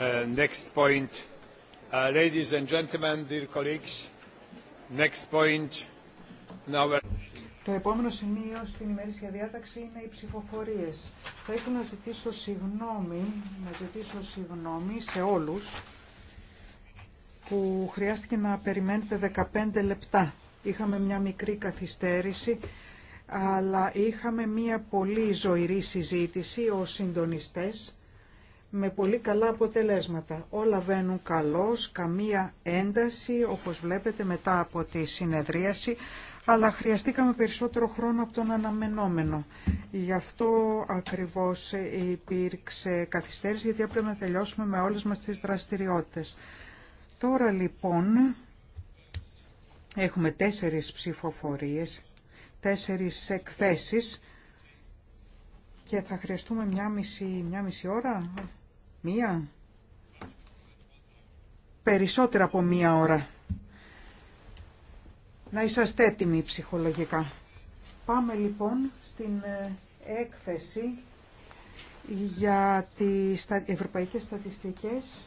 Uh, next point. Uh, ladies and gentlemen, dear colleagues, next point. Uh, Το επόμενο σημείο στην ημερήσια διάταξη είναι οι ψηφοφορίε. Θα ήθελα να ζητήσω συγγνώμη, να ζητήσω συγγνώμη σε όλους που χρειάστηκε να περιμένετε 15 λεπτά. Είχαμε μια μικρή καθυστέρηση, αλλά είχαμε μια πολύ ζωηρή συζήτηση ως συντονιστές με πολύ καλά αποτελέσματα. Όλα βαίνουν καλώς, καμία ένταση, όπως βλέπετε μετά από τη συνεδρίαση, αλλά χρειαστήκαμε περισσότερο χρόνο από τον αναμενόμενο. Γι' αυτό ακριβώς υπήρξε καθυστέρηση, γιατί έπρεπε να τελειώσουμε με όλες μας τις δραστηριότητες. Τώρα λοιπόν έχουμε τέσσερις ψηφοφορίες, τέσσερις εκθέσεις και θα χρειαστούμε μια μισή, μια μισή ώρα Μία. Περισσότερα από μία ώρα. Να είσαστε έτοιμοι ψυχολογικά. Πάμε λοιπόν στην ε, έκθεση για τις ευρωπαϊκές στατιστικές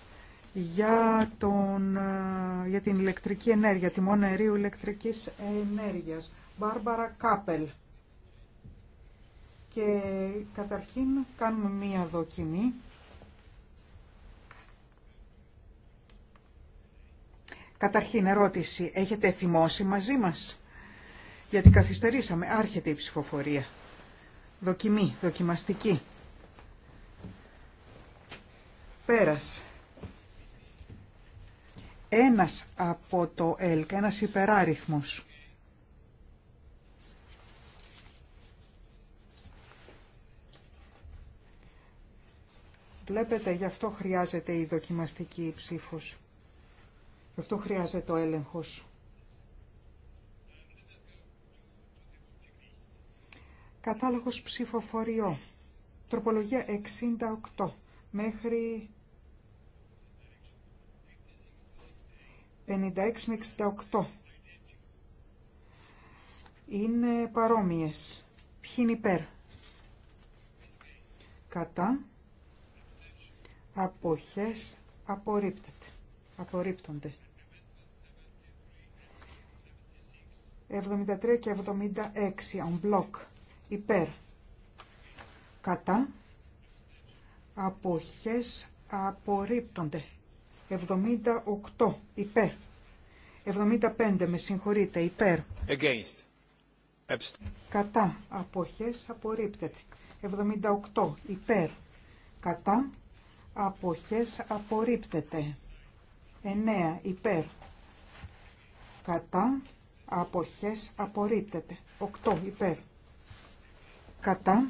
για, τον, ε, για την ηλεκτρική ενέργεια, τη μόνο αερίου ηλεκτρικής ενέργειας. Μπάρμπαρα Κάπελ. Και καταρχήν κάνουμε μία δοκιμή. Καταρχήν ερώτηση, έχετε θυμώσει μαζί μας, γιατί καθυστερήσαμε, άρχεται η ψηφοφορία. Δοκιμή, δοκιμαστική. Πέρας. Ένας από το ΕΛΚ, ένας υπεράριθμος. Βλέπετε, γι' αυτό χρειάζεται η δοκιμαστική ψήφος. Γι' αυτό χρειάζεται ο έλεγχος. Κατάλογος ψηφοφοριό. Τροπολογία 68 μέχρι 56 με 68. Είναι παρόμοιες. Ποιοι είναι υπέρ. Κατά. Αποχές απορρίπτεται. Απορρίπτονται. 73 και 76 on block υπέρ κατά αποχές απορρίπτονται 78 υπέρ 75 με συγχωρείτε υπέρ Against. κατά αποχές απορρίπτεται 78 υπέρ κατά αποχές απορρίπτεται 9 υπέρ κατά αποχές απορρίπτεται. Οκτώ υπέρ. Κατά.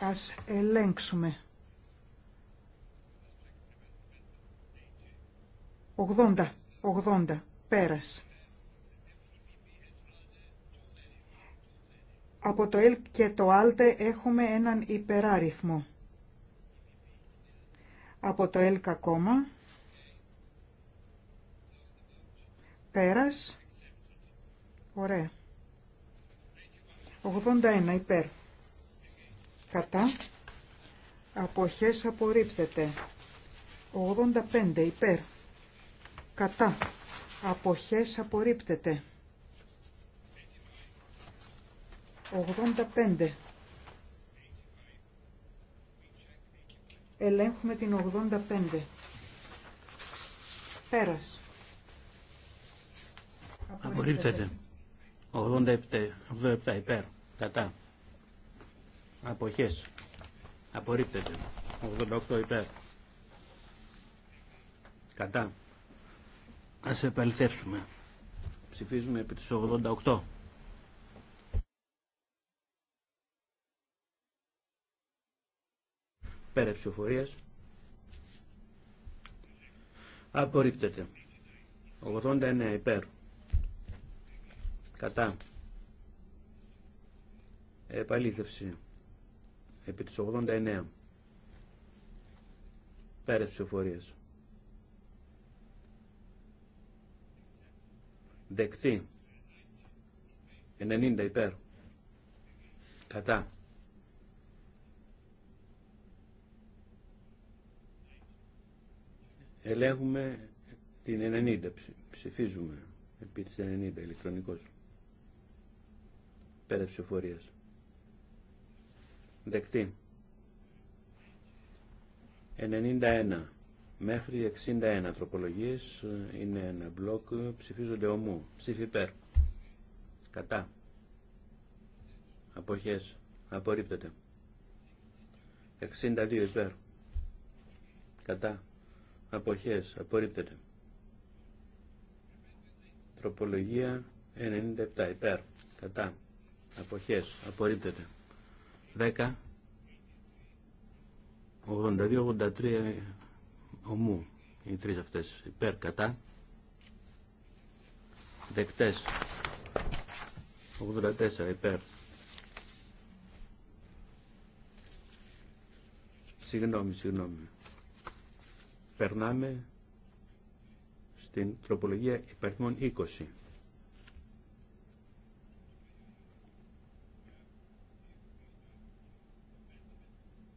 Ας ελέγξουμε. 80, 80, πέρας. Από το ΕΛ και το ΑΛΤΕ έχουμε έναν υπεράριθμο. Από το ΕΛΚ ακόμα Πέρας. Ωραία. 81 υπέρ. Κατά. Αποχές απορρίπτεται. 85 υπέρ. Κατά. Αποχές απορρίπτεται. 85. Ελέγχουμε την 85. Πέρας. Απορρίπτεται. 87, υπέρ. Κατά. Αποχές. Απορρίπτεται. 88 υπέρ. Κατά. Ας επαληθεύσουμε. Ψηφίζουμε επί τις 88. Πέρα ψηφοφορίας. Απορρίπτεται. 89 υπέρ. Κατά. Επαλήθευση. Επί της 89. Πέρα της ψηφοφορίας. Δεκτή. 90 υπέρ. Κατά. Ελέγχουμε την 90. Ψηφίζουμε επί της 90 ηλεκτρονικός. Πέρα ψηφορίας. Δεκτή. 91 μέχρι 61 τροπολογίες είναι ένα μπλοκ ψηφίζονται ομού. Ψήφι υπέρ. Κατά. Αποχές. Απορρίπτεται. 62 υπέρ. Κατά. Αποχές. Απορρίπτεται. Τροπολογία 97 υπέρ. Κατά αποχές απορρίπτεται 10 82-83 ομού οι τρεις αυτές υπέρ κατά δεκτές 84 υπέρ συγγνώμη συγγνώμη περνάμε στην τροπολογία υπαριθμών 20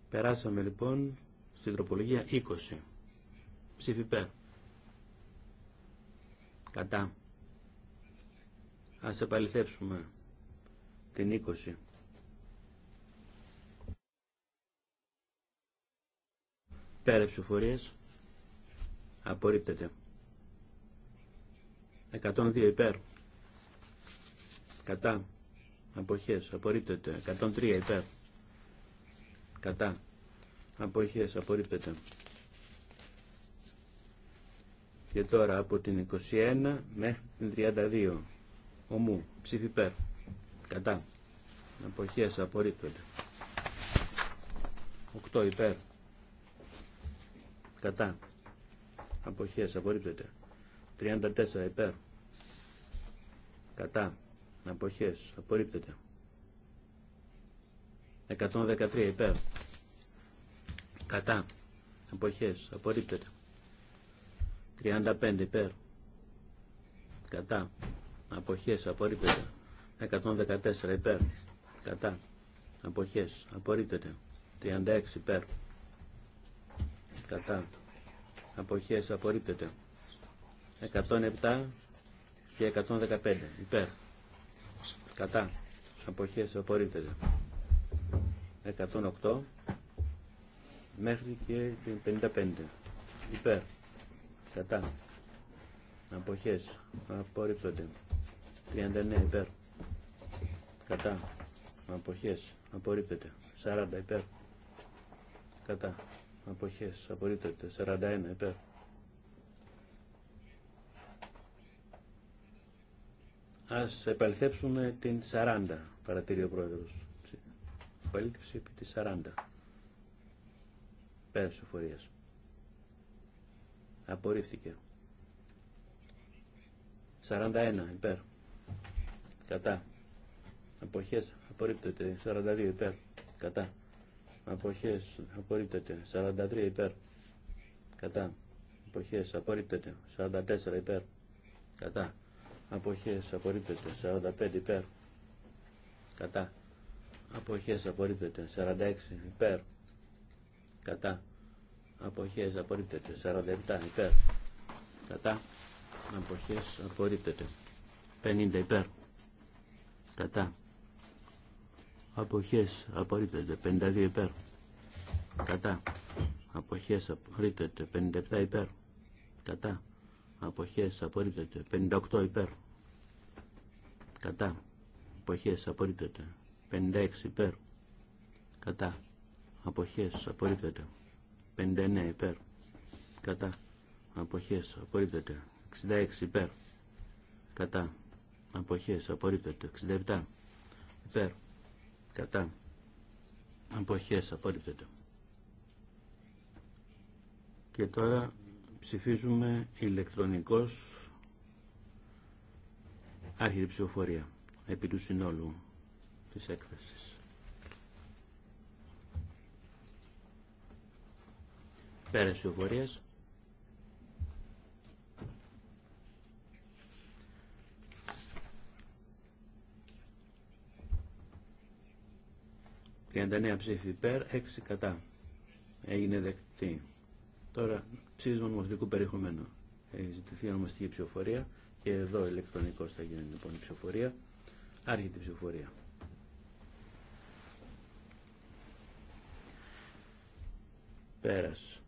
Περάσαμε λοιπόν στην τροπολογία 20. Ψήφι Κατά. Ας επαληθεύσουμε την 20. Πέρα ψηφορίες. Απορρίπτεται. 102 υπέρ. Κατά. Αποχές. Απορρίπτεται. 103 υπέρ κατά αποχές απορρίπτεται και τώρα από την 21 μέχρι την 32 ομού ψήφι περ κατά αποχές απορρίπτεται 8 υπέρ κατά αποχές απορρίπτεται 34 υπέρ κατά αποχές απορρίπτεται 113 υπέρ. Κατά. Αποχές. Απορρίπτεται. 35 υπέρ. Κατά. Αποχές. Απορρίπτεται. 114 υπέρ. Κατά. Αποχές. Απορρίπτεται. 36 υπέρ. Κατά. Αποχές. Απορρίπτεται. 107 και 115 υπέρ. Κατά. Αποχές. Απορρίπτεται. 108 μέχρι και την 55 υπέρ κατά αποχές απορρίπτονται 39 υπέρ κατά αποχές απορρίπτεται 40 υπέρ κατά αποχές απορρίπτεται 41 υπέρ Ας επαλθέψουμε την 40 παρατηρεί ο πρόεδρος επαλήθευση επί τη 40. Πέρα εφορία. Απορρίφθηκε. 41 υπέρ. Κατά. Αποχές απορρίπτεται. 42 υπέρ. Κατά. Αποχές απορρίπτεται. 43 υπέρ. Κατά. Αποχές απορρίπτεται. 44 υπέρ. Κατά. Αποχές απορρίπτεται. 45 υπέρ. Κατά αποχές απορρίπτεται 46 υπέρ κατά αποχές απορρίπτεται 47 υπέρ κατά αποχές απορρίπτεται 50 υπέρ κατά αποχές απορρίπτεται 52 υπέρ κατά αποχές απορρίπτεται 57 υπέρ κατά αποχές απορρίπτεται 58 υπέρ κατά αποχές απορρίπτεται 56 υπέρ κατά αποχές απορρίπτεται 59 υπέρ κατά αποχές απορρίπτεται 66 υπέρ κατά αποχές απορρίπτεται 67 υπέρ κατά αποχές απορρίπτεται και τώρα ψηφίζουμε ηλεκτρονικός άρχιρη ψηφοφορία επί του συνόλου της έκθεσης. Πέρας ...39 ψήφι υπέρ, 6 κατά. Έγινε δεκτή. Τώρα ψήφισμα νομοθετικού περιεχομένου. Έχει ζητηθεί ονομαστική ψηφοφορία και εδώ ηλεκτρονικό θα γίνει λοιπόν η ψηφοφορία. Άρχεται η ψηφοφορία. Πέρας.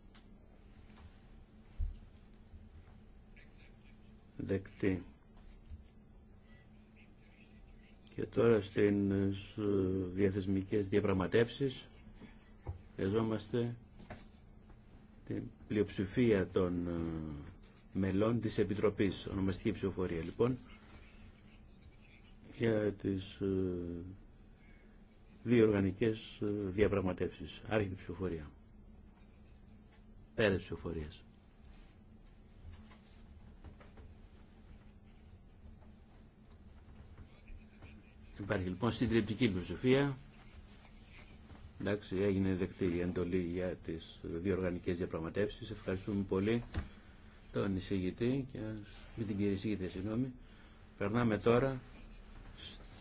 Δεκτή. Και τώρα στην διαθεσμικές διαπραγματεύσεις χρειαζόμαστε την πλειοψηφία των ε, μελών της Επιτροπής, ονομαστική ψηφοφορία λοιπόν, για τις ε, δύο οργανικές ε, διαπραγματεύσεις, άρχιτη ψηφοφορία. Πέρα ψηφοφορίας. Υπάρχει λοιπόν συντριπτική πλειοψηφία. Εντάξει, έγινε δεκτή η εντολή για τις διοργανικές διαπραγματεύσεις. Ευχαριστούμε πολύ τον εισηγητή και με την κυρία εισηγητή, συγγνώμη. Περνάμε τώρα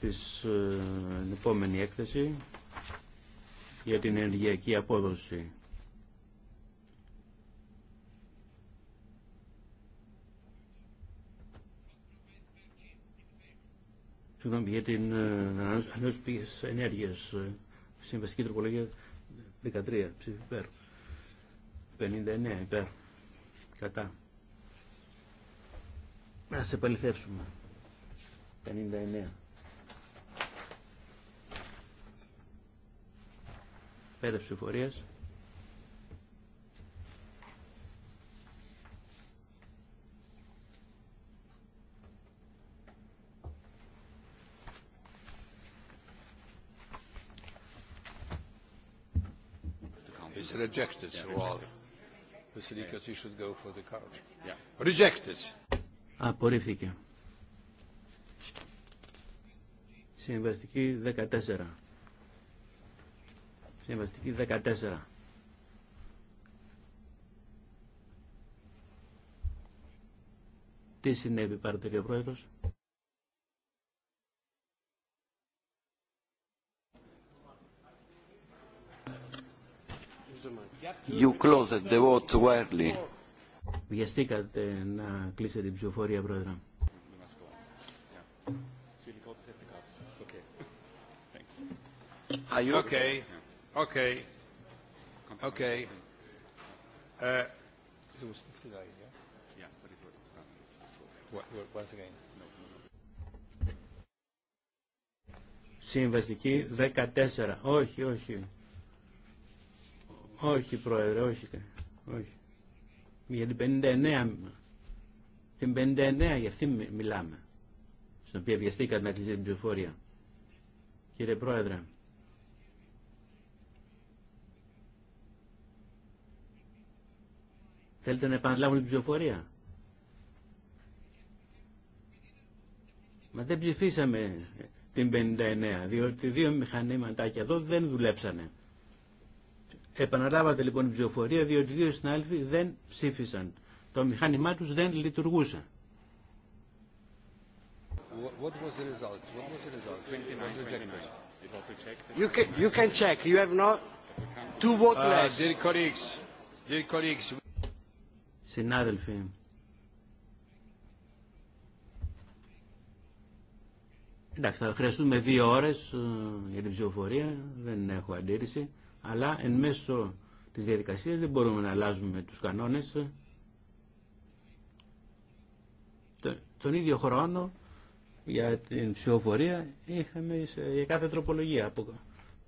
στην ε, επόμενη έκθεση για την ενεργειακή απόδοση. συγγνώμη, για την ε, ανανεώσιμη πηγές ενέργειας, ε, συμβαστική τροπολογία 13, ψήφι υπέρ, 59 υπέρ, κατά. Να σε επαληθεύσουμε. 59. Πέντε ψηφορίες. rejected oral. Basilikas, you should go for the card. Yeah. Rejected. Απορρίφθηκε. Συμβαστική 14. Συμβαστική 14. Τι συνέβη, πάρετε και ο Πρόεδρος. You closed the vote too early. Βιαστήκατε να κλείσετε την ψηφοφορία, Πρόεδρε. Okay. okay? Okay. Okay. Uh, Συμβαστική 14. Όχι, όχι. Όχι, Πρόεδρε, όχι. όχι. Για την 59, την 59 για αυτή μιλάμε, στην οποία βιαστήκατε να κλείσετε την ψηφοφορία. Κύριε Πρόεδρε, Θέλετε να επαναλάβουμε την ψηφοφορία. Μα δεν ψηφίσαμε την 59, διότι δύο μηχανήματάκια εδώ δεν δουλέψανε. Επαναλάβατε λοιπόν την ψηφοφορία διότι δύο συνάδελφοι δεν ψήφισαν. Το μηχάνημά τους δεν λειτουργούσε. You can, check. You have not two votes uh, Συνάδελφοι, εντάξει, θα χρειαστούμε δύο ώρες ε, για την ψηφοφορία, δεν έχω αντίρρηση αλλά εν μέσω της διαδικασίας δεν μπορούμε να αλλάζουμε τους κανόνες τον ίδιο χρόνο για την ψηφοφορία είχαμε για κάθε τροπολογία από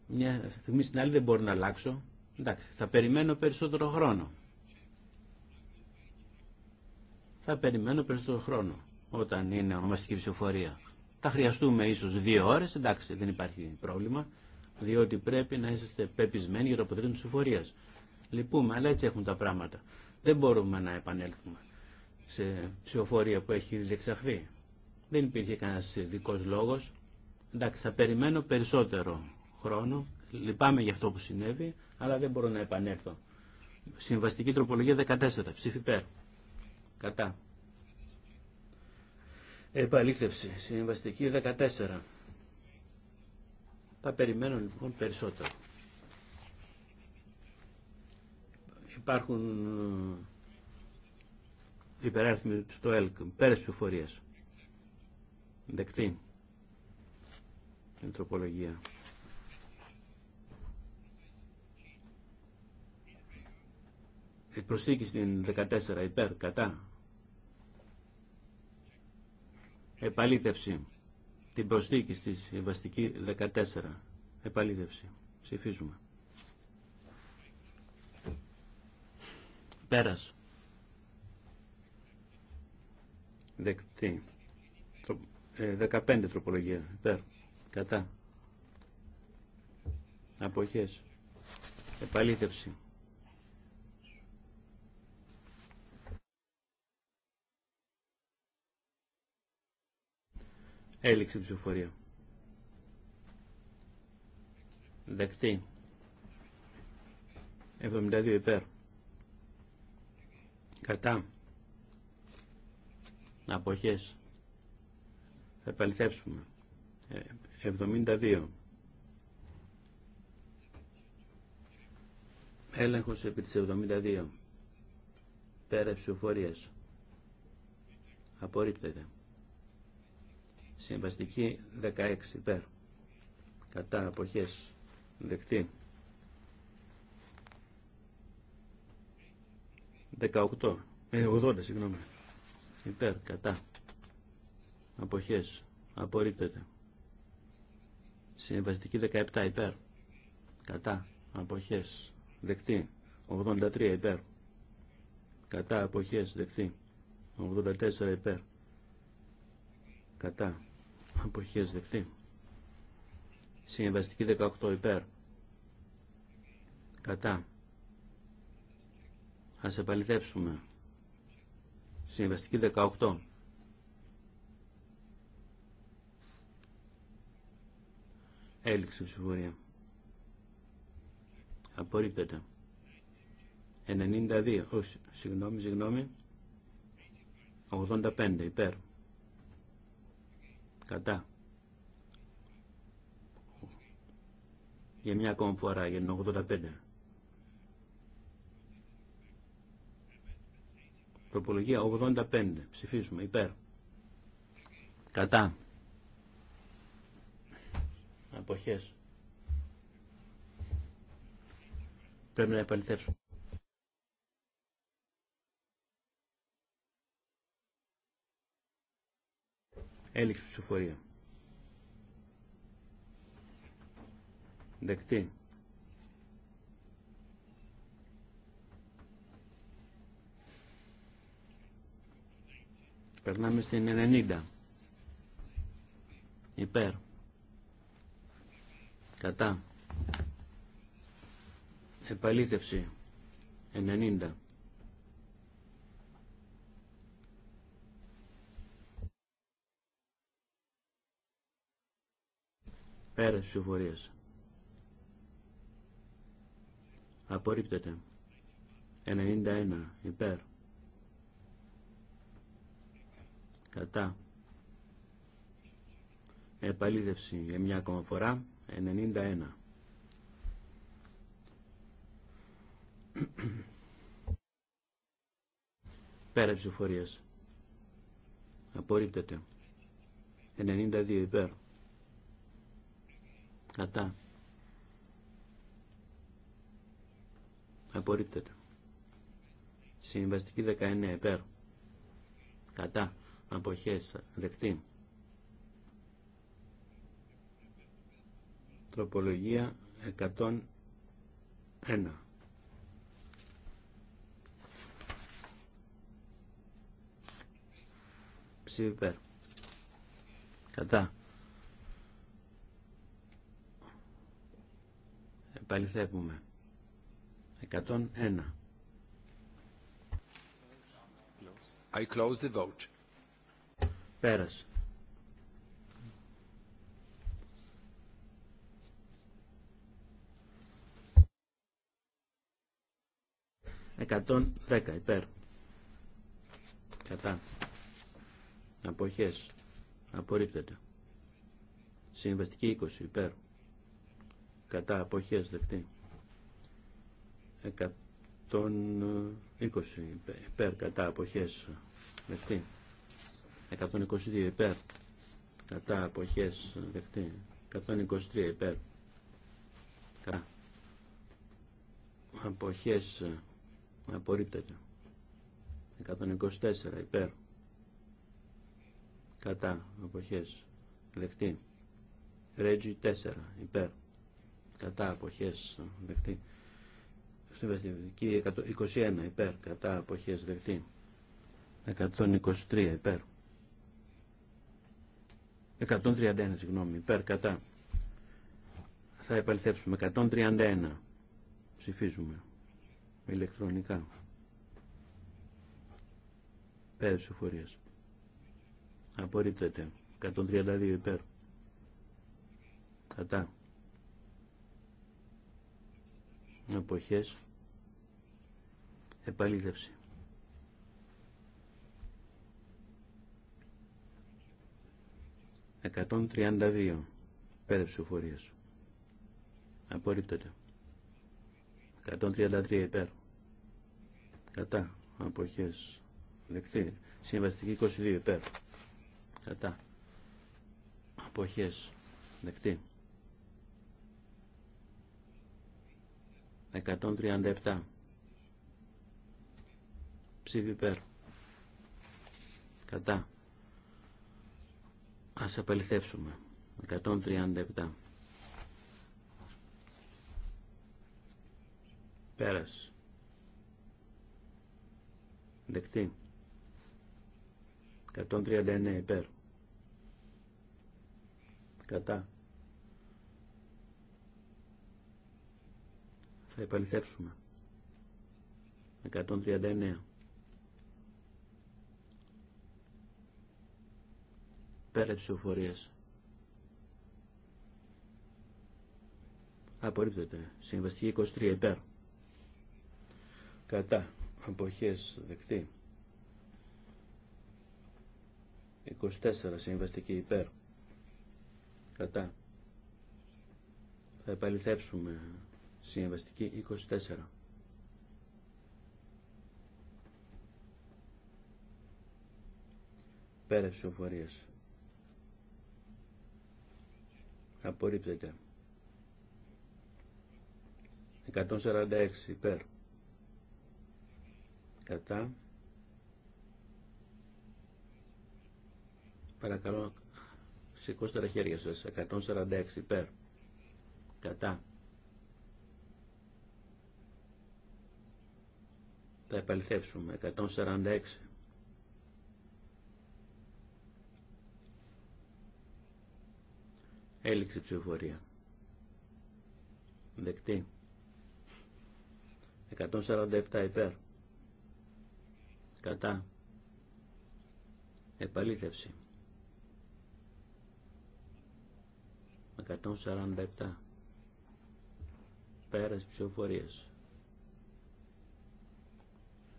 μια στιγμή στην άλλη δεν μπορώ να αλλάξω εντάξει θα περιμένω περισσότερο χρόνο θα περιμένω περισσότερο χρόνο όταν είναι ονομαστική ψηφοφορία θα χρειαστούμε ίσως δύο ώρες εντάξει δεν υπάρχει πρόβλημα διότι πρέπει να είστε πεπισμένοι για το αποτέλεσμα της ψηφορίας. Λυπούμε, αλλά έτσι έχουν τα πράγματα. Δεν μπορούμε να επανέλθουμε σε ψηφοφορία που έχει διεξαχθεί. Δεν υπήρχε κανένας ειδικό λόγος. Εντάξει, θα περιμένω περισσότερο χρόνο. Λυπάμαι για αυτό που συνέβη, αλλά δεν μπορώ να επανέλθω. Συμβαστική τροπολογία 14, ψήφι υπέρ. Κατά. Επαλήθευση. Συμβαστική 14. Θα περιμένω λοιπόν περισσότερο. Υπάρχουν ε, υπεράριθμοι στο ΕΛΚ, πέρα τη Δεκτή. Εντροπολογία. Η ε, προσθήκη στην 14 υπέρ, κατά. Επαλήθευση την προσθήκη στη συμβαστική 14. Επαλήθευση. Ψηφίζουμε. Πέρας. Δεκτή. 15 ε, τροπολογία. Υπέρ. Κατά. Αποχές. Επαλήθευση. Έληξη ψηφοφορία. Δεκτή. 72 υπέρ. Κατά. Αποχές. Θα επαληθεύσουμε. 72. Ε, Έλεγχος επί της 72. Πέρα ψηφοφορίας. Απορρίπτεται. Συμβαστική 16 υπέρ. Κατά αποχές δεκτή. 18. Ε, 80, συγγνώμη. Υπέρ, κατά. Αποχές. Απορρίπτεται. Συμβαστική 17 υπέρ. Κατά. Αποχές. Δεκτή. 83 υπέρ. Κατά. Αποχές. Δεκτή. 84 υπέρ. Κατά αποχές δεκτή. Συμβαστική 18 υπέρ. Κατά. Ας επαληθεύσουμε. Συμβαστική 18. Έληξε ψηφορία. Απορρίπτεται. 92. Όχι, συγγνώμη, συγγνώμη. 85 υπέρ. Κατά. Για μια ακόμα φορά, για την 85. Προπολογία 85. Ψηφίζουμε υπέρ. Κατά. Αποχές. Πρέπει να επαληθεύσουμε. Έληξη ψηφοφορία. Δεκτή. Περνάμε στην 90. Υπέρ. Κατά. Επαλήθευση. 90. Πέρας ψηφοφορίας. Απορρίπτεται. 91 υπέρ. Κατά. Επαλήθευση για μια ακόμα φορά. 91. Πέρα ψηφορίας. Απορρίπτεται. 92 υπέρ. Κατά. Απορρίπτεται. Συμβαστική 19 υπέρ. Κατά. Αποχές. Δεκτή. Τροπολογία 101. Ψήφι υπέρ. Κατά. επαληθεύουμε. 101. I close the vote. Πέρασε. Εκατόν δέκα υπέρ. Κατά. Αποχές. Απορρίπτεται. Συμβαστική 20 υπέρ κατά αποχές δεκτή 120 υπέρ κατά αποχές δεκτή 122 υπέρ κατά αποχές δεκτή 123 υπέρ κατά αποχές απορρίπτεται 124 υπέρ κατά αποχές δεκτή Ρέτζι 4 υπέρ κατά αποχές δεκτή. Συμβαστική 121 υπέρ κατά αποχές δεκτή. 123 υπέρ. 131 συγγνώμη υπέρ κατά. Θα επαληθεύσουμε 131. Ψηφίζουμε ηλεκτρονικά. Πέρα ψηφορίας. Απορρίπτεται. 132 υπέρ. Κατά. εποχές επαλήθευση. 132 τριάντα δύο. Πέρα Απορρίπτεται. 133 υπέρ. Κατά. Αποχές. Δεκτή. Συμβαστική 22 υπέρ. Κατά. Αποχές. Δεκτή. 137 ψήφι υπέρ κατά ας απελθέψουμε 137 πέρας δεκτή 139 υπέρ κατά Θα επαληθεύσουμε. 139. Πέρα της ευφορίας. Απορρίπτεται. Συμβαστική 23 υπέρ. Κατά. Αποχές δεκτή. 24 συμβαστική υπέρ. Κατά. Θα επαληθεύσουμε Συμβαστική 24. πέρευση οφορίας Απορρίπτεται. 146 υπέρ. Κατά. Παρακαλώ, σηκώστε τα χέρια σας. 146 υπέρ. Κατά. θα επαληθεύσουμε. 146. Έληξη ψηφοφορία. Δεκτή. 147 υπέρ. Κατά. Επαλήθευση. 147. Πέρας ψηφοφορίας.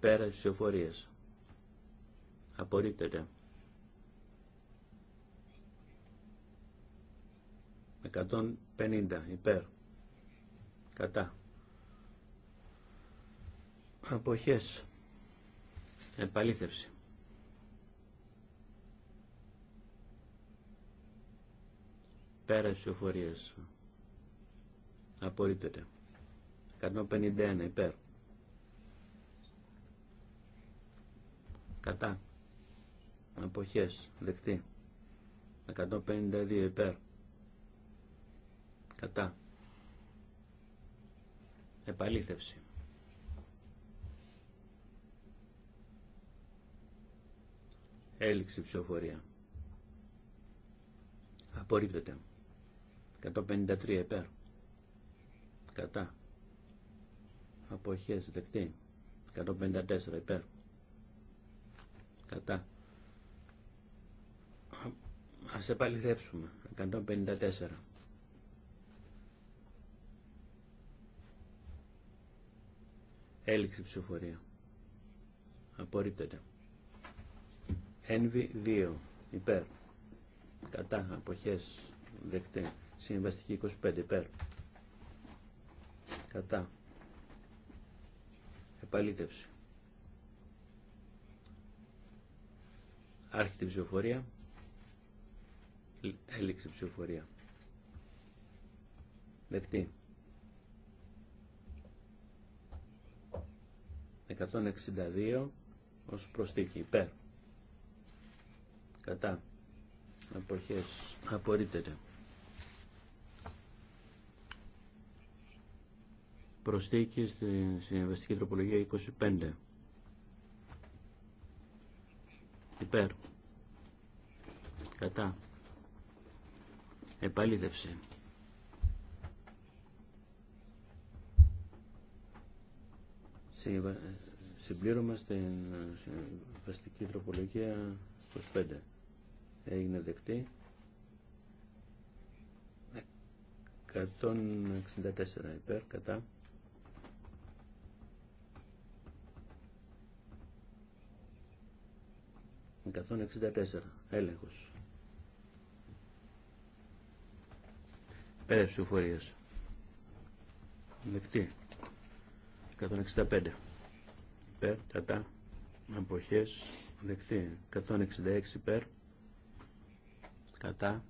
πέρα της εφορίας. Απορρίπτεται. 150 υπέρ. Κατά. Αποχές. Επαλήθευση. Πέρα της εφορίας. Απορρίπτεται. 151 υπέρ. κατά εποχές δεκτή 152 υπέρ κατά επαλήθευση έληξη ψηφοφορία απορρίπτεται 153 υπέρ κατά αποχές δεκτή 154 υπέρ κατά. Ας επαληθεύσουμε. 154. Έληξη ψηφοφορία. Απορρίπτεται. Ένβη 2. Υπέρ. Κατά. Αποχές. Δεκτή. Συμβαστική 25. Υπέρ. Κατά. Επαλήθευση. Άρχεται η ψηφοφορία. Έληξε ψηφοφορία. Δεκτή. 162 ως προστίκη υπέρ κατά αποχές απορρίπτεται προστίκη στη συμβαστική τροπολογία 25 υπέρ κατά επαλήθευση συμπλήρωμα στην βασική τροπολογία 25 έγινε δεκτή 164 υπέρ κατά 164. Έλεγχος. Πέρα εφορία. Δεκτή. 165. Περ, κατά, αποχές, δεκτή. 166 περ, κατά,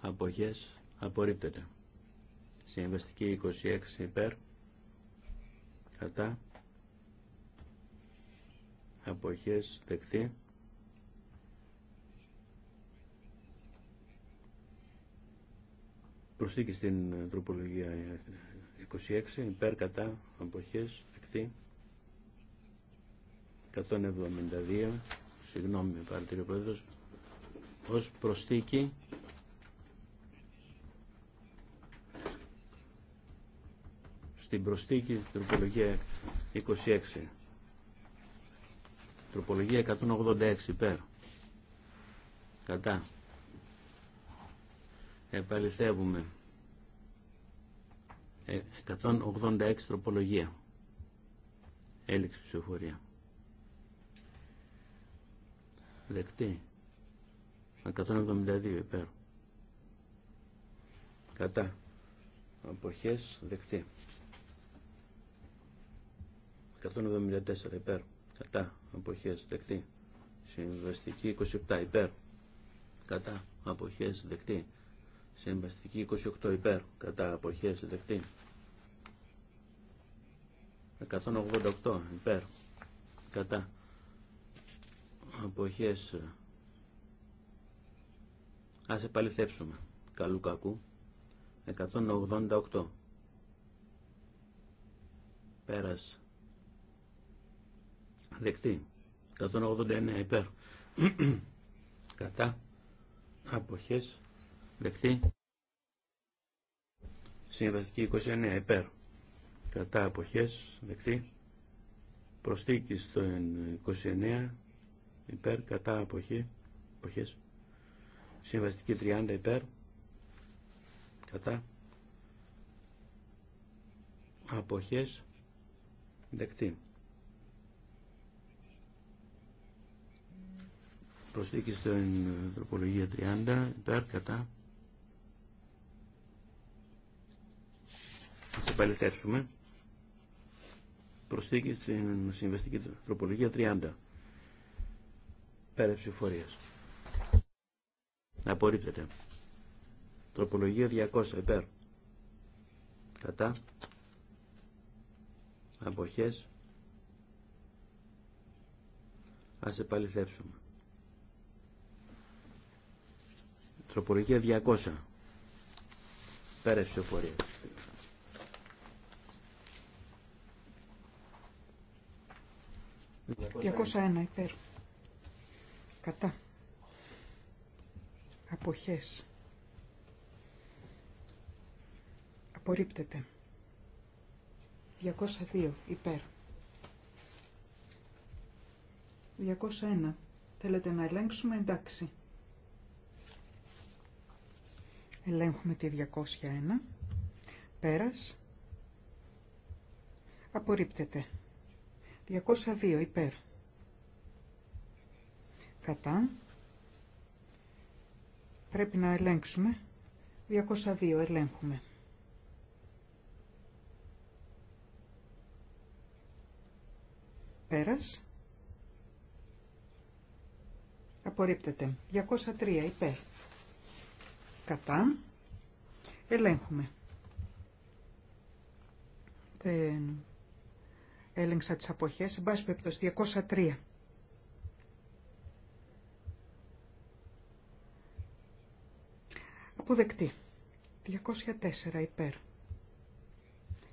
αποχές, απορρίπτεται. Συμβαστική 26 πέρ κατά, αποχές δεκτή. Προσθήκη στην ε, τροπολογία 26, ε, υπέρ κατά αποχές δεκτή. 172, συγγνώμη παρατηρεί ο Πρόεδρος, ως προσθήκη στην προσθήκη στην τροπολογία 26. Τροπολογία 186 υπέρ. Κατά. Επαληθεύουμε. 186 ε, τροπολογία. Έλεξη ψηφοφορία. Δεκτή. 172 υπέρ. Κατά. Αποχές δεκτή. 174 υπέρ κατά αποχές δεκτή συμβαστική 27 υπέρ κατά αποχές δεκτή συμβαστική 28 υπέρ κατά αποχές δεκτή 188 υπέρ κατά αποχές ας επαληθεύσουμε καλού κακού 188 πέρας Δεκτή. 189 υπέρ. Κατά. Αποχές. Δεκτή. Συμβαστική 29 υπέρ. Κατά αποχές. Δεκτή. Προστίκη στο 29 υπέρ. Κατά αποχή. Αποχές. Συμβαστική 30 υπέρ. Κατά. Αποχές. Δεκτή. προσθήκη στην ε, τροπολογία 30 υπέρ κατά θα επαληθεύσουμε προσθήκη στην συμβαστική τροπολογία 30 πέρα ψηφορίας απορρίπτεται τροπολογία 200 υπέρ κατά αποχές ας επαληθεύσουμε Προπολογία 200. Πέρα ψηφοφορία. ...201 υπέρ. Κατά. Αποχές. Απορρίπτεται. 202 υπέρ. 201. Θέλετε να ελέγξουμε, εντάξει. Ελέγχουμε τη 201. Πέρας. Απορρίπτεται. 202 υπέρ. Κατά. Πρέπει να ελέγξουμε. 202 ελέγχουμε. Πέρας. Απορρίπτεται. 203 υπέρ κατά, ελέγχουμε. Δεν έλεγξα τις αποχές, εν πάση 203. Αποδεκτή. 204 υπέρ.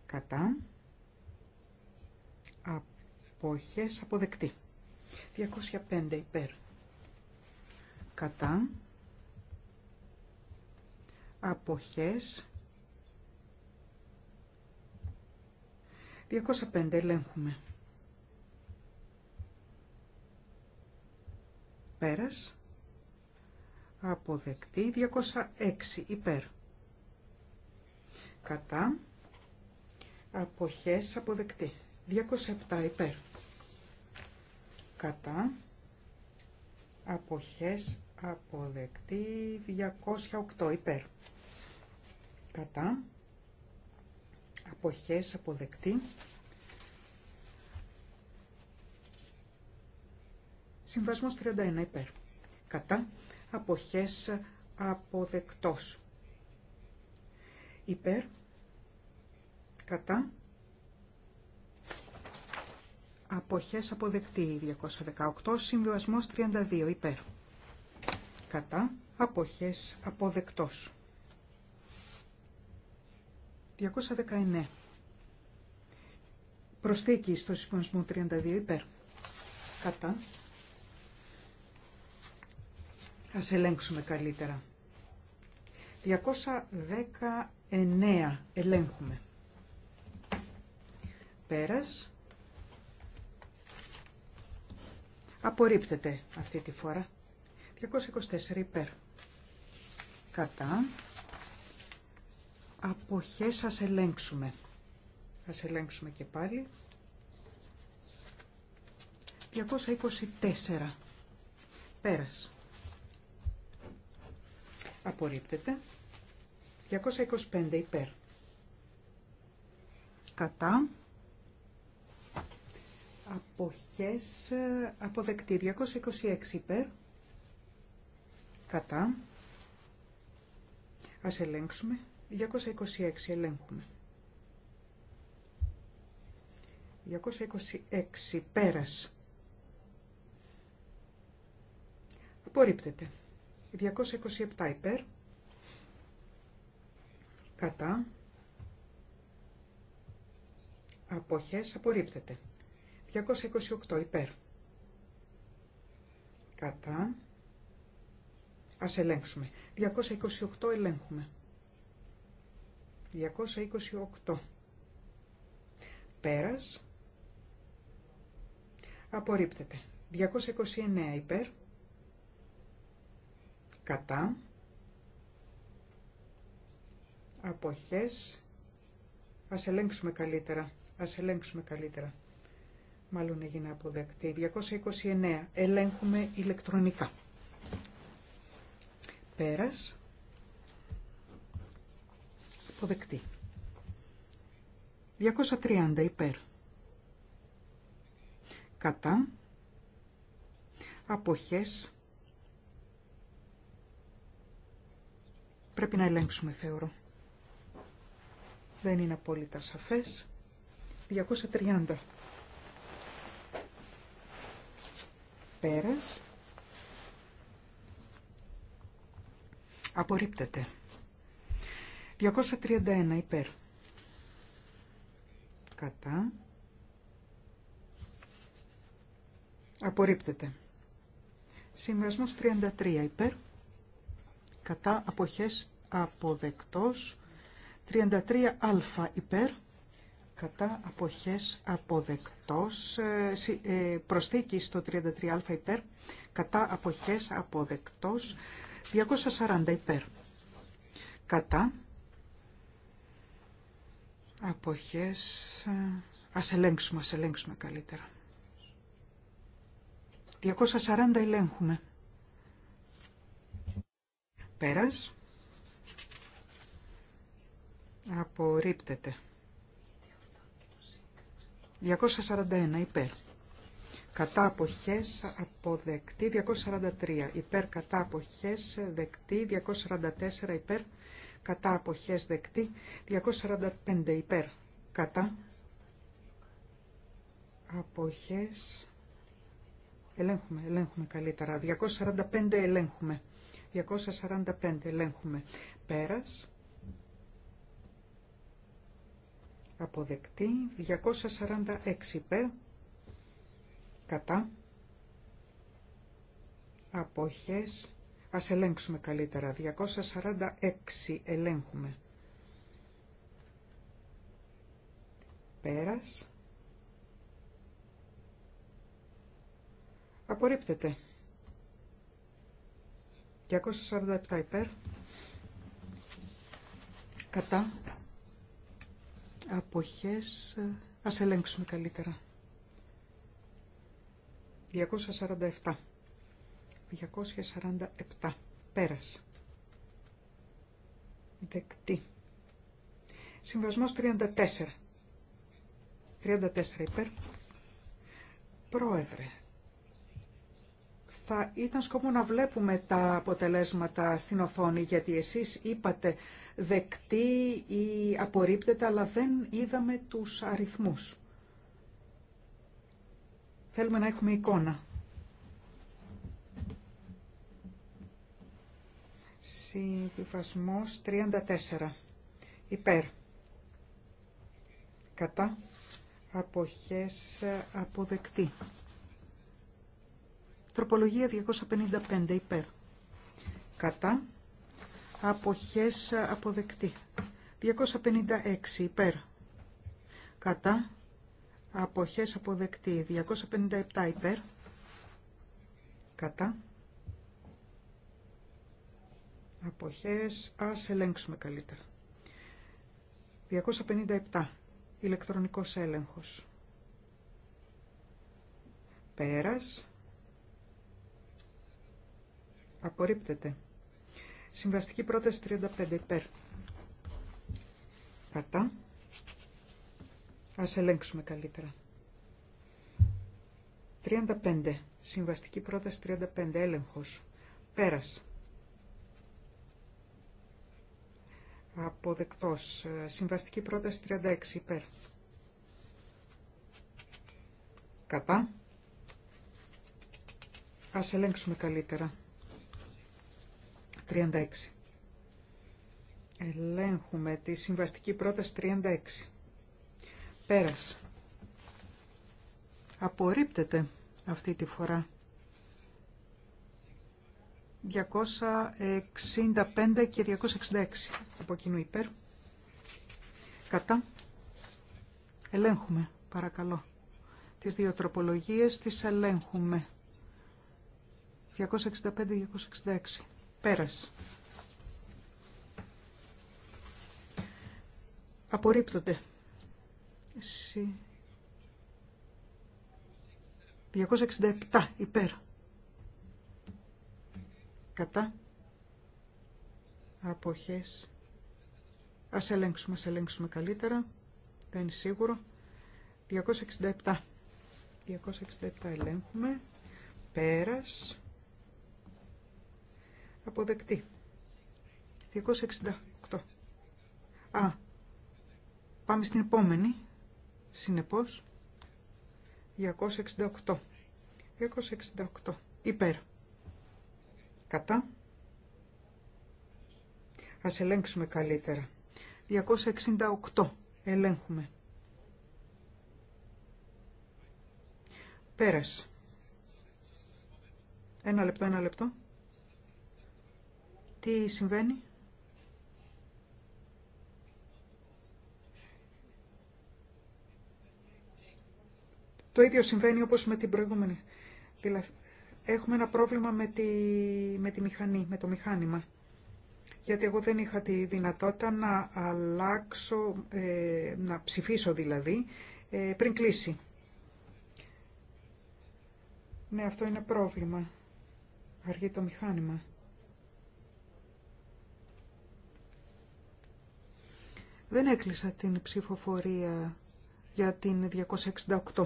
Κατά. Αποχές αποδεκτή. 205 υπέρ. Κατά αποχές 205 ελέγχουμε πέρας αποδεκτή 206 υπέρ κατά αποχές αποδεκτή 207 υπέρ κατά αποχές αποδεκτή 208 υπέρ κατά αποχές αποδεκτή συμβασμός 31 υπέρ κατά αποχές αποδεκτός υπέρ κατά αποχές αποδεκτή 218 συμβασμός 32 υπέρ κατά αποχές αποδεκτός 219. Προσθήκη στο συμφωνισμό 32 υπέρ. Κατά. Ας ελέγξουμε καλύτερα. 219 ελέγχουμε. Πέρας. Απορρίπτεται αυτή τη φορά. 224 υπέρ. Κατά αποχές ας ελέγξουμε. Ας ελέγξουμε και πάλι. 224. Πέρας. Απορρίπτεται. 225 υπέρ. Κατά. Αποχές ε, αποδεκτή. 226 υπέρ. Κατά. Ας ελέγξουμε. 226 ελέγχουμε. 226 πέρας. Απορρίπτεται. 227 υπέρ. Κατά. Αποχές απορρίπτεται. 228 υπέρ. Κατά. Ας ελέγξουμε. 228 ελέγχουμε. 228. Πέρας. Απορρίπτεται. 229 υπέρ. Κατά. Αποχές. Ας ελέγξουμε καλύτερα. Ας ελέγξουμε καλύτερα. Μάλλον έγινε αποδεκτή. 229. Ελέγχουμε ηλεκτρονικά. Πέρας. Αποδεκτή. 230 υπέρ. Κατά. Αποχές. Πρέπει να ελέγξουμε θεωρώ. Δεν είναι απόλυτα σαφές. 230. Πέρας. Απορρίπτεται. 231 υπέρ. Κατά. Απορρίπτεται. Συμβασμός 33 υπέρ. Κατά αποχές αποδεκτός. 33α υπέρ. Κατά αποχές αποδεκτός. Ε, ε, προσθήκη στο 33α υπέρ. Κατά αποχές αποδεκτός. 240 υπέρ. Κατά αποχές, ας ελέγξουμε, ας ελέγξουμε καλύτερα. 240 ελέγχουμε. Πέρας. Απορρίπτεται. 241 υπέρ. Κατά αποχές αποδεκτή 243 υπέρ. Κατά αποχές δεκτή 244 υπέρ κατά αποχές δεκτή, 245 υπέρ κατά αποχές, ελέγχουμε, ελέγχουμε καλύτερα, 245 ελέγχουμε, 245 ελέγχουμε, πέρας, αποδεκτή, 246 υπέρ κατά αποχές Ας ελέγξουμε καλύτερα. 246 ελέγχουμε. Πέρας. Απορρίπτεται. 247 υπέρ. Κατά. Αποχές. Ας ελέγξουμε καλύτερα. 247. 247. Πέρας. Δεκτή. Συμβασμός 34. 34 υπέρ. Πρόεδρε. Θα ήταν σκοπό να βλέπουμε τα αποτελέσματα στην οθόνη, γιατί εσείς είπατε δεκτή ή απορρίπτεται, αλλά δεν είδαμε τους αριθμούς. Θέλουμε να έχουμε εικόνα. συμπιφασμός 34. Υπέρ. Κατά. Αποχές αποδεκτή. Τροπολογία 255 υπέρ. Κατά. Αποχές αποδεκτή. 256 υπέρ. Κατά. Αποχές αποδεκτή. 257 υπέρ. Κατά αποχές, ας ελέγξουμε καλύτερα. 257. Ηλεκτρονικός έλεγχος. Πέρας. Απορρίπτεται. Συμβαστική πρόταση 35 υπέρ. Κατά. Ας ελέγξουμε καλύτερα. 35. Συμβαστική πρόταση 35. Έλεγχος. Πέρας. Αποδεκτός. Ε, συμβαστική πρόταση 36 υπέρ. Κατά. Ας ελέγξουμε καλύτερα. 36. Ελέγχουμε τη συμβαστική πρόταση 36. Πέρας. Απορρίπτεται αυτή τη φορά. 265 και 266 από κοινού υπέρ. Κατά. Ελέγχουμε, παρακαλώ. Τις δύο τροπολογίες τις ελέγχουμε. 265-266. Πέρας. Απορρίπτονται. 267 υπέρ κατά αποχές ας ελέγξουμε, ας ελέγξουμε καλύτερα δεν είναι σίγουρο 267 267 ελέγχουμε πέρας αποδεκτή 268 α πάμε στην επόμενη συνεπώς 268 268 υπέρ Κατά. Ας ελέγξουμε καλύτερα. 268. Ελέγχουμε. Πέρασε. Ένα λεπτό, ένα λεπτό. Τι συμβαίνει. Το ίδιο συμβαίνει όπως με την προηγούμενη. Δηλαδή, έχουμε ένα πρόβλημα με τη, μηχανή, με το μηχάνημα. Γιατί εγώ δεν είχα τη δυνατότητα να αλλάξω, ε, να ψηφίσω δηλαδή, ε, πριν κλείσει. Ναι, αυτό είναι πρόβλημα. Αργεί το μηχάνημα. Δεν έκλεισα την ψηφοφορία για την 268.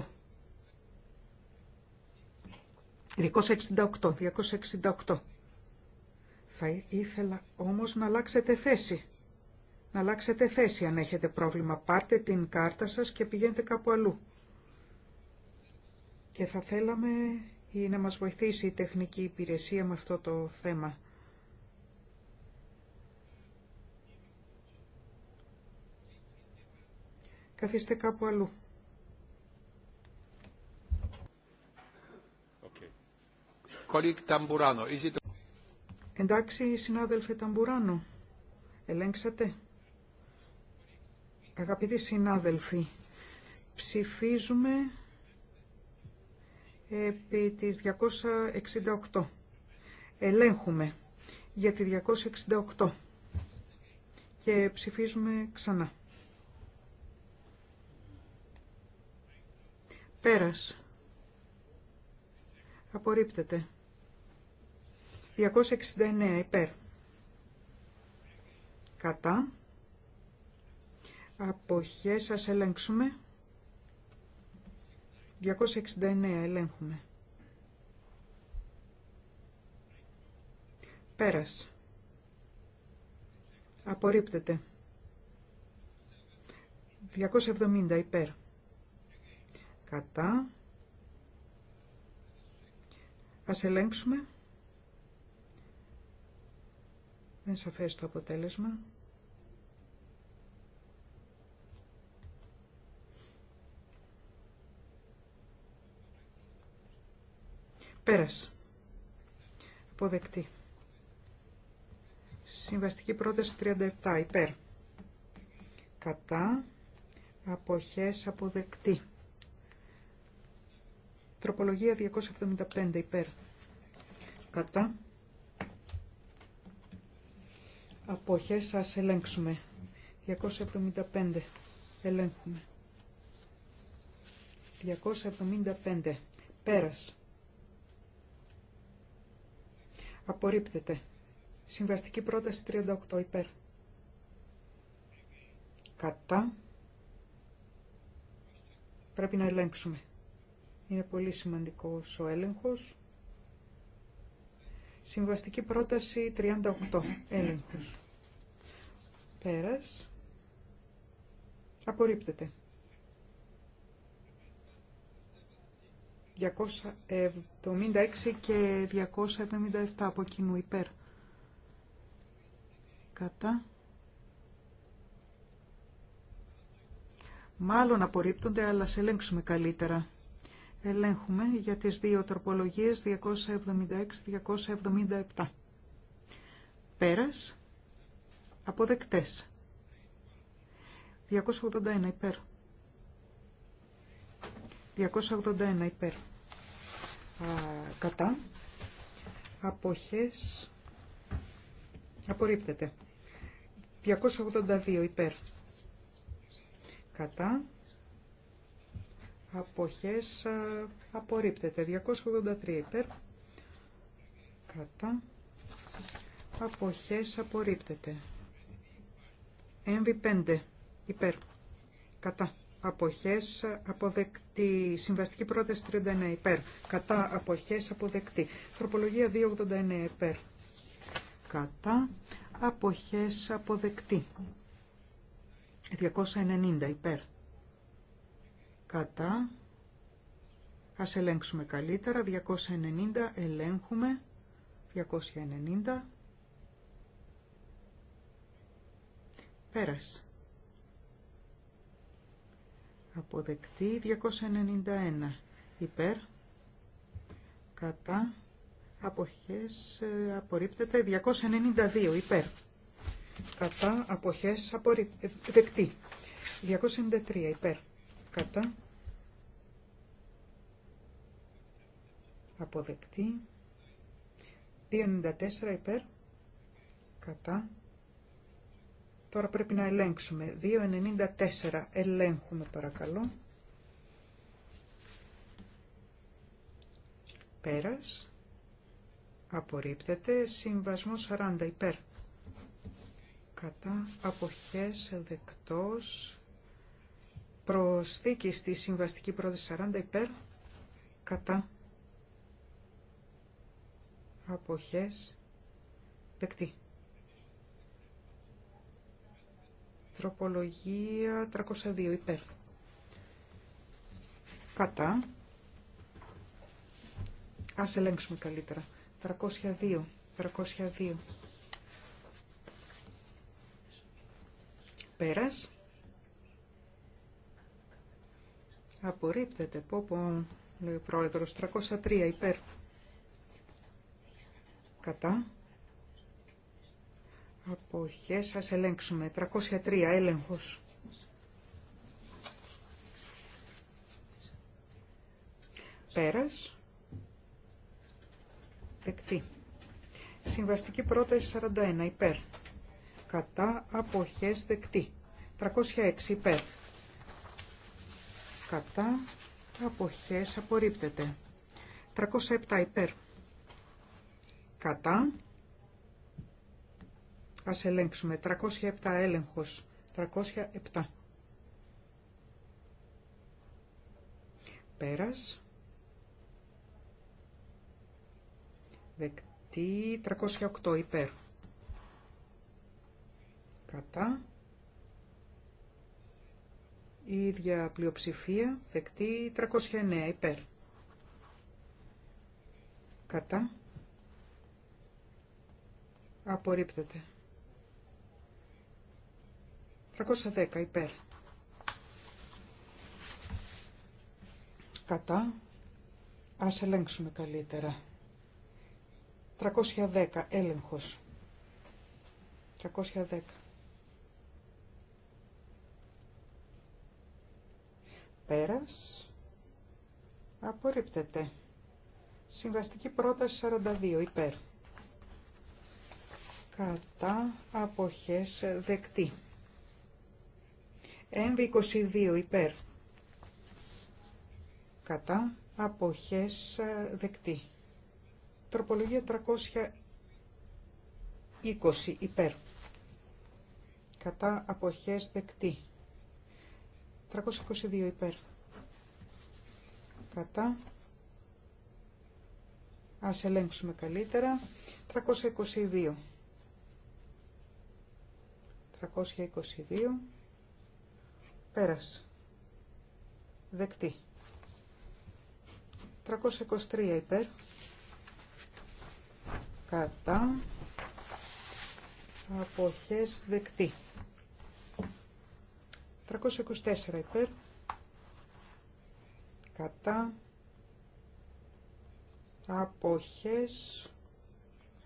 268, 268. Θα ήθελα όμως να αλλάξετε θέση. Να αλλάξετε θέση αν έχετε πρόβλημα. Πάρτε την κάρτα σας και πηγαίνετε κάπου αλλού. Και θα θέλαμε ή να μας βοηθήσει η τεχνική υπηρεσία με αυτό το θέμα. Καθίστε κάπου αλλού. Εντάξει, συνάδελφε Ταμπουράνο, ελέγξατε. Αγαπητοί συνάδελφοι, ψηφίζουμε επί της 268. Ελέγχουμε για τη 268 και ψηφίζουμε ξανά. Πέρας. Απορρίπτεται. 269 υπέρ. Κατά. Αποχές ας ελέγξουμε. 269 ελέγχουμε. Πέρας. Απορρίπτεται. 270 υπέρ. Κατά. Ας ελέγξουμε. Δεν σαφές το αποτέλεσμα. Πέρασε. Αποδεκτή. Συμβαστική πρόταση 37. Υπέρ. Κατά. Αποχές αποδεκτή. Τροπολογία 275. Υπέρ. Κατά. Αποχές ας ελέγξουμε. 275. Ελέγχουμε. 275. Πέρας. Απορρίπτεται. Συμβαστική πρόταση 38 υπέρ. Κατά. Πρέπει να ελέγξουμε. Είναι πολύ σημαντικός ο έλεγχος. Συμβαστική πρόταση 38. Έλεγχος. Πέρας. Απορρίπτεται. 276 και 277 από κοινού υπέρ. Κατά. Μάλλον απορρίπτονται, αλλά σε ελέγξουμε καλύτερα. Ελέγχουμε για τις δύο τροπολογίες 276-277. Πέρας. Αποδεκτές. 281 υπέρ. 281 υπέρ. Α, κατά. Αποχές. Απορρίπτεται. 282 υπέρ. Κατά αποχές απορρίπτεται 283 υπέρ κατά αποχές έμβη MV5 υπέρ κατά αποχές αποδεκτή συμβαστική πρόταση 39 υπέρ κατά αποχές αποδεκτή τροπολογία 289 υπέρ κατά αποχές αποδεκτή 290 υπέρ κατά, ας ελέγξουμε καλύτερα, 290 ελέγχουμε, 290, πέρας. Αποδεκτή 291 υπέρ, κατά, αποχές ε, απορρίπτεται 292 υπέρ. Κατά αποχές απορρίπτεται. Δεκτή. 293 υπέρ κατά αποδεκτή 2,94 υπέρ κατά τώρα πρέπει να ελέγξουμε 2,94 ελέγχουμε παρακαλώ πέρας απορρίπτεται συμβασμό 40 υπέρ κατά αποχές δεκτός προσθήκη στη συμβαστική πρόταση 40 υπέρ κατά αποχές δεκτή. Τροπολογία 302 υπέρ. Κατά. Ας ελέγξουμε καλύτερα. 302. 302. Πέρας. Απορρίπτεται. Πω πω, λέει ο πρόεδρος. 303 υπέρ. Κατά. Αποχές. Ας ελέγξουμε. 303 έλεγχος. Πέρας. Δεκτή. Συμβαστική πρόταση 41 υπέρ. Κατά αποχές δεκτή. 306 υπέρ κατά αποχές απορρίπτεται. 307 υπέρ κατά ας ελέγξουμε 307 έλεγχος 307 πέρας δεκτή 308 υπέρ κατά η ίδια πλειοψηφία δεκτή 309 υπέρ. Κατά. Απορρίπτεται. 310 υπέρ. Κατά. Ας ελέγξουμε καλύτερα. 310 έλεγχος. 310. Πέρας. Απορρίπτεται. Συμβαστική πρόταση 42. Υπέρ. Κατά αποχές δεκτή. Έμβη 22. Υπέρ. Κατά αποχές δεκτή. Τροπολογία 320. Υπέρ. Κατά αποχές δεκτή. 322 υπέρ. Κατά. Ας ελέγξουμε καλύτερα. 322. 322. Πέρας. Δεκτή. 323 υπέρ. Κατά. Αποχές δεκτή. 324 υπέρ, κατά, αποχές,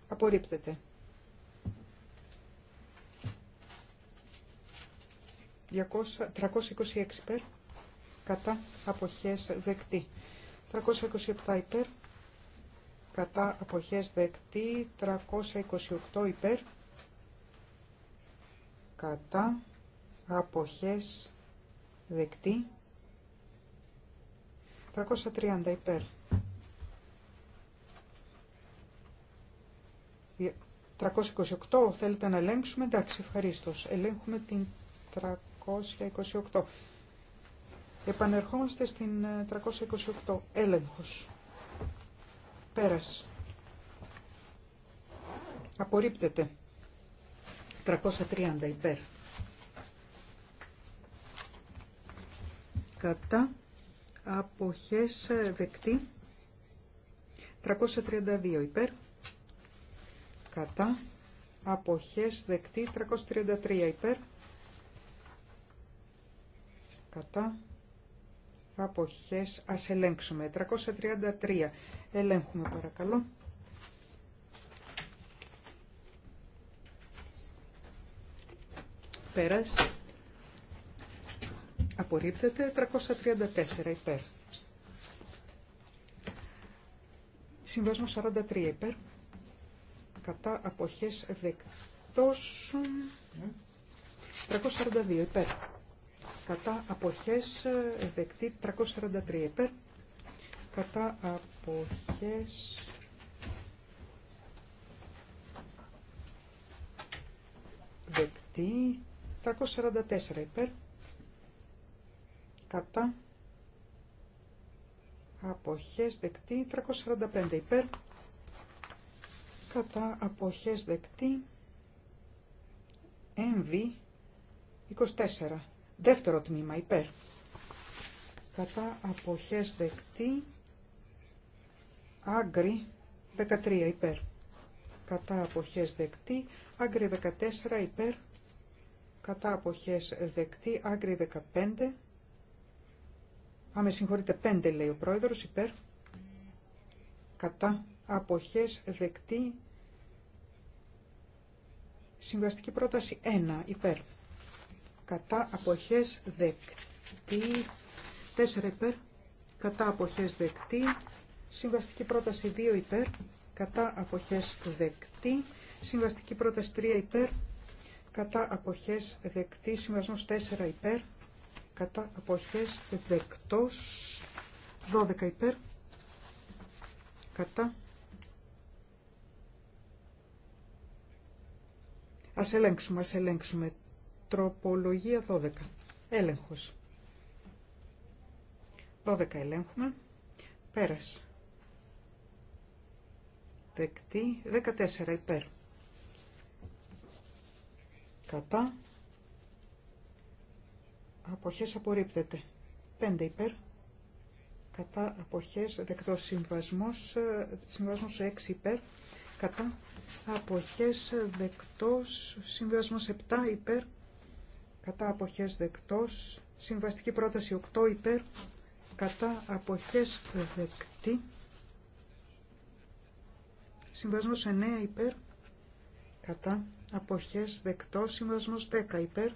απορρίπτεται. 326 υπέρ, κατά, αποχές, δεκτή. 327 υπέρ, κατά, αποχές, δεκτή. 328 υπέρ, κατά, αποχές δεκτή 330 υπέρ 328 θέλετε να ελέγξουμε εντάξει ευχαριστώ ελέγχουμε την 328 επανερχόμαστε στην 328 ε, έλεγχος πέρας απορρίπτεται 330 υπέρ κατά αποχές ε, δεκτή 332 υπέρ κατά αποχές δεκτή 333 υπέρ κατά αποχές ας ελέγξουμε 333 ελέγχουμε παρακαλώ πέρας Απορρίπτεται 334 υπέρ. Συμβάσμα 43 υπέρ. Κατά αποχές δεκτός 342 ε, υπέρ. Κατά αποχές δεκτή 343 υπέρ. Κατά αποχές δεκτή 344 υπέρ κατά αποχές δεκτή 345 υπέρ κατά αποχές δεκτή MV 24 δεύτερο τμήμα υπέρ κατά αποχές δεκτή άγκρι 13 υπέρ κατά αποχές δεκτή άγκρι 14 υπέρ κατά αποχές δεκτή άγκρι 15 Α, με συγχωρείτε, 5 λέει ο πρόεδρος, υπέρ, κατά, αποχές, δεκτή, συμβαστική πρόταση 1, υπέρ, κατά, αποχές, δεκτή, 4 υπέρ, κατά, αποχές, δεκτή, συμβαστική πρόταση 2 υπέρ, κατά, αποχές, δεκτή, συμβαστική πρόταση 3 υπέρ, κατά, αποχές, δεκτή, συμβασμός 4 υπέρ, κατά αποχές δεκτός 12 υπέρ κατά Ας ελέγξουμε, ας ελέγξουμε. Τροπολογία 12. Έλεγχος. 12 ελέγχουμε. Πέρασε. Δεκτή. 14 υπέρ. Κατά αποχές απορρίπτεται. 5 υπέρ, κατά αποχές δεκτός συμβασμός, ε, συμβασμός 6 υπέρ, κατά αποχές δεκτός συμβασμός 7 υπέρ, κατά αποχές δεκτός, συμβαστική πρόταση 8 υπέρ, κατά αποχές δεκτή, συμβασμός 9 υπέρ, κατά αποχές δεκτός, συμβασμός 10 υπέρ,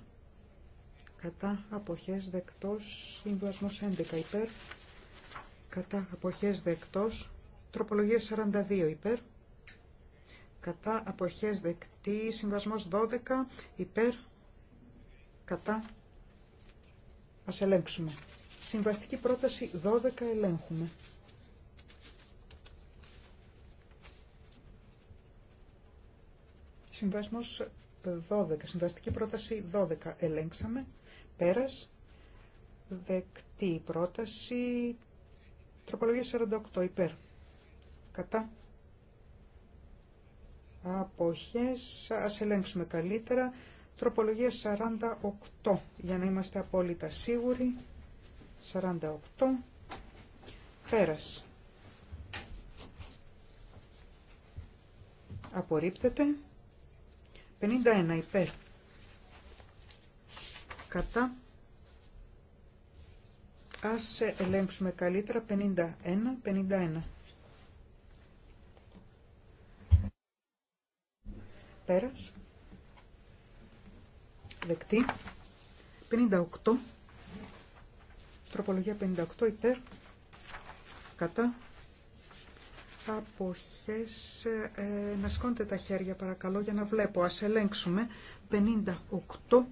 κατά αποχές δεκτός Συμβασμό 11 υπέρ κατά αποχές δεκτός τροπολογία 42 υπέρ κατά αποχές δεκτή συμβασμός 12 υπέρ κατά ας ελέγξουμε συμβαστική πρόταση 12 ελέγχουμε Συμβασμός 12, συμβαστική πρόταση 12 ελέγξαμε. Πέρας. Δεκτή η πρόταση. Τροπολογία 48 υπέρ. Κατά. Αποχές. Ας ελέγξουμε καλύτερα. Τροπολογία 48. Για να είμαστε απόλυτα σίγουροι. 48. Πέρας. Απορρίπτεται. 51 υπέρ κατά. Ας ελέγξουμε καλύτερα 51, 51. Πέρας. Δεκτή. 58. Τροπολογία 58 υπέρ. Κατά. Αποχές. Ε, να σκόντε τα χέρια παρακαλώ για να βλέπω. Ας ελέγξουμε. 58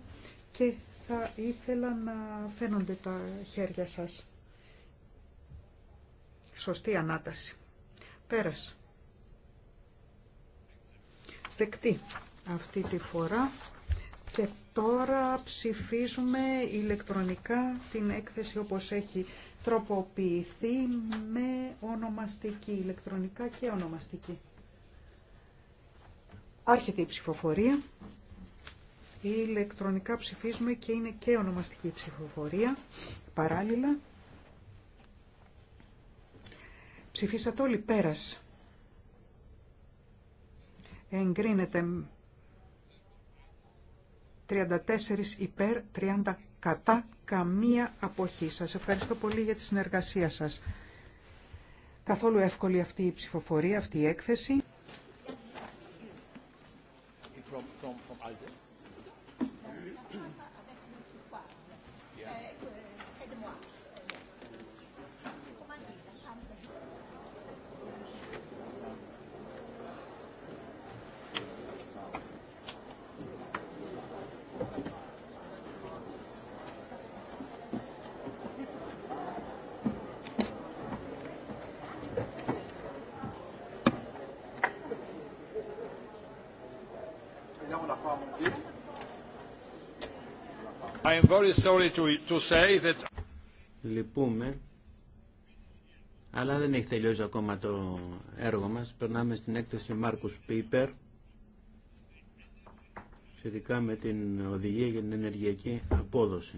και θα ήθελα να φαίνονται τα χέρια σας. Σωστή ανάταση. Πέρας. Δεκτή αυτή τη φορά. Και τώρα ψηφίζουμε ηλεκτρονικά την έκθεση όπως έχει τροποποιηθεί με ονομαστική, ηλεκτρονικά και ονομαστική. Άρχεται η ψηφοφορία. Ηλεκτρονικά ψηφίζουμε και είναι και ονομαστική ψηφοφορία παράλληλα. Ψηφίσατε όλοι πέρας. Εγκρίνεται 34 υπέρ, 30 κατά, καμία αποχή. Σας ευχαριστώ πολύ για τη συνεργασία σας. Καθόλου εύκολη αυτή η ψηφοφορία, αυτή η έκθεση. From, from, from Λυπούμε, αλλά δεν έχει τελειώσει ακόμα το έργο μας. Περνάμε στην έκθεση Μάρκους Πίπερ σχετικά με την οδηγία για την ενεργειακή απόδοση.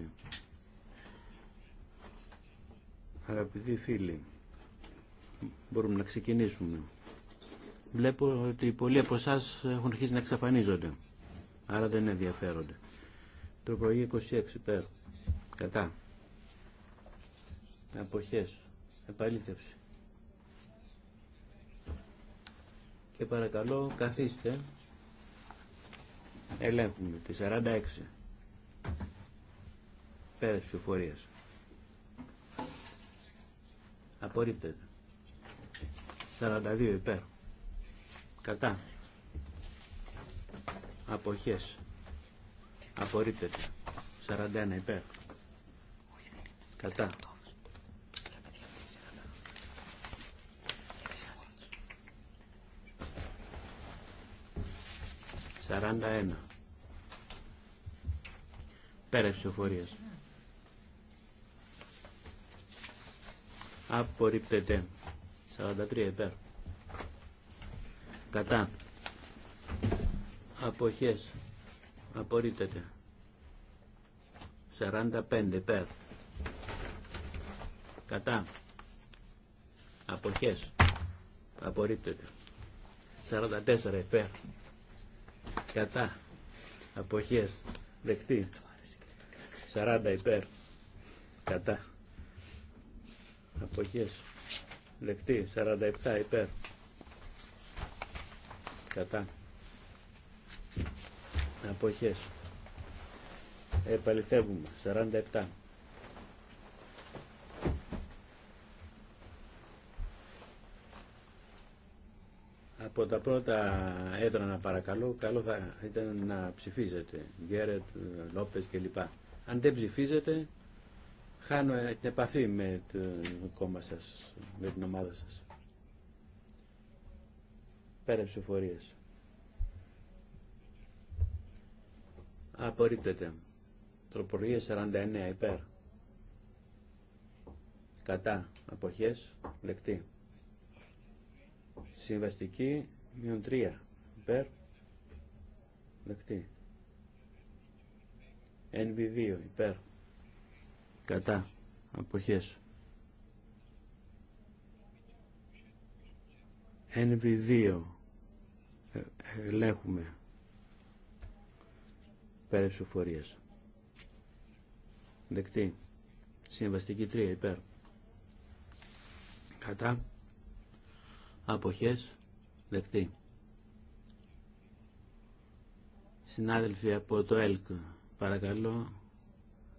Αγαπητοί φίλοι, μπορούμε να ξεκινήσουμε. Βλέπω ότι πολλοί από εσά έχουν αρχίσει να εξαφανίζονται, άρα δεν ενδιαφέρονται πρωί 26 πέρα, Κατά. Αποχές. Επαλήθευση. Και παρακαλώ καθίστε. Ελέγχουμε τη 46. Πέρα της εφορίας. Απορρίπτεται. 42 υπέρ. Κατά. Αποχές. Απορρίπτεται. 41 υπέρ. Κατά. Σαράντα ένα. Πέρα ψηφοφορίας. Απορρίπτεται. 43 υπέρ. Κατά. Αποχές απορρίπτεται 45 υπέρ κατά Αποχέ. απορρίπτεται 44 υπέρ κατά αποχές δεκτή 40 υπέρ κατά αποχές δεκτή 47 υπέρ κατά αποχές επαληθεύουμε 47 από τα πρώτα να παρακαλώ καλό θα ήταν να ψηφίζετε Γκέρετ, Λόπες κλπ αν δεν ψηφίζετε χάνω την επαφή με το κόμμα σας με την ομάδα σας πέρα ψηφορίες απορρίπτεται. Τροπολογία 49 υπέρ. Κατά αποχές αποχές. Συμβαστική μείον 3 υπερ Υπέρ. Δεκτή. NB2 υπέρ. Κατά αποχές. NB2 ε, ελέγχουμε Πέρα ψηφοφορία. Δεκτή. Συμβαστική τρία υπέρ. Κατά. Αποχές. Δεκτή. Συνάδελφοι από το ΕΛΚ, παρακαλώ,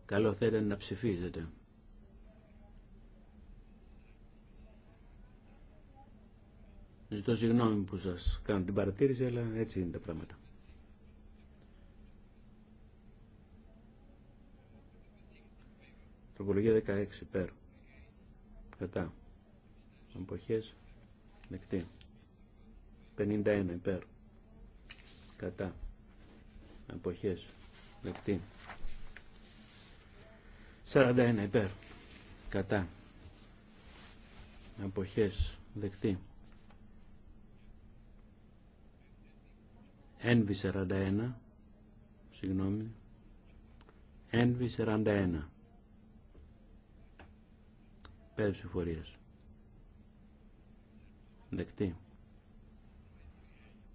καλό θέλετε να ψηφίζετε. Ζητώ συγγνώμη που σας κάνω την παρατήρηση, αλλά έτσι είναι τα πράγματα. Τροπολογία 16 υπέρ. Κατά. Αποχές δεκτή. 51 υπέρ. Κατά. Αποχές δεκτή. 41 υπέρ. Κατά. Αποχέ δεκτή. δεκτή. Ένβη 41. Συγγνώμη. Ένβη 41. Πέρα ψηφορίας. Δεκτή.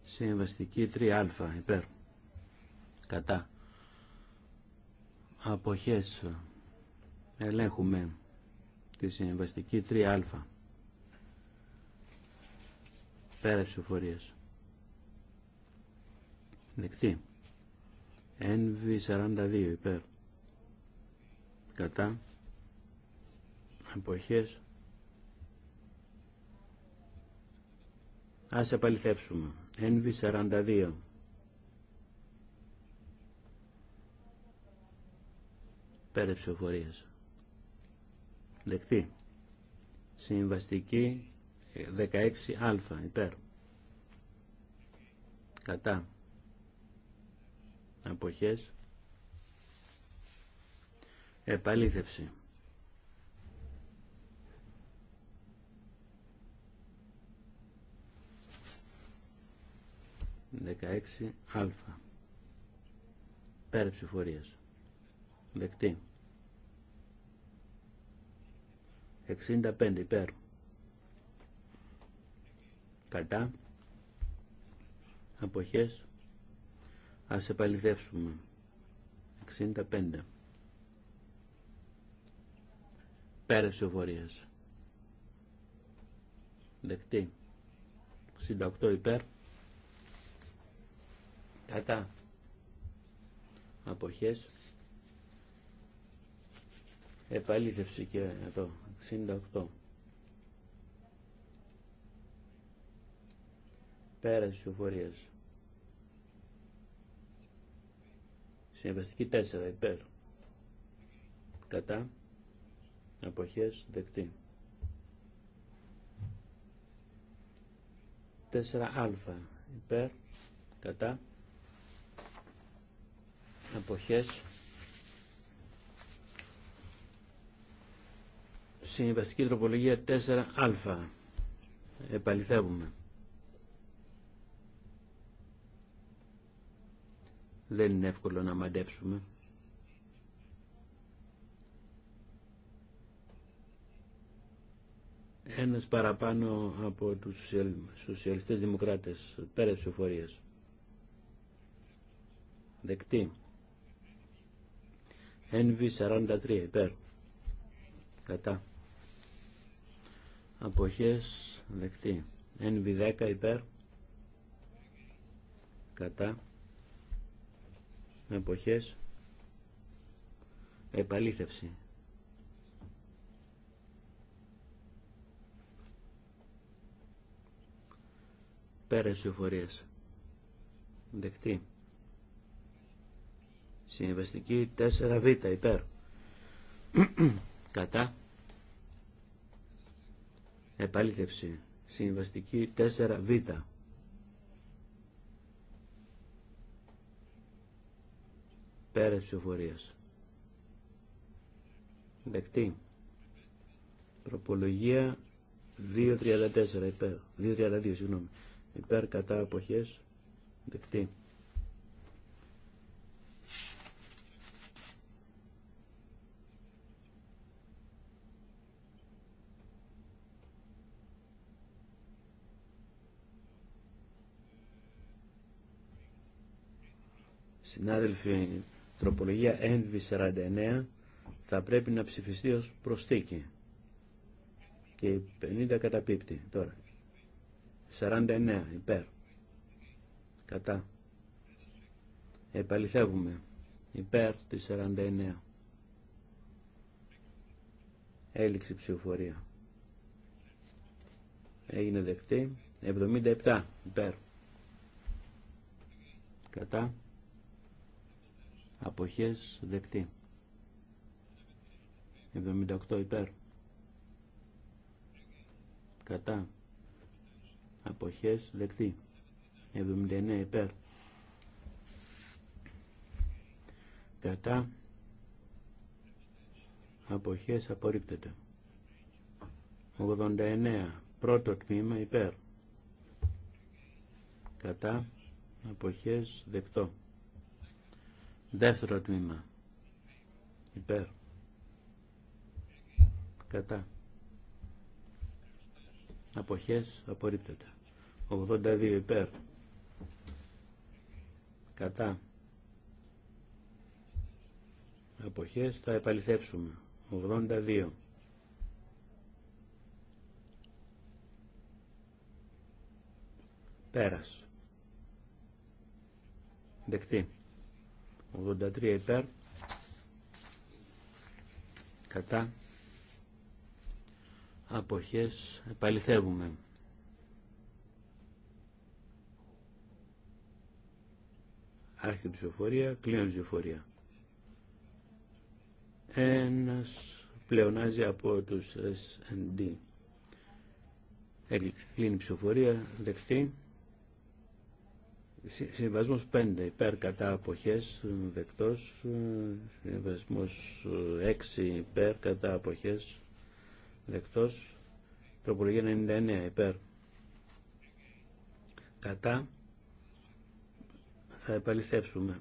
Συμβαστική 3α υπέρ. Κατά. Αποχές. Ελέγχουμε τη συμβαστική 3α. Πέρα ψηφορίας. Δεκτή. Ένβη 42 υπέρ. Κατά εποχές ας επαληθεύσουμε NV42 πέρα οφορία. δεκτή συμβαστική 16α ε, υπέρ κατά Αποχές επαλήθευση 16α. Πέρα ψηφορίας. Δεκτή. 65 υπέρ. Κατά. Αποχές. Ας επαληθεύσουμε. 65. Πέρα ψηφορίας. Δεκτή. 68 υπέρ κατά αποχές επαλήθευση και εδώ 68 Πέραση της ψηφοφορίας συμβαστική 4 υπέρ κατά αποχές δεκτή 4α υπέρ κατά αποχές συμβαστική τροπολογία 4α επαληθεύουμε δεν είναι εύκολο να μαντέψουμε ένας παραπάνω από τους σοσιαλιστές δημοκράτες πέρα της Δεκτή. NV43 υπέρ κατά αποχές δεκτή NV10 υπέρ κατά αποχές επαλήθευση πέρα εφορίας δεκτή Συμβαστική 4β υπέρ. Κατά. Επαλήθευση. Συμβαστική 4β. Πέρα ψηφορίας Δεκτή. Προπολογία 2.34 υπέρ. 2.32 συγγνώμη. Υπέρ κατά αποχές. Δεκτή. Συνάδελφοι, τροπολογία NV49 θα πρέπει να ψηφιστεί ως προστίκη Και 50 καταπίπτει τώρα. 49 υπέρ. Κατά. Επαληθεύουμε. Υπέρ τη 49. Έληξη ψηφοφορία. Έγινε δεκτή. 77 υπέρ. Κατά αποχές δεκτή 78 υπέρ κατά αποχές δεκτή 79 υπέρ κατά αποχές απορρίπτεται 89 πρώτο τμήμα υπέρ κατά αποχές δεκτό Δεύτερο τμήμα. Υπέρ. Κατά. Αποχές απορρίπτεται. 82 υπέρ. Κατά. Αποχές θα επαληθεύσουμε. 82. Πέρας. Δεκτή. 83 υπέρ κατά αποχές επαληθεύουμε. άρχιν ψηφοφορία, ψηφοφορία. Ένας πλεονάζει από τους S&D. Κλείνει ψηφοφορία, δεκτή. Συμβασμός 5 υπέρ κατά αποχές δεκτός. Συμβασμός 6 ε, υπέρ κατά αποχές δεκτός. Τροπολογία 99 υπέρ κατά θα επαληθεύσουμε.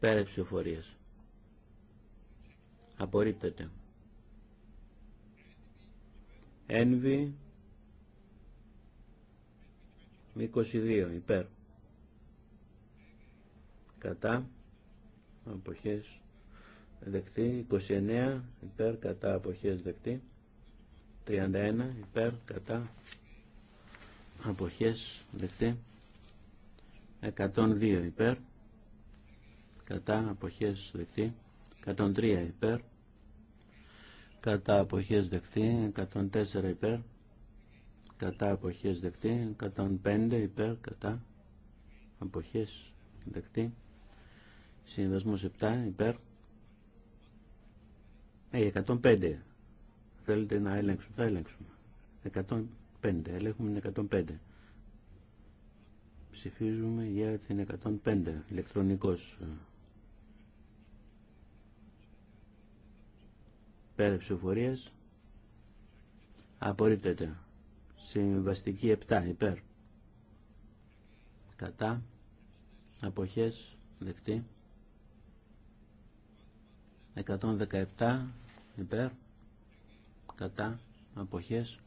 Πέρα ψηφορίας Απορρίπτεται. Ένβη 22 υπέρ κατά αποχές δεκτή 29 υπέρ κατά αποχές δεκτή 31 υπέρ κατά αποχές δεκτή 102 υπέρ κατά αποχές δεκτή 103 υπέρ κατά αποχές δεκτή 104 υπέρ κατά αποχές δεκτή 105 υπέρ κατά αποχές δεκτή συνδεσμός 7 υπέρ ε, 105 θέλετε να ελέγξουμε θα ελέγξουμε 105 ελέγχουμε 105 ψηφίζουμε για την 105 ηλεκτρονικός ε, Πέρα ψηφοφορία. Απορρίπτεται. Συμβαστική 7 υπέρ. Κατά. Αποχές. Δεκτή. 117 υπέρ. Κατά. Αποχές.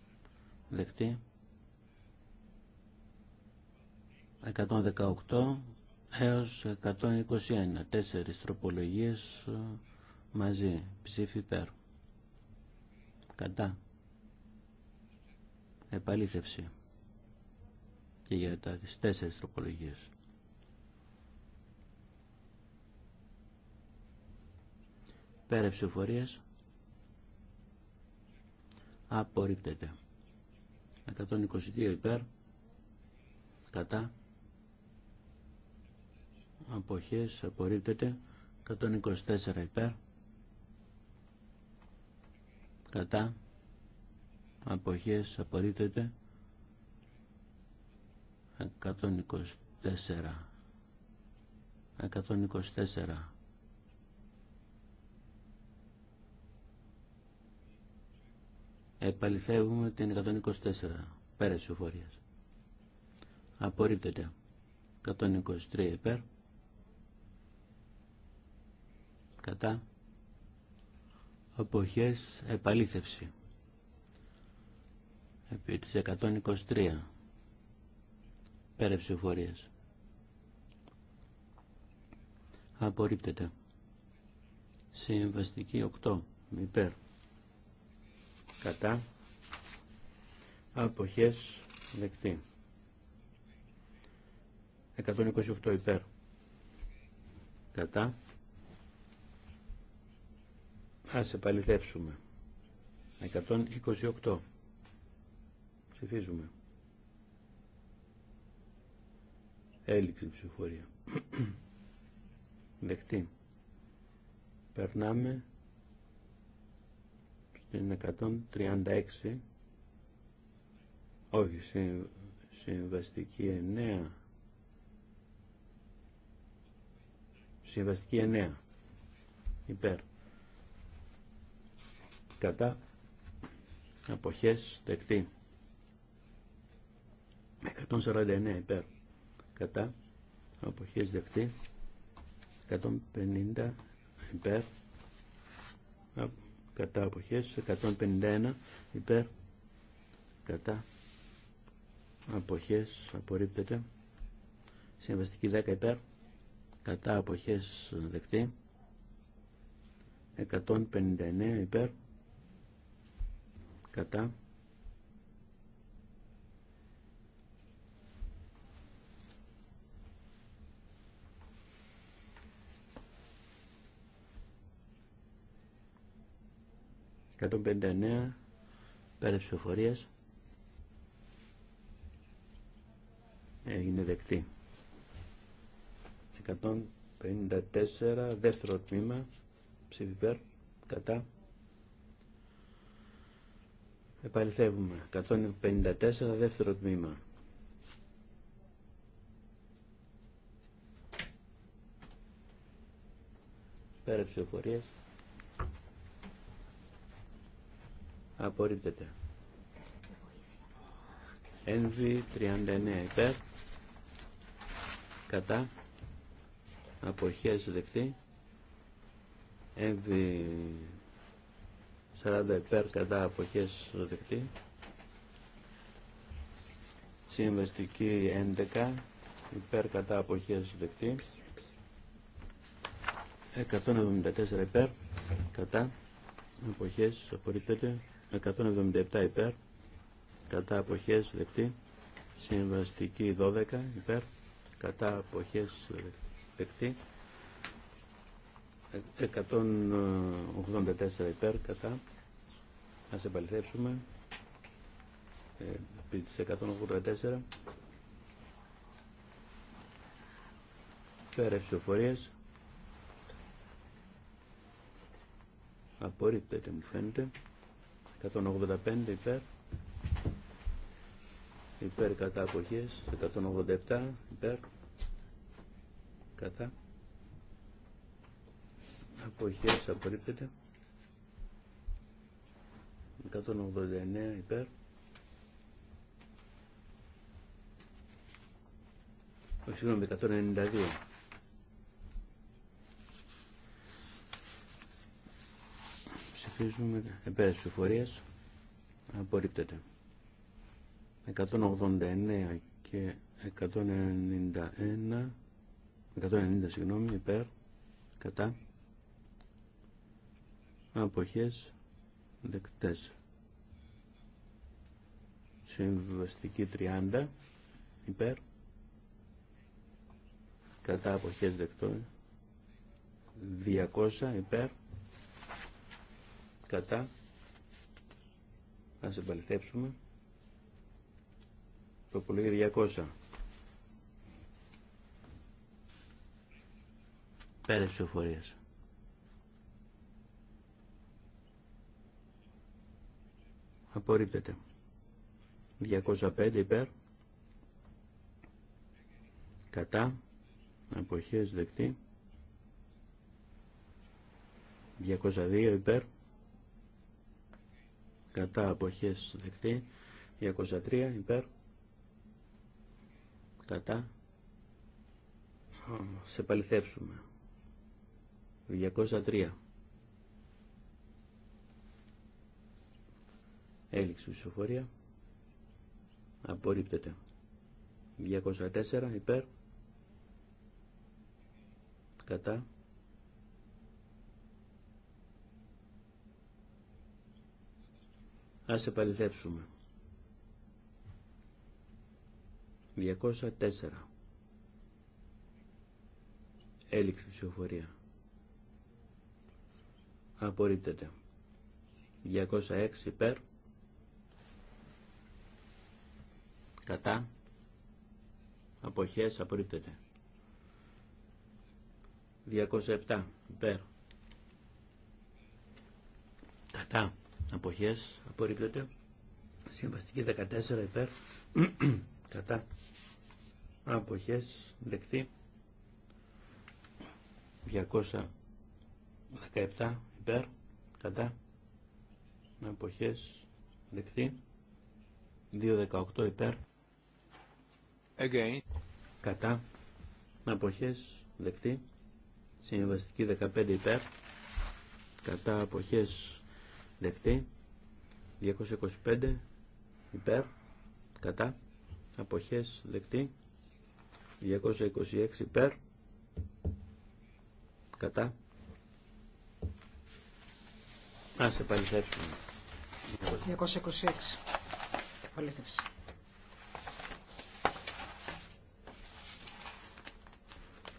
Δεκτή. 118 έως 121. Τέσσερις τροπολογίες μαζί. Ψήφι υπέρ κατά επαλήθευση και για τα τις τέσσερις τροπολογίες. Πέρα ψηφορίας απορρίπτεται. 122 υπέρ κατά αποχές απορρίπτεται 124 υπέρ κατά αποχές απορρίπτεται 124 124 Επαληθεύουμε την 124 πέρα της Απορρίπτεται 123 υπέρ κατά αποχές επαλήθευση επί της 123 πέρα ψηφορίας απορρίπτεται συμβαστική 8 υπέρ κατά αποχές δεκτή 128 υπέρ κατά Ας επαληθεύσουμε. 128. Ψηφίζουμε. Έλλειψη ψηφορία. Δεκτή. Περνάμε στην 136. Όχι, συμβαστική 9. Συμβαστική 9. Υπέρ κατά αποχές δεκτή 149 υπέρ κατά αποχές δεκτή 150 υπέρ κατά αποχές 151 υπέρ κατά αποχές απορρίπτεται συμβαστική 10 υπέρ κατά αποχές δεκτή 159 υπέρ κατά Κατόν πέντε πέρα ψηφοφορίας έγινε δεκτή. 154 δεύτερο τμήμα ψηφιπέρ κατά Επαληθεύουμε. 154 δεύτερο τμήμα. Πέρα ψηφοφορίας. Απορρίπτεται. Ένβη 39 υπέρ. Κατά. Αποχέσεις δεκτή. Ένβη 40 υπέρ κατά αποχές δεκτή. Συμβαστική 11 υπέρ κατά αποχές δεκτή. 174 υπέρ κατά αποχές απορρίπτεται. 177 υπέρ κατά αποχές δεκτή. Συμβαστική 12 υπέρ κατά αποχές δεκτή. 184 υπέρ κατά σε επαληθεύσουμε ε, επί της 184 πέρα ψηφοφορίας απορρίπτεται μου φαίνεται 185 υπέρ υπέρ κατά αποχές 187 υπέρ κατά αποχές απορρίπτεται 189 υπέρ συγγνώμη 192 ψηφίζουμε υπέρ της ψηφορίας απορρίπτεται 189 και 191 190 συγγνώμη υπέρ κατά αποχές δεκτές συμβαστική 30 υπέρ κατά αποχές δεκτό 200 υπέρ κατά θα σε το πολύ 200 πέρα ψηφοφορίας απορρίπτεται. 205 υπέρ κατά αποχές δεκτή 202 υπέρ κατά αποχές δεκτή 203 υπέρ κατά σε παληθεύσουμε 203 Έληξη ψηφοφορία. Απορρίπτεται. 204 υπέρ. Κατά. Ας επαληθεύσουμε. 204. Έληξη ψηφοφορία. Απορρίπτεται. 206 υπέρ. κατά αποχές απορρίπτεται 207 υπέρ κατά αποχές απορρίπτεται συμβαστική 14 υπέρ κατά αποχές δεκτή 217 υπέρ κατά αποχές δεκτή 218 υπέρ Κατά. Αποχές. Δεκτή. Συμβαστική 15 υπέρ. Κατά. Αποχές. Δεκτή. 225 υπέρ. Κατά. Αποχές. Δεκτή. 226 υπέρ. Κατά. Ας επαληθεύσουμε. 226. Επαληθεύσουμε.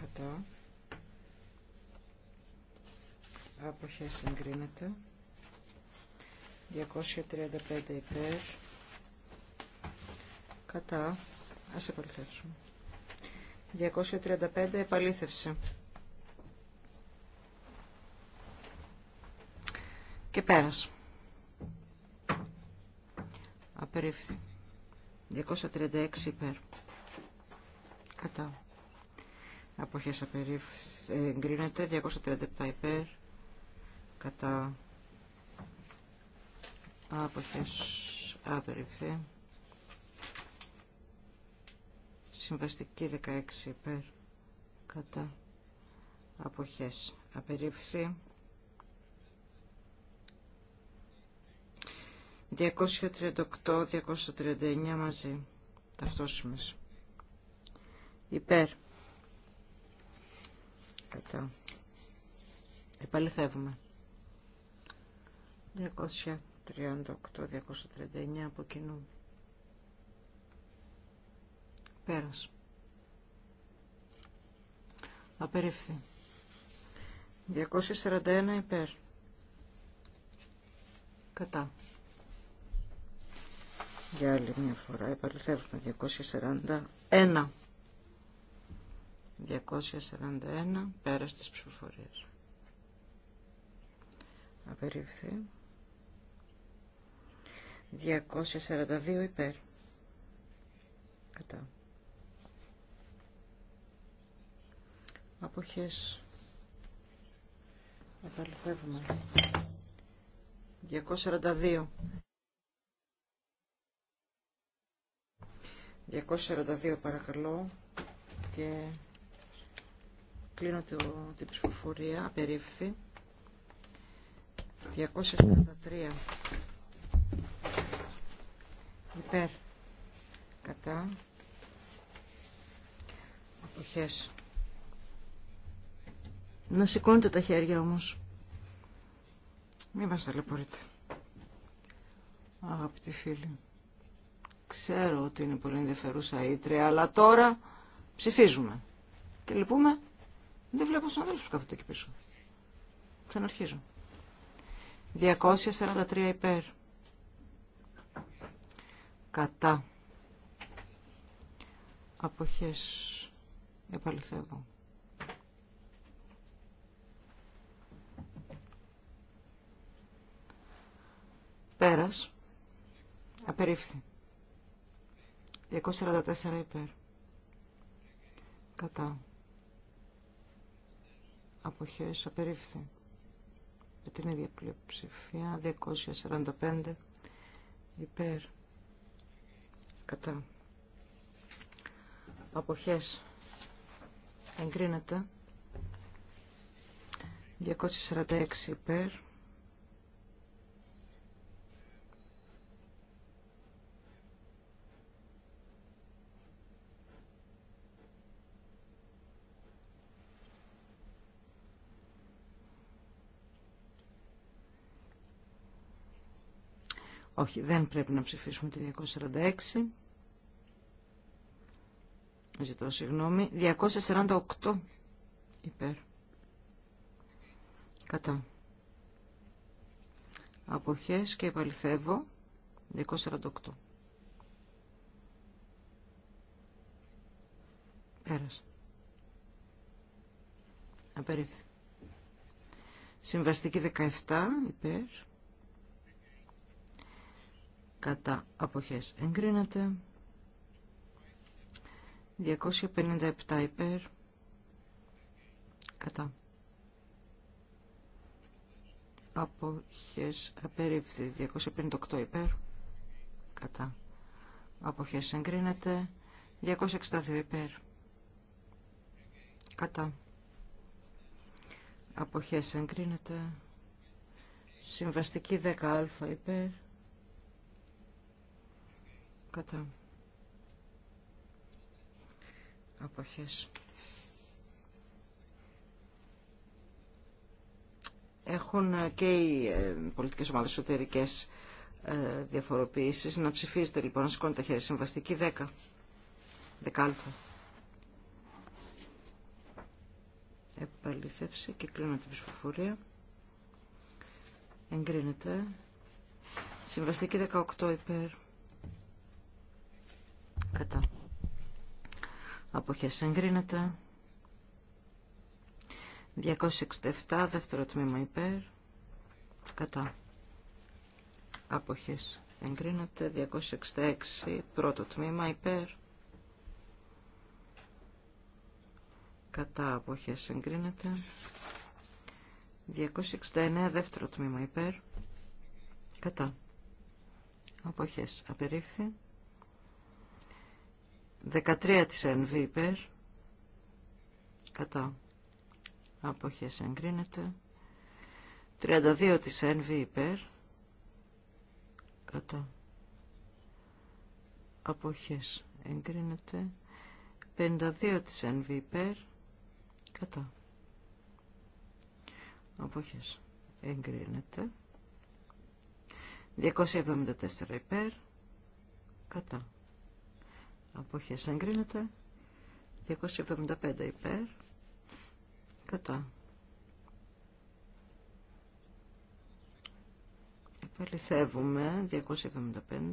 κατά αποχές συγκρίνεται 235 υπέρ κατά ας επαληθεύσουμε 235 επαλήθευση και πέρας απερίφθη 236 υπέρ κατά Αποχές απερίφθη. Εγκρίνεται. 237 υπέρ. Κατά. Αποχές απερίφθη. Συμβαστική 16 υπέρ. Κατά. Αποχές απερίφθη. 238-239 μαζί. Ταυτόσιμες. Υπέρ. Κατά. Επαληθεύουμε. 238-239 από κοινού. Πέρας. Απερίφθη. 241 υπέρ. Κατά. Για άλλη μια φορά επαληθεύουμε. 241. 241 πέρα της ψηφοφορίας. Απερίφθη. 242 υπέρ. Κατά. Αποχές. Επαληθεύουμε. 242. 242 παρακαλώ και Κλείνω το, την ψηφοφορία. Απερίφθη. 243. Υπέρ. Κατά. Αποχές. Να σηκώνετε τα χέρια όμως. Μη μας ταλαιπωρείτε. Αγαπητοί φίλοι. Ξέρω ότι είναι πολύ ενδιαφέρουσα η ήτρε, αλλά τώρα ψηφίζουμε. Και λυπούμε δεν βλέπω στους αδέλφους που κάθονται εκεί πίσω. Ξαναρχίζω. 243 υπέρ. Κατά. Αποχές. Επαληθεύω. Πέρας. Απερίφθη. 244 υπέρ. Κατά αποχές απερίφθη με την ίδια πλειοψηφία 245 υπέρ κατά αποχές εγκρίνεται 246 υπέρ Όχι, δεν πρέπει να ψηφίσουμε τη 246. Ζητώ συγγνώμη. 248 υπέρ. Κατά. Αποχές και επαληθεύω. 248. Πέρασε. Απερίφθη. Συμβαστική 17 υπέρ κατά αποχές εγκρίνεται 257 υπέρ κατά αποχές απερίφθη 258 υπέρ κατά αποχές εγκρίνεται 262 υπέρ κατά αποχές εγκρίνεται συμβαστική 10α υπέρ κατά αποχές. Έχουν και οι ε, πολιτικές ομάδες εσωτερικές ε, διαφοροποιήσεις. Να ψηφίζετε λοιπόν, να σηκώνετε τα χέρια. Συμβαστική 10. Δεκάλφα. και κλείνω την ψηφοφορία. Εγκρίνεται. Συμβαστική 18 υπέρ. Κατά. Αποχές εγκρίνεται. 267 δεύτερο τμήμα υπέρ. Κατά. Αποχές εγκρίνεται. 266 πρώτο τμήμα υπέρ. Κατά. Αποχές εγκρίνεται. 269 δεύτερο τμήμα υπέρ. Κατά. Αποχές απερίφθη. 13 της NV υπέρ κατά αποχές εγκρίνεται 32 της NV υπέρ κατά αποχές εγκρίνεται 52 της NV υπέρ κατά αποχές εγκρίνεται 274 υπέρ κατά αποχές εγκρίνεται 275 υπέρ κατά επαληθεύουμε 275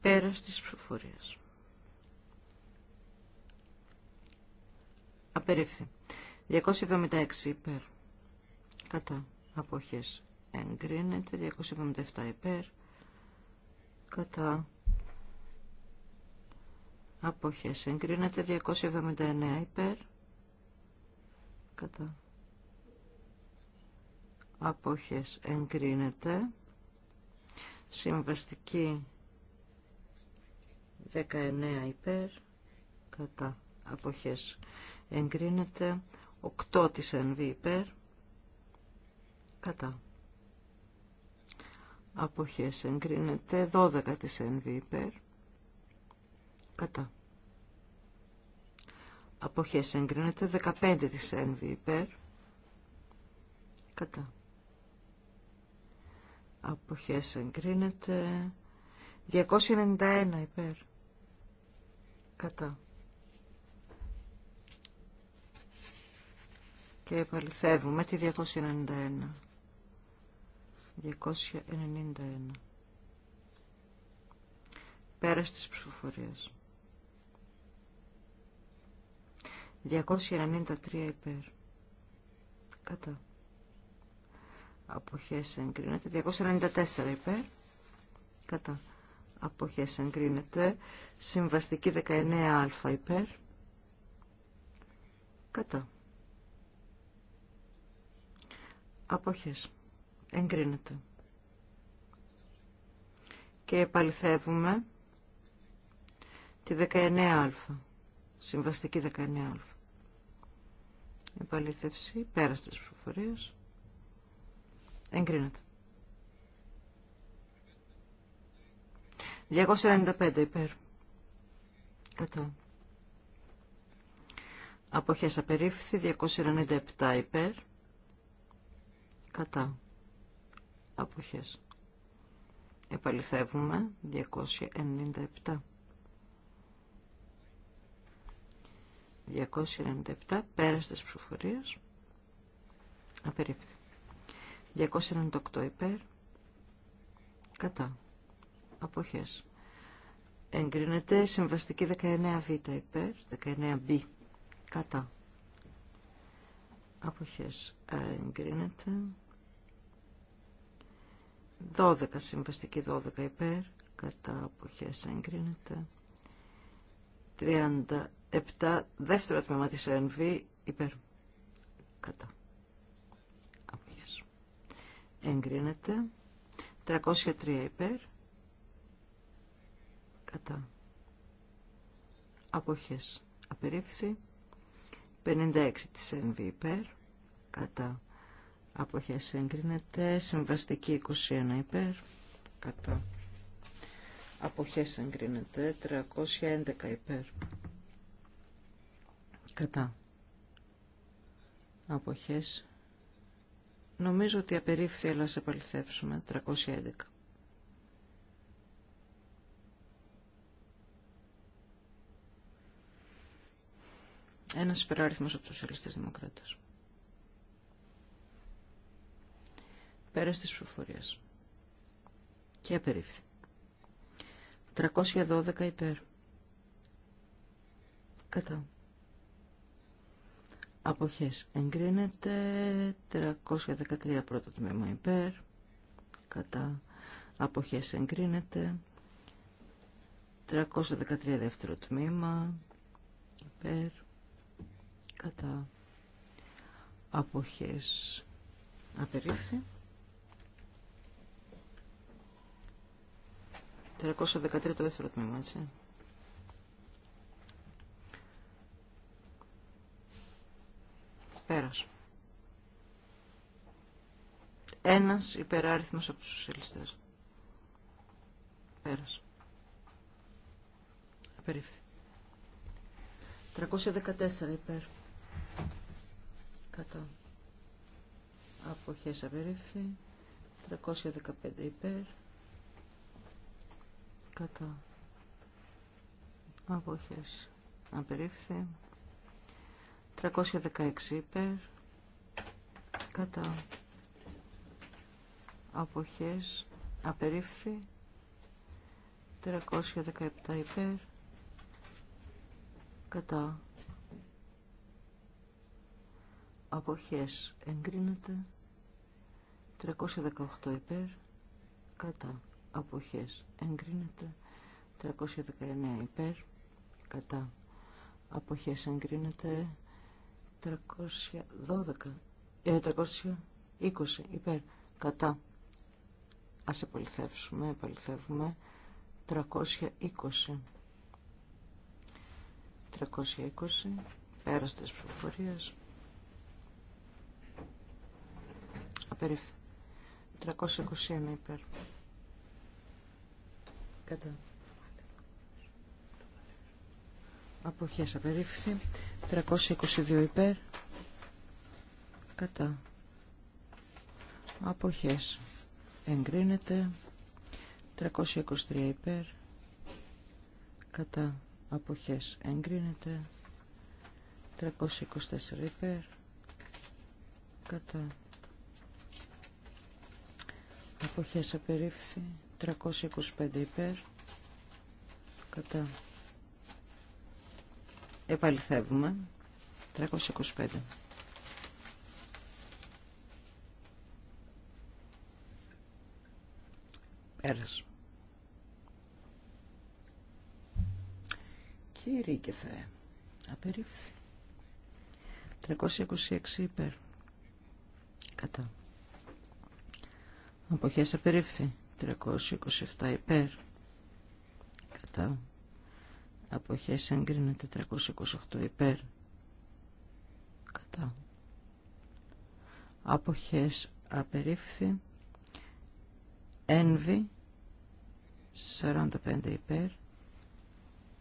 πέρας της ψηφοφορία. Απερίφθη. 276 υπέρ. Κατά αποχές εγκρίνεται 277 υπέρ κατά αποχές εγκρίνεται 279 υπέρ κατά αποχές εγκρίνεται συμβαστική 19 υπέρ κατά αποχές εγκρίνεται 8 της ΕΝΒΗ υπέρ κατά. Αποχές εγκρίνεται 12 της ένβη υπέρ. Κατά. Αποχές εγκρίνεται 15 της ένβη υπέρ. Κατά. Αποχές εγκρίνεται 291 υπέρ. Κατά. Και επαληθεύουμε τη 291. 291 πέρας της ψηφοφορίας 293 υπέρ κατά αποχές εγκρίνεται 294 υπέρ κατά αποχές εγκρίνεται συμβαστική 19α υπέρ κατά αποχές εγκρίνεται. Και επαληθεύουμε τη 19α, συμβαστική 19α. Επαλήθευση πέρα της προφορίας. Εγκρίνεται. 295 υπέρ. Κατά. Αποχές απερίφθη 297 υπέρ. Κατά αποχές. Επαληθεύουμε 297. 297 πέρας της ψηφοφορίας απερίφθη. 298 υπέρ κατά αποχές. Εγκρίνεται συμβαστική 19β υπέρ, 19β κατά αποχές. Εγκρίνεται 12 συμβαστική 12 υπέρ κατά αποχές εγκρίνεται 37 δεύτερο τμήμα της ΕΝΒ υπέρ κατά αποχές εγκρίνεται 303 υπέρ κατά αποχές απερίφθη 56 της ΕΝΒ υπέρ κατά αποχές εγκρίνεται συμβαστική 21 υπέρ κατά αποχές εγκρίνεται 311 υπέρ κατά αποχές νομίζω ότι απερίφθη αλλά σε παληθεύσουμε 311 Ένας υπεράριθμος από τους σοσιαλιστές δημοκράτες. Πέρας της ψηφοφορίες Και απερίφθη. 312 υπέρ. Κατά. Αποχές εγκρίνεται 313 πρώτο τμήμα υπέρ. Κατά. Αποχές εγκρίνεται 313 δεύτερο τμήμα υπέρ. Κατά. Αποχές απερίφθη. 313 το δεύτερο τμήμα, έτσι. Πέρας. Ένας υπεράριθμος από τους σοσιαλιστές. Πέρας. Απερίφθη. 314 υπέρ. Κατά. Αποχές απερίφθη. 315 υπέρ κατά αποχές απερίφθη 316 υπέρ κατά αποχές απερίφθη 317 υπέρ κατά αποχές εγκρίνεται 318 υπέρ κατά αποχές εγκρίνεται 319 υπέρ κατά αποχές εγκρίνεται 312 320 ε, υπέρ κατά ας επαληθεύσουμε επαληθεύουμε 320 320 πέρας της προφορίας απερίφθη 321 υπέρ Κατά. Αποχές απερίφθη. 322 υπέρ. Κατά. Αποχές. Εγκρίνεται. 323 υπέρ. Κατά. Αποχές. Εγκρίνεται. 324 υπέρ. Κατά. Αποχές απερίφθη. 325 υπέρ κατά επαληθεύουμε 325 πέρας κύριε και θεέ απερίφθη 326 υπέρ κατά αποχές απερίφθη 327 υπέρ κατά αποχές εγκρίνεται 428 υπέρ κατά αποχές απερίφθη ένβη 45 υπέρ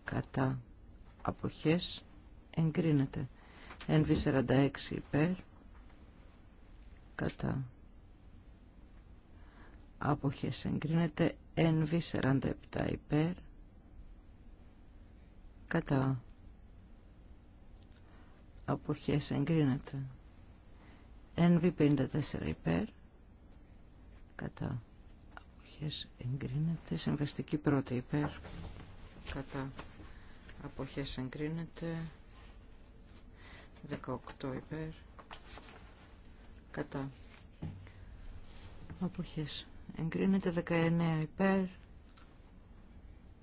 κατά αποχές εγκρίνεται ένβη 46 υπέρ κατά άποχες εγκρίνεται, NV47 υπέρ κατά αποχές εγκρίνεται Ένβι υπέρ κατά αποχές εγκρίνεται συμβαστική πρώτη υπέρ κατά αποχές εγκρίνεται 18 υπέρ κατά αποχές εγκρίνεται 19 υπέρ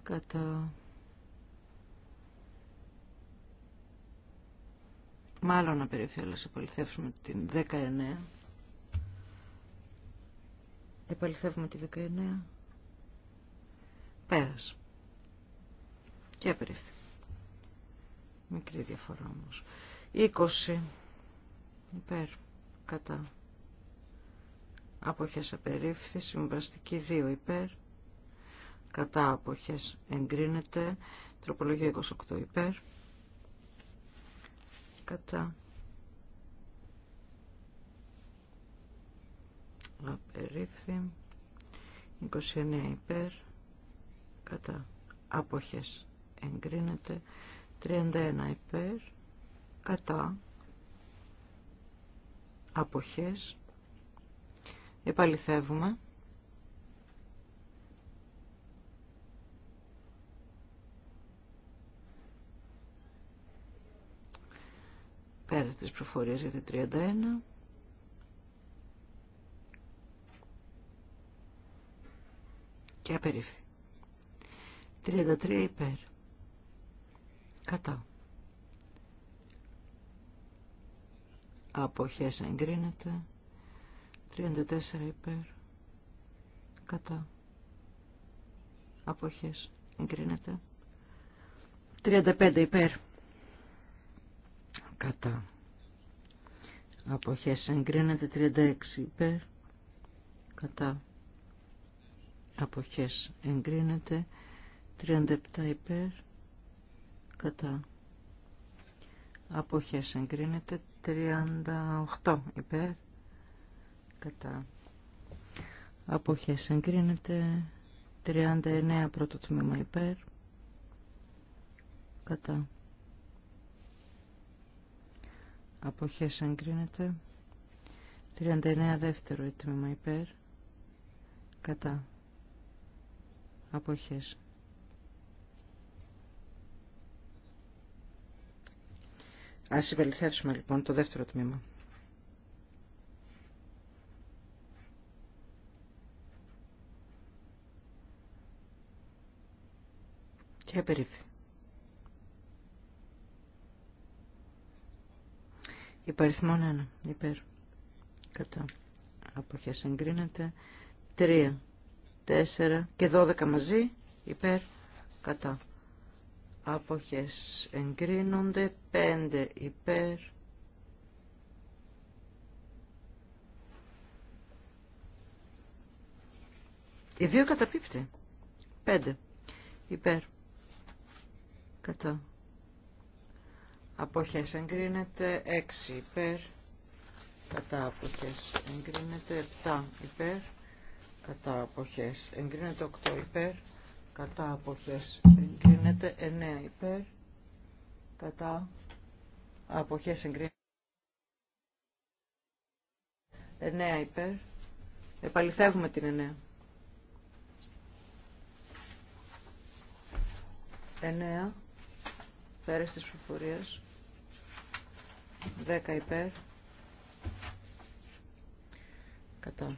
κατά μάλλον απεριφθέλας επαληθεύσουμε την 19 επαληθεύουμε τη 19 πέρασε και απεριφθή μικρή διαφορά όμως 20 υπέρ κατά αποχές απερίφθη, συμβαστική 2 υπέρ, κατά αποχές εγκρίνεται, τροπολογία 28 υπέρ, κατά απερίφθη, 29 υπέρ, κατά αποχές εγκρίνεται, 31 υπέρ, κατά αποχές επαληθεύουμε. Πέρα της προφορίες για τη 31. Και απερίφθη. 33 υπέρ. Κατά. Αποχές εγκρίνεται. 34 υπέρ κατά αποχές εγκρίνεται 35 υπέρ κατά αποχές εγκρίνεται 36 υπέρ κατά αποχές εγκρίνεται 37 υπέρ κατά αποχές εγκρίνεται 38 υπέρ κατά αποχές εγκρίνεται 39 πρώτο τμήμα υπέρ κατά αποχές εγκρίνεται 39 δεύτερο τμήμα υπέρ κατά αποχές Ας υπεληθεύσουμε λοιπόν το δεύτερο τμήμα και απερίφθη. Υπαριθμόν 1. Υπέρ. Κατά. Αποχές εγκρίνεται. 3, 4 και 12 μαζί. Υπέρ. Κατά. Αποχές εγκρίνονται. 5 υπέρ. Οι δύο καταπίπτει. 5 υπέρ κατά αποχές εγκρίνεται 6 υπέρ κατά αποχές εγκρίνεται 7 υπέρ κατά αποχές εγκρίνεται 8 υπέρ κατά αποχές εγκρίνεται 9 υπέρ κατά αποχές εγκρίνεται 9 υπέρ επαληθεύουμε την 9 9 Πέρας της 10 υπέρ. Κατά.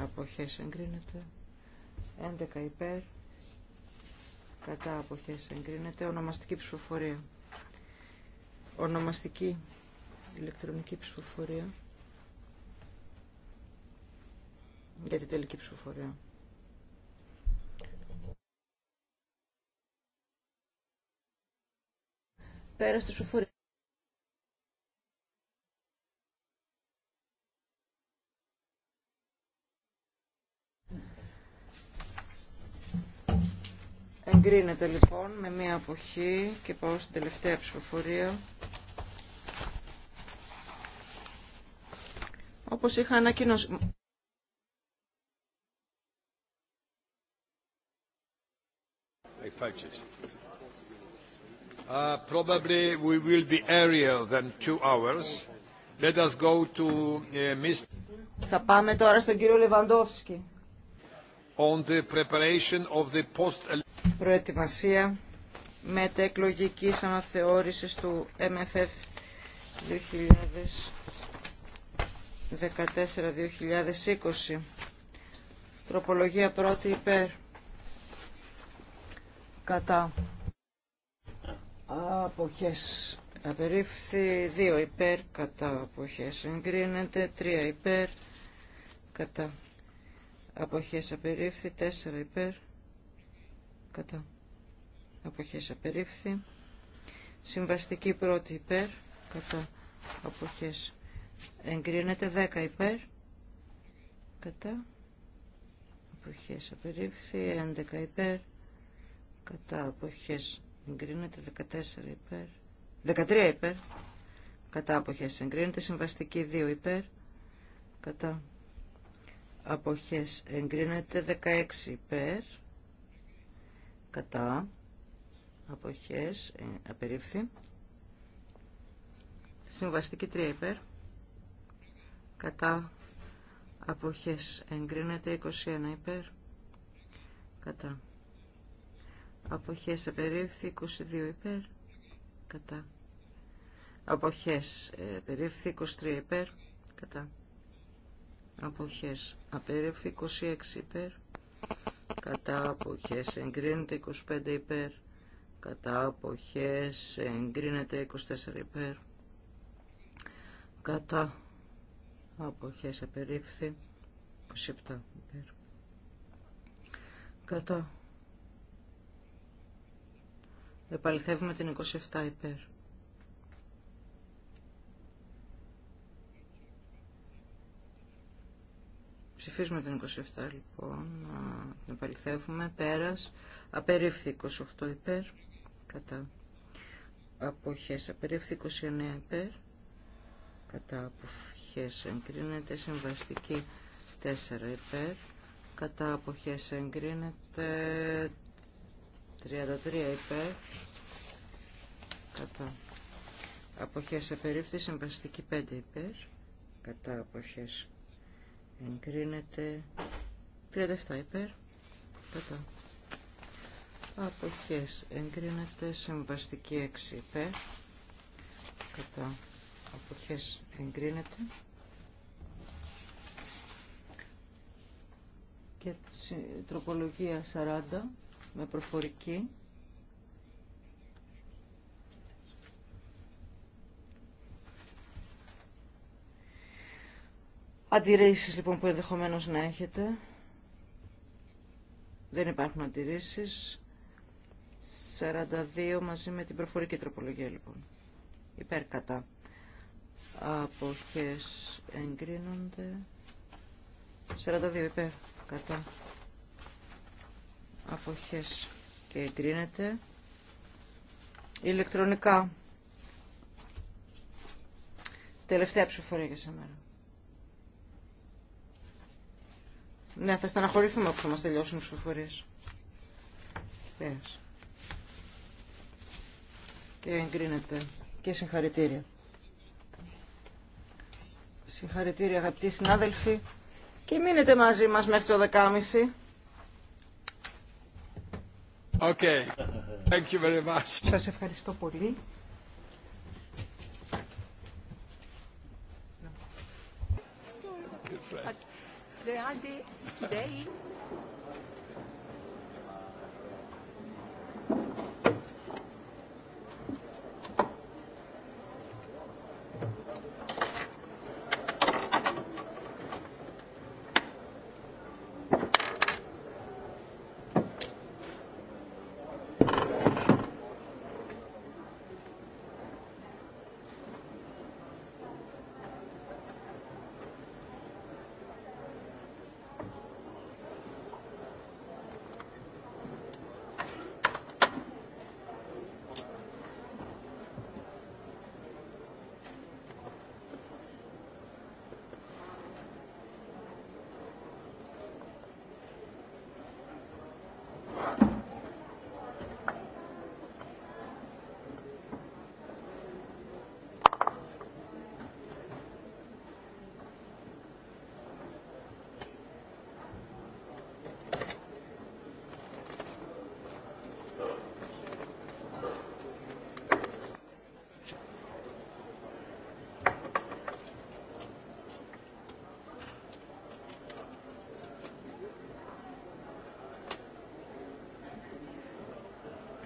Αποχές εγκρίνεται. 11 υπέρ. Κατά αποχές εγκρίνεται. Ονομαστική ψηφοφορία. Ονομαστική ηλεκτρονική ψηφοφορία. Για την τελική ψηφοφορία. Πέρας Εγκρίνεται λοιπόν με μία αποχή και πάω στην τελευταία ψηφοφορία. Όπως είχα ανακοινώσει... Θα πάμε τώρα στον κύριο Λεβαντόφσκι. On the preparation of the Προετοιμασία μετεκλογικής αναθεώρησης του MFF 2014-2020. Τροπολογία πρώτη υπέρ. Κατά αποχές απερίφθη 2 υπέρ κατά αποχές εγκρίνεται 3 υπέρ κατά αποχές απερίφθη 4 υπέρ κατά αποχές απερίφθη συμβαστική πρώτη υπέρ κατά αποχές εγκρίνεται 10 υπέρ κατά αποχές απερίφθη 11 υπέρ κατά αποχές εγκρίνεται 14 υπέρ 13 υπέρ κατά αποχές εγκρίνεται συμβαστική 2 υπέρ κατά αποχές εγκρίνεται 16 υπέρ κατά αποχές ε, απερίφθη συμβαστική 3 υπέρ κατά αποχές εγκρίνεται 21 υπέρ κατά Αποχές απερίφθη 22 ε, υπέρ. Κατά. Αποχές απερίφθη 23 υπέρ. Κατά. Αποχές απερίφθη 26 υπέρ. Κατά αποχές εγκρίνεται 25 υπέρ. Κατά αποχές εγκρίνεται 24 υπέρ. Κατά αποχές απερίφθη 27 υπέρ. Κατά Επαληθεύουμε την 27 υπέρ. Ψηφίζουμε την 27 λοιπόν, να επαληθεύουμε. Πέρας, απερίφθη 28 υπέρ, κατά αποχές, απερίφθη 29 υπέρ, κατά αποχές εγκρίνεται, συμβαστική 4 υπέρ, κατά αποχές εγκρίνεται 33 υπέρ κατά αποχές απερίφθη συμβαστική 5 υπέρ κατά αποχές εγκρίνεται 37 υπέρ κατά αποχές εγκρίνεται συμβαστική 6 υπέρ κατά αποχές εγκρίνεται και τροπολογία 40 με προφορική. Αντιρρήσεις λοιπόν που ενδεχομένω να έχετε. Δεν υπάρχουν αντιρρήσεις. 42 μαζί με την προφορική τροπολογία λοιπόν. Υπέρ κατά. Αποχές εγκρίνονται. 42 υπέρ κατά αποχές και εγκρίνεται ηλεκτρονικά τελευταία ψηφοφορία για σήμερα ναι θα στεναχωρηθούμε που θα μας τελειώσουν οι ψηφοφορίες και εγκρίνεται και συγχαρητήρια συγχαρητήρια αγαπητοί συνάδελφοι και μείνετε μαζί μας μέχρι το 10.30 Okay. Thank you very much. Σας ευχαριστώ πολύ. The today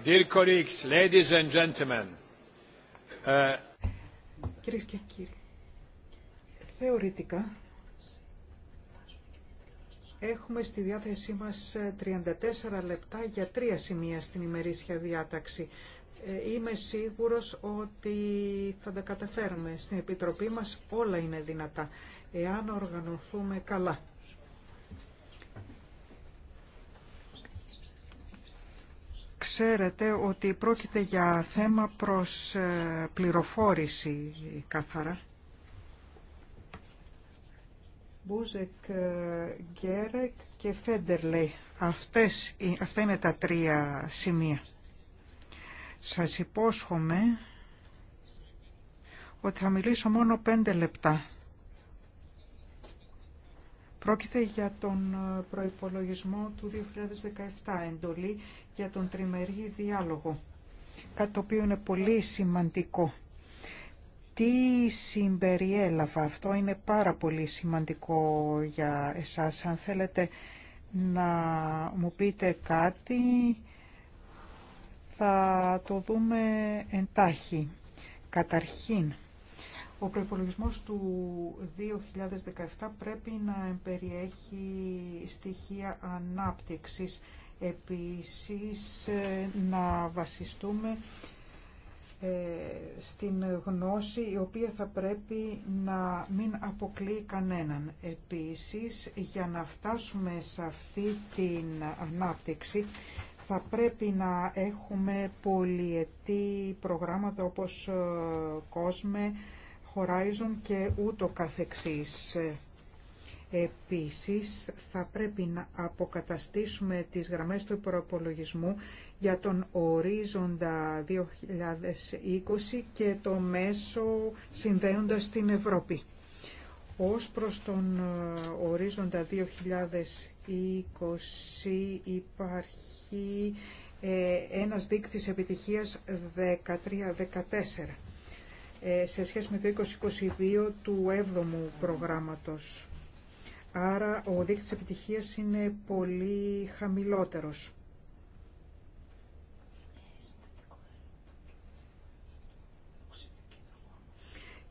Dear uh, Κυρίες και κύριοι, θεωρητικά έχουμε στη διάθεσή μας 34 ε, λεπτά για τρία σημεία στην ημερήσια διάταξη. Ε, είμαι σίγουρος ότι θα τα καταφέρουμε. Στην Επιτροπή μας όλα είναι δυνατά, εάν οργανωθούμε καλά. Ξέρετε ότι πρόκειται για θέμα προς ε, πληροφόρηση καθαρά. Μπούζεκ, ε, Γκέρεκ και Φέντερλε. Αυτές, αυτά είναι τα τρία σημεία. Σας υπόσχομαι ότι θα μιλήσω μόνο πέντε λεπτά Πρόκειται για τον ε, προϋπολογισμό του 2017, εντολή για τον τριμερή διάλογο, κάτι το οποίο είναι πολύ σημαντικό. Τι συμπεριέλαβα, αυτό είναι πάρα πολύ σημαντικό για εσάς. Αν θέλετε να μου πείτε κάτι, θα το δούμε εντάχει. Καταρχήν, ο προϋπολογισμός του 2017 πρέπει να περιέχει στοιχεία ανάπτυξης. Επίσης, ε, να βασιστούμε ε, στην γνώση η οποία θα πρέπει να μην αποκλείει κανέναν. Επίσης, για να φτάσουμε σε αυτή την ανάπτυξη, θα πρέπει να έχουμε πολυετή προγράμματα όπως COSME, ε, Horizon και ούτω καθεξής. Επίσης, θα πρέπει να αποκαταστήσουμε τις γραμμές του προπολογισμού για τον ορίζοντα 2020 και το μέσο συνδέοντας την Ευρώπη. Ως προς τον ε, ορίζοντα 2020 υπάρχει ε, ένας δείκτης επιτυχίας 13-14 ε, σε σχέση με το 2022 του 7ου προγράμματος. Άρα ο δείκτης επιτυχίας είναι πολύ χαμηλότερος.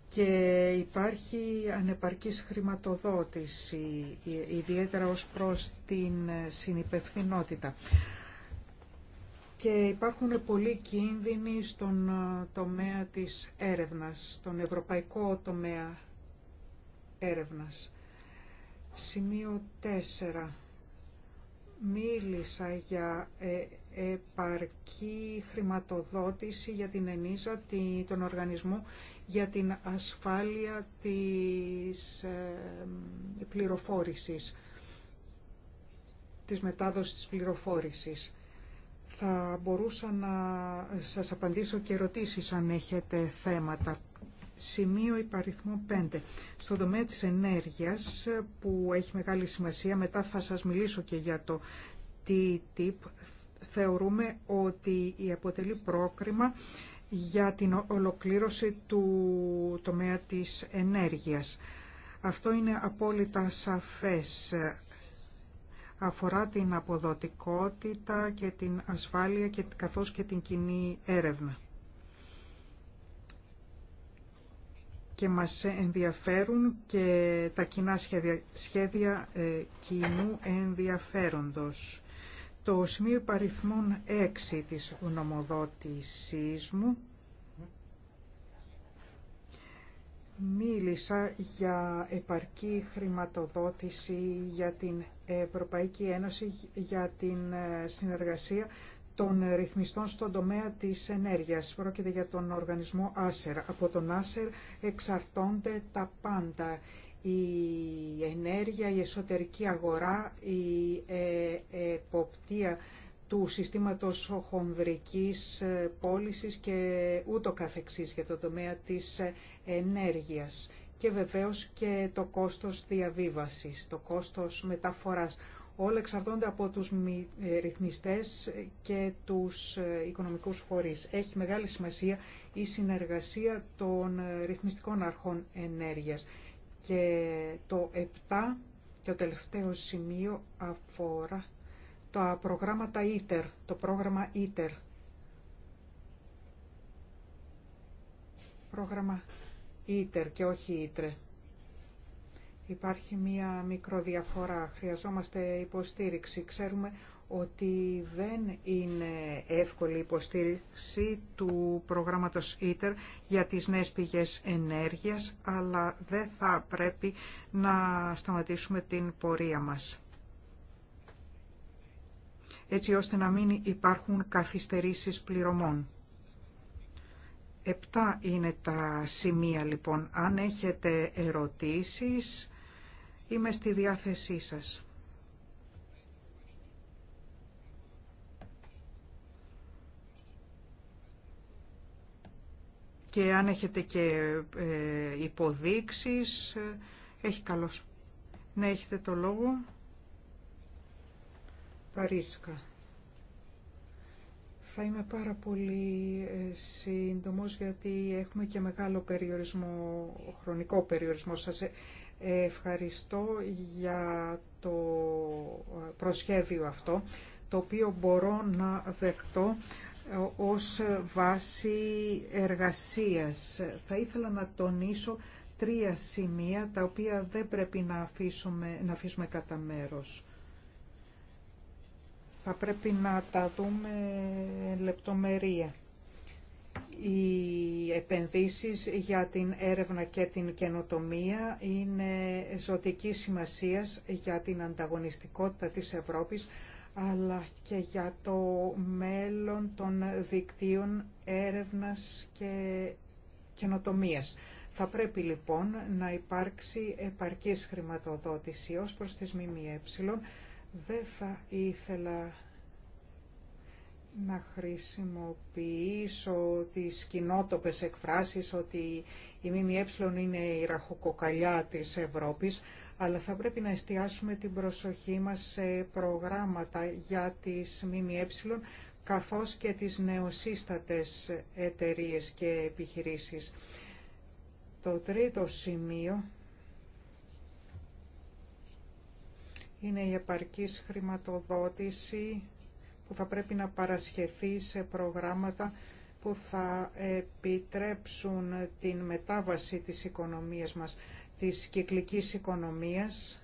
και υπάρχει ανεπαρκής χρηματοδότηση, ε, ιδιαίτερα ως προς την συνυπευθυνότητα και υπάρχουν πολλοί κίνδυνοι στον ε, τομέα της έρευνας, στον ευρωπαϊκό τομέα έρευνας. Σημείο 4. Μίλησα για ε, επαρκή χρηματοδότηση για την ΕΝΙΖΑ, τον οργανισμό για την ασφάλεια της ε, πληροφόρησης, της μετάδοσης της πληροφόρησης. Θα μπορούσα να σας απαντήσω και ερωτήσεις αν έχετε θέματα. Σημείο υπαριθμό 5. Στον τομέα της ενέργειας που έχει μεγάλη σημασία, μετά θα σας μιλήσω και για το TTIP, θεωρούμε ότι η αποτελεί πρόκριμα για την ολοκλήρωση του τομέα της ενέργειας. Αυτό είναι απόλυτα σαφές αφορά την αποδοτικότητα και την ασφάλεια και, καθώς και την κοινή έρευνα. Και μας ενδιαφέρουν και τα κοινά σχέδια, ε, κοινού ενδιαφέροντος. Το σημείο παριθμών 6 της γνωμοδότησής μου μίλησα για επαρκή χρηματοδότηση για την Ευρωπαϊκή Ένωση για την ε, συνεργασία των ρυθμιστών στον τομέα της ενέργειας. Πρόκειται για τον οργανισμό Άσερ. Από τον Άσερ εξαρτώνται τα πάντα. Η ενέργεια, η εσωτερική αγορά, η ε, εποπτεία του συστήματος χονδρικής ε, πώλησης και ούτω καθεξής για το τομέα της ε, ενέργειας και βεβαίως και το κόστος διαβίβασης, το κόστος μεταφοράς. Όλα εξαρτώνται από τους ε, ρυθμιστές και τους οικονομικούς φορείς. Έχει μεγάλη σημασία η συνεργασία των ρυθμιστικών αρχών ενέργειας. Και το 7 και το τελευταίο σημείο αφορά τα προγράμματα το πρόγραμμα ITER. Πρόγραμμα ITER και όχι ΙΤΡΕ. Υπάρχει μία μικροδιαφορά, χρειαζόμαστε υποστήριξη. Ξέρουμε ότι δεν είναι εύκολη υποστήριξη του προγράμματος ITER για τις νέες πηγές ενέργειας, αλλά δεν θα πρέπει να σταματήσουμε την πορεία μας έτσι ώστε να μην υπάρχουν καθυστερήσεις πληρωμών. Επτά είναι τα σημεία λοιπόν. Αν έχετε ερωτήσεις, είμαι στη διάθεσή σας. Και αν έχετε και ε, υποδείξεις, ε, έχει καλώς. Ναι, έχετε το λόγο. Θα είμαι πάρα πολύ ε, σύντομος γιατί έχουμε και μεγάλο περιορισμό, χρονικό περιορισμό. Σας ε, ευχαριστώ για το ε, προσχέδιο αυτό, το οποίο μπορώ να δεχτώ ως βάση εργασίας. Θα ήθελα να τονίσω τρία σημεία τα οποία δεν πρέπει να αφήσουμε, να αφήσουμε κατά μέρος θα πρέπει να τα δούμε λεπτομερία. Οι επενδύσεις για την έρευνα και την καινοτομία είναι ζωτική σημασίας για την ανταγωνιστικότητα της Ευρώπης, αλλά και για το μέλλον των δικτύων έρευνας και καινοτομίας. Θα πρέπει λοιπόν να υπάρξει επαρκής χρηματοδότηση ως προς τις ΜΜΕ δεν θα ήθελα να χρησιμοποιήσω τις κοινότοπες εκφράσεις ότι η ΜΜΕ είναι η ραχοκοκαλιά της Ευρώπης, αλλά θα πρέπει να εστιάσουμε την προσοχή μας σε προγράμματα για τις ΜΜΕ, καθώς και τις νεοσύστατες εταιρείες και επιχειρήσεις. Το τρίτο σημείο είναι η επαρκής χρηματοδότηση που θα πρέπει να παρασχεθεί σε προγράμματα που θα επιτρέψουν την μετάβαση της οικονομίας μας, της κυκλικής οικονομίας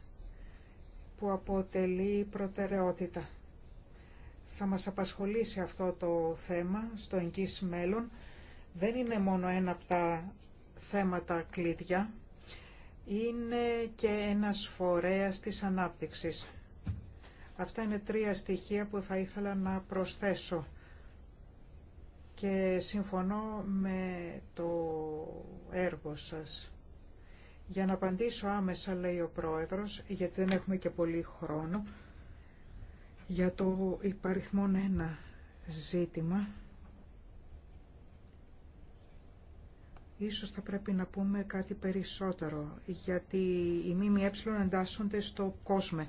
που αποτελεί προτεραιότητα. Θα μας απασχολήσει αυτό το θέμα στο εγγύς μέλλον. Δεν είναι μόνο ένα από τα θέματα κλειδιά είναι και ένας φορέας της ανάπτυξης. Αυτά είναι τρία στοιχεία που θα ήθελα να προσθέσω και συμφωνώ με το έργο σας. Για να απαντήσω άμεσα, λέει ο Πρόεδρος, γιατί δεν έχουμε και πολύ χρόνο, για το υπαριθμόν ένα ζήτημα Ίσως θα πρέπει να πούμε κάτι περισσότερο, γιατί οι ΜΜΕ εντάσσονται στο κόσμο.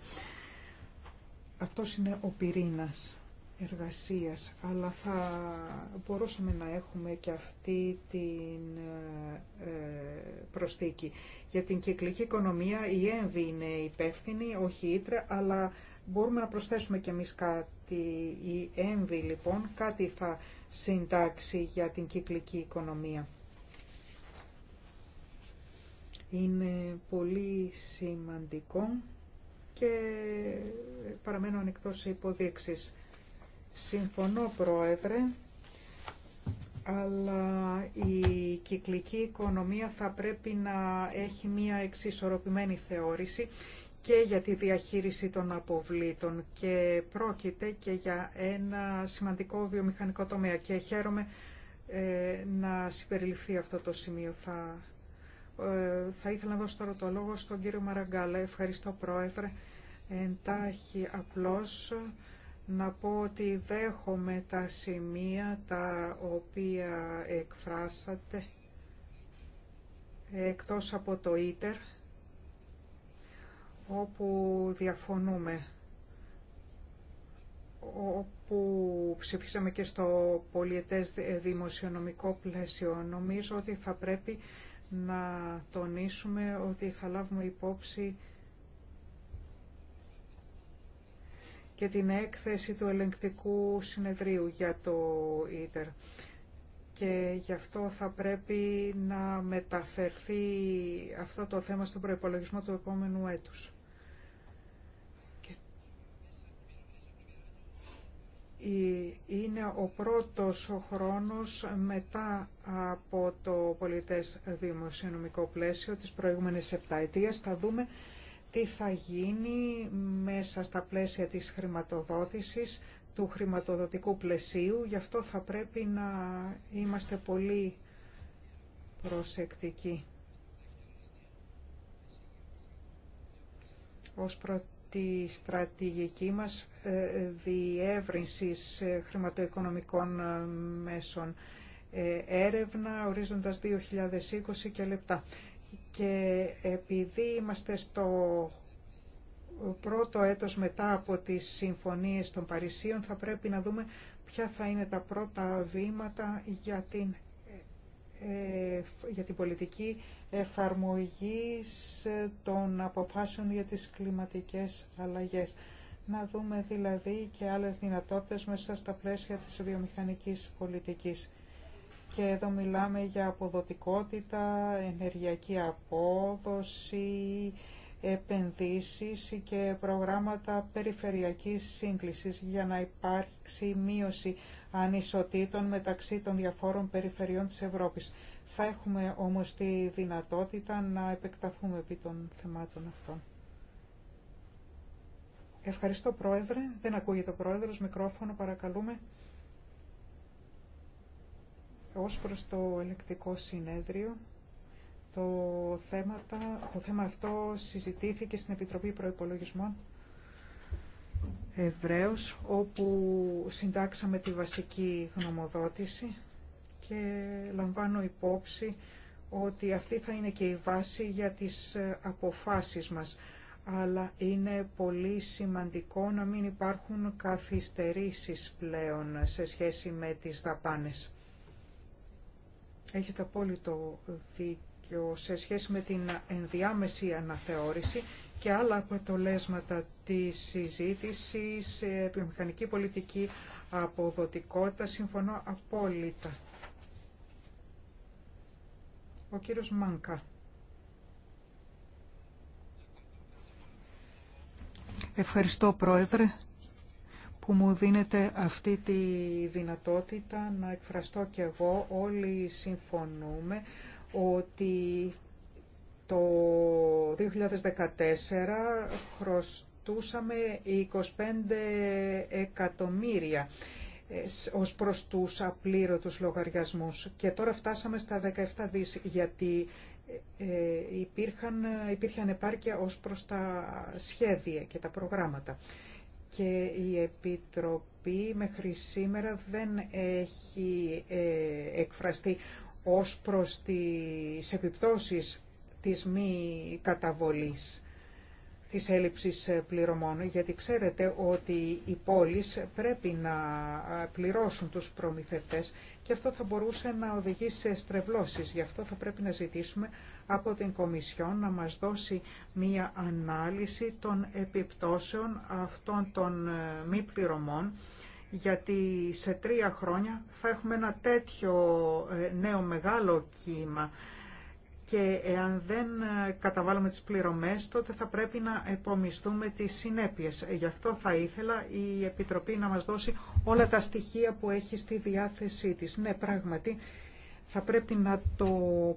Αυτός είναι ο πυρήνας εργασίας, αλλά θα μπορούσαμε να έχουμε και αυτή την ε, προσθήκη. Για την κυκλική οικονομία η ΕΜΒΗ είναι υπεύθυνη, όχι η Ήτρα, αλλά μπορούμε να προσθέσουμε και εμείς κάτι. Η ΕΜΒΗ λοιπόν κάτι θα συντάξει για την κυκλική οικονομία είναι πολύ σημαντικό και παραμένω ανοιχτό σε υποδείξεις. Συμφωνώ, Πρόεδρε, αλλά η κυκλική οικονομία θα πρέπει να έχει μία εξισορροπημένη θεώρηση και για τη διαχείριση των αποβλήτων και πρόκειται και για ένα σημαντικό βιομηχανικό τομέα και χαίρομαι ε, να συμπεριληφθεί αυτό το σημείο. Θα ε, θα ήθελα να δώσω τώρα το λόγο στον κύριο Μαραγκάλα. Ευχαριστώ πρόεδρε. Εντάχει απλώς να πω ότι δέχομαι τα σημεία τα οποία εκφράσατε εκτός από το ίτερ όπου διαφωνούμε όπου ψηφίσαμε και στο πολιετές δημοσιονομικό πλαίσιο. Νομίζω ότι θα πρέπει να τονίσουμε ότι θα λάβουμε υπόψη και την έκθεση του ελεγκτικού συνεδρίου για το ΙΤΕΡ. Και γι' αυτό θα πρέπει να μεταφερθεί αυτό το θέμα στον προϋπολογισμό του επόμενου έτους. είναι ο πρώτος χρόνος μετά από το πολιτές δημοσιονομικό πλαίσιο της προηγούμενης επταετίας. Θα δούμε τι θα γίνει μέσα στα πλαίσια της χρηματοδότησης, του χρηματοδοτικού πλαισίου. Γι' αυτό θα πρέπει να είμαστε πολύ προσεκτικοί. Ως τη στρατηγική μας ε, ε, διεύρυνσης ε, χρηματοοικονομικών μέσων έρευνα ορίζοντας 2020 και λεπτά. Και επειδή είμαστε στο πρώτο έτος μετά από τις συμφωνίες των Παρισίων θα πρέπει να δούμε ποια θα είναι τα πρώτα βήματα για την για την πολιτική εφαρμογής ε, των αποφάσεων για τις κλιματικές αλλαγές. Να δούμε δηλαδή και άλλες δυνατότητες μέσα στα πλαίσια της βιομηχανικής πολιτικής. Και εδώ μιλάμε για αποδοτικότητα, ενεργειακή απόδοση, επενδύσεις και προγράμματα περιφερειακής σύγκλησης για να υπάρξει μείωση ανισοτήτων μεταξύ των διαφόρων περιφερειών της Ευρώπης. Θα έχουμε όμως τη δυνατότητα να επεκταθούμε επί των θεμάτων αυτών. Ευχαριστώ Πρόεδρε. Δεν ακούγεται ο Πρόεδρος. Μικρόφωνο παρακαλούμε. Ως προς το ελεκτικό συνέδριο το θέμα, το θέμα αυτό συζητήθηκε στην Επιτροπή Προϋπολογισμών Εβραίος, όπου συντάξαμε τη βασική γνωμοδότηση και λαμβάνω υπόψη ότι αυτή θα είναι και η βάση για τις αποφάσεις μας. Αλλά είναι πολύ σημαντικό να μην υπάρχουν καθυστερήσεις πλέον σε σχέση με τις δαπάνες. Έχετε απόλυτο δίκιο σε σχέση με την ενδιάμεση αναθεώρηση και άλλα αποτελέσματα της συζήτησης, επιμηχανική πολιτική, αποδοτικότητα, συμφωνώ απόλυτα. Ο κύριος Μάνκα. Ευχαριστώ Πρόεδρε που μου δίνετε αυτή τη δυνατότητα να εκφραστώ και εγώ. Όλοι συμφωνούμε ότι το 2014 χρωστούσαμε 25 εκατομμύρια ε, ως προς τους απλήρωτους λογαριασμούς και τώρα φτάσαμε στα 17 δις γιατί ε, ε, υπήρχαν, υπήρχε ανεπάρκεια ως προς τα σχέδια και τα προγράμματα. Και η Επιτροπή μέχρι σήμερα δεν έχει εκφραστεί ως προς τις επιπτώσεις της μη καταβολής της έλλειψης ε, πληρωμών, γιατί ξέρετε ότι οι πόλεις πρέπει να ε, πληρώσουν τους προμηθευτές και αυτό θα μπορούσε να οδηγήσει σε στρεβλώσεις. Γι' αυτό θα πρέπει να ζητήσουμε από την Κομισιόν να μας δώσει μία ανάλυση των επιπτώσεων αυτών των ε, μη πληρωμών γιατί σε τρία χρόνια θα έχουμε ένα τέτοιο ε, νέο μεγάλο κύμα και εάν δεν ε, καταβάλουμε τις πληρωμές, τότε θα πρέπει να επομισθούμε τις συνέπειες. Γι' αυτό θα ήθελα η Επιτροπή να μας δώσει όλα τα στοιχεία που έχει στη διάθεσή της. Ναι, πράγματι, θα πρέπει να το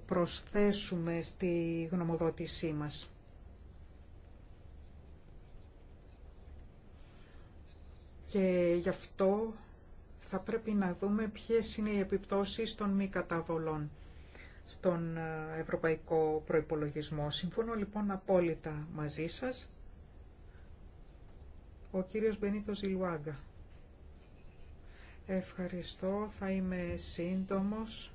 προσθέσουμε στη γνωμοδότησή μας. Και γι' αυτό θα πρέπει να δούμε ποιες είναι οι επιπτώσεις των μη καταβολών στον ε, ευρωπαϊκό προϋπολογισμό. Συμφωνώ λοιπόν απόλυτα μαζί σας. Ο κύριος Μπενίτο Ζιλουάγκα. Ευχαριστώ, θα είμαι σύντομος.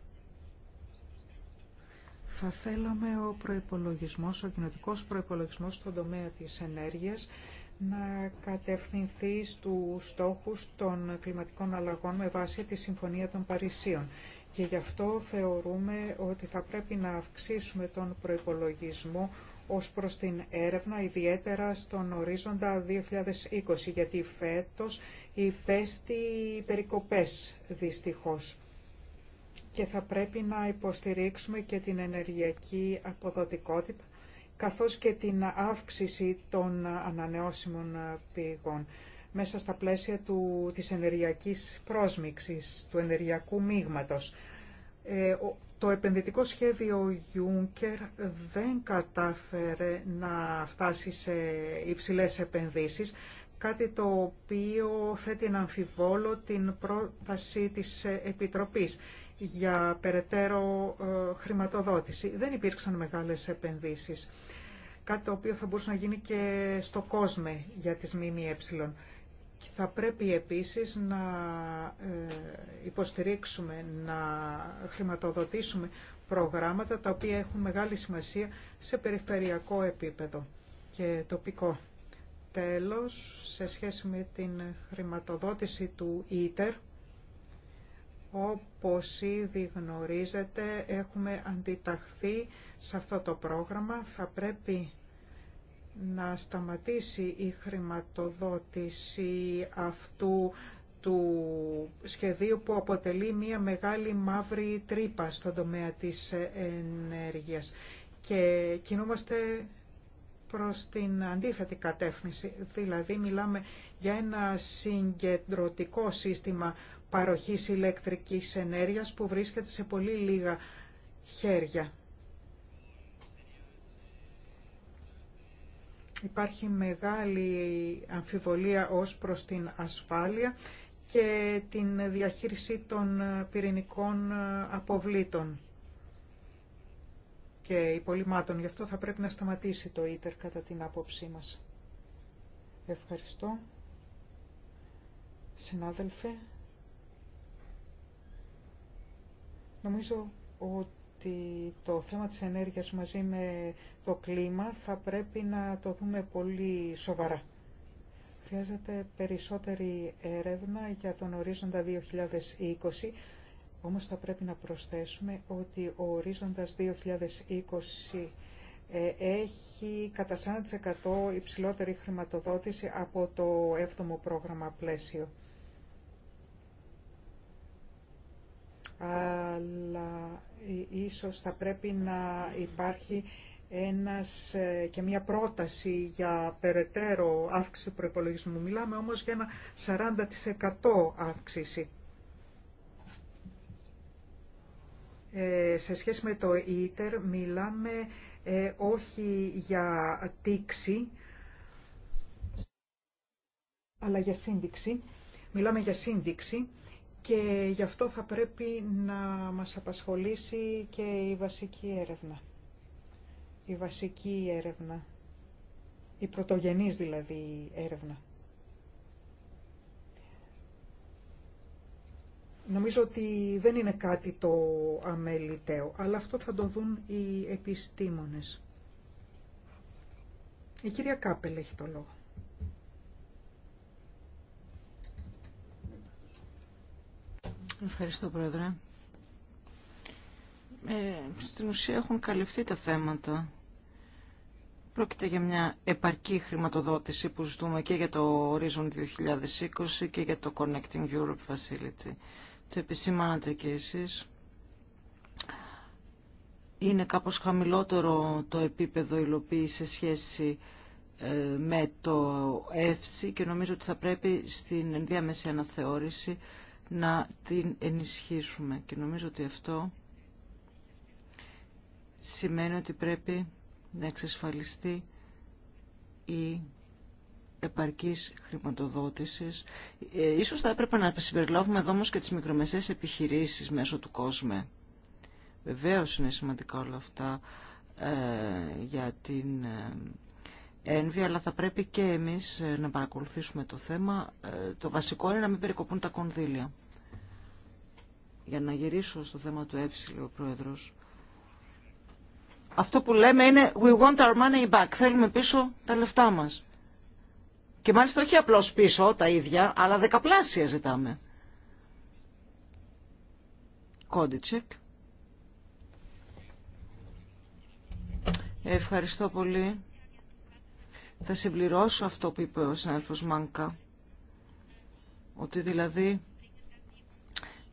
Θα θέλαμε ο προϋπολογισμός, ο κοινοτικός προϋπολογισμός στον τομέα της ενέργειας να κατευθυνθεί στους στόχους των κλιματικών αλλαγών με βάση τη Συμφωνία των Παρισίων. Και γι' αυτό θεωρούμε ότι θα πρέπει να αυξήσουμε τον προϋπολογισμό ως προς την έρευνα, ιδιαίτερα στον ορίζοντα 2020, γιατί φέτος υπέστη περικοπές δυστυχώς. Και θα πρέπει να υποστηρίξουμε και την ενεργειακή αποδοτικότητα καθώς και την αύξηση των ανανεώσιμων πηγών μέσα στα πλαίσια του, της ενεργειακής πρόσμιξης, του ενεργειακού μείγματος. Ε, το επενδυτικό σχέδιο Juncker δεν κατάφερε να φτάσει σε υψηλές επενδύσεις, κάτι το οποίο θέτει να αμφιβόλο την πρόταση της Επιτροπής για περαιτέρω ε, χρηματοδότηση. Δεν υπήρξαν μεγάλες επενδύσεις, κάτι το οποίο θα μπορούσε να γίνει και στο κόσμο για τις ΜΜΕ. Θα πρέπει επίσης να ε, υποστηρίξουμε, να χρηματοδοτήσουμε προγράμματα τα οποία έχουν μεγάλη σημασία σε περιφερειακό επίπεδο και τοπικό. Τέλος, σε σχέση με την χρηματοδότηση του ΙΤΕΡ, όπως ήδη γνωρίζετε έχουμε αντιταχθεί σε αυτό το πρόγραμμα. Θα πρέπει να σταματήσει η χρηματοδότηση αυτού του σχεδίου που αποτελεί μια μεγάλη μαύρη τρύπα στον τομέα της ενέργειας. Και κινούμαστε προς την αντίθετη κατεύθυνση. Δηλαδή μιλάμε για ένα συγκεντρωτικό σύστημα παροχής ηλεκτρικής ενέργειας που βρίσκεται σε πολύ λίγα χέρια. Υπάρχει μεγάλη αμφιβολία ως προς την ασφάλεια και την διαχείριση των πυρηνικών αποβλήτων και υπολοιμάτων. Γι' αυτό θα πρέπει να σταματήσει το ίτερ κατά την άποψή μας. Ευχαριστώ. Συνάδελφε. Νομίζω ότι το θέμα της ενέργειας μαζί με το κλίμα θα πρέπει να το δούμε πολύ σοβαρά. Χρειάζεται περισσότερη έρευνα για τον ορίζοντα 2020, όμως θα πρέπει να προσθέσουμε ότι ο ορίζοντας 2020 ε, έχει κατά 40% υψηλότερη χρηματοδότηση από το 7ο πρόγραμμα πλαίσιο. αλλά ε, ίσως θα πρέπει να υπάρχει ένας ε, και μια πρόταση για περαιτέρω αύξηση προϋπολογισμού. Μιλάμε όμως για ένα 40% αύξηση. Ε, σε σχέση με το ίτερ μιλάμε όχι για τήξη, αλλά για σύνδεξη. Μιλάμε για σύνδεξη και γι' αυτό θα πρέπει να μας απασχολήσει και η βασική έρευνα. Η βασική έρευνα, η πρωτογενής δηλαδή έρευνα. Νομίζω ότι δεν είναι κάτι το αμεληταίο, αλλά αυτό θα το δουν οι επιστήμονες. Η κυρία Κάπελ έχει το λόγο. Ευχαριστώ, Πρόεδρε. Ε, στην ουσία έχουν καλυφθεί τα θέματα. Πρόκειται για μια επαρκή χρηματοδότηση που ζητούμε και για το Horizon 2020 και για το Connecting Europe Facility. Το επισήμανατε και εσείς. Είναι κάπως χαμηλότερο το επίπεδο υλοποίησης σε σχέση ε, με το ΕΦΣΥ και νομίζω ότι θα πρέπει στην ενδιάμεση αναθεώρηση να την ενισχύσουμε. Και νομίζω ότι αυτό σημαίνει ότι πρέπει να εξασφαλιστεί η επαρκής χρηματοδότησης. Ε, ίσως θα έπρεπε να συμπεριλάβουμε εδώ όμως και τις μικρομεσαίες επιχειρήσεις μέσω του κόσμου. Βεβαίως είναι σημαντικά όλα αυτά ε, για την ε, ένβη, αλλά θα πρέπει και εμείς να παρακολουθήσουμε το θέμα. το βασικό είναι να μην περικοπούν τα κονδύλια για να γυρίσω στο θέμα του λέει ο Πρόεδρος, αυτό που λέμε είναι «We want our money back». Θέλουμε πίσω τα λεφτά μας. Και μάλιστα όχι απλώς πίσω τα ίδια, αλλά δεκαπλάσια ζητάμε. Κόντιτσεκ. Ευχαριστώ πολύ. Θα συμπληρώσω αυτό που είπε ο συνάδελφος Μάνκα. Ότι δηλαδή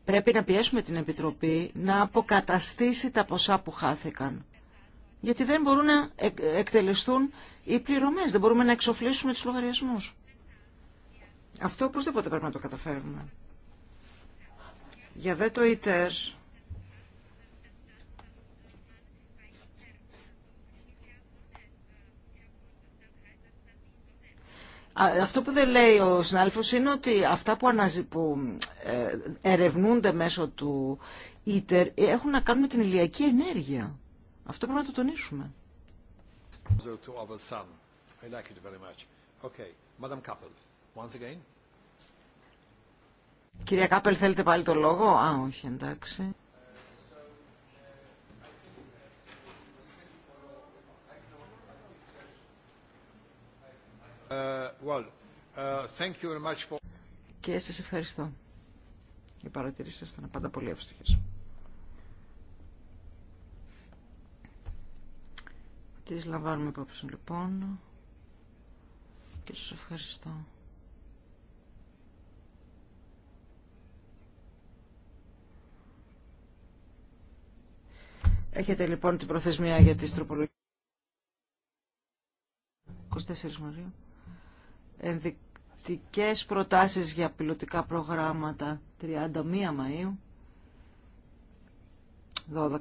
Πρέπει να πιέσουμε την Επιτροπή να αποκαταστήσει τα ποσά που χάθηκαν. Γιατί δεν μπορούν να εκτελεστούν οι πληρωμές, δεν μπορούμε να εξοφλήσουμε τους λογαριασμούς. Αυτό οπωσδήποτε πρέπει να το καταφέρουμε. Για δε το ΙΤΕΡ, Αυτό που δεν λέει ο συνάδελφος είναι ότι αυτά που, αναζη, ε, ερευνούνται μέσω του ΙΤΕΡ έχουν να κάνουν με την ηλιακή ενέργεια. Αυτό πρέπει να το τονίσουμε. Κυρία Κάπελ, θέλετε πάλι το λόγο. Α, όχι, εντάξει. Uh, uh, και σα ευχαριστώ. Οι παρατηρήσει ήταν πάντα πολύ εύστοχε. Τι λαμβάνουμε υπόψη λοιπόν και σα ευχαριστώ. Έχετε λοιπόν την προθεσμία για τις τροπολογίες. 24 Μαρίου ενδεικτικές προτάσεις για πιλωτικά προγράμματα 31 Μαΐου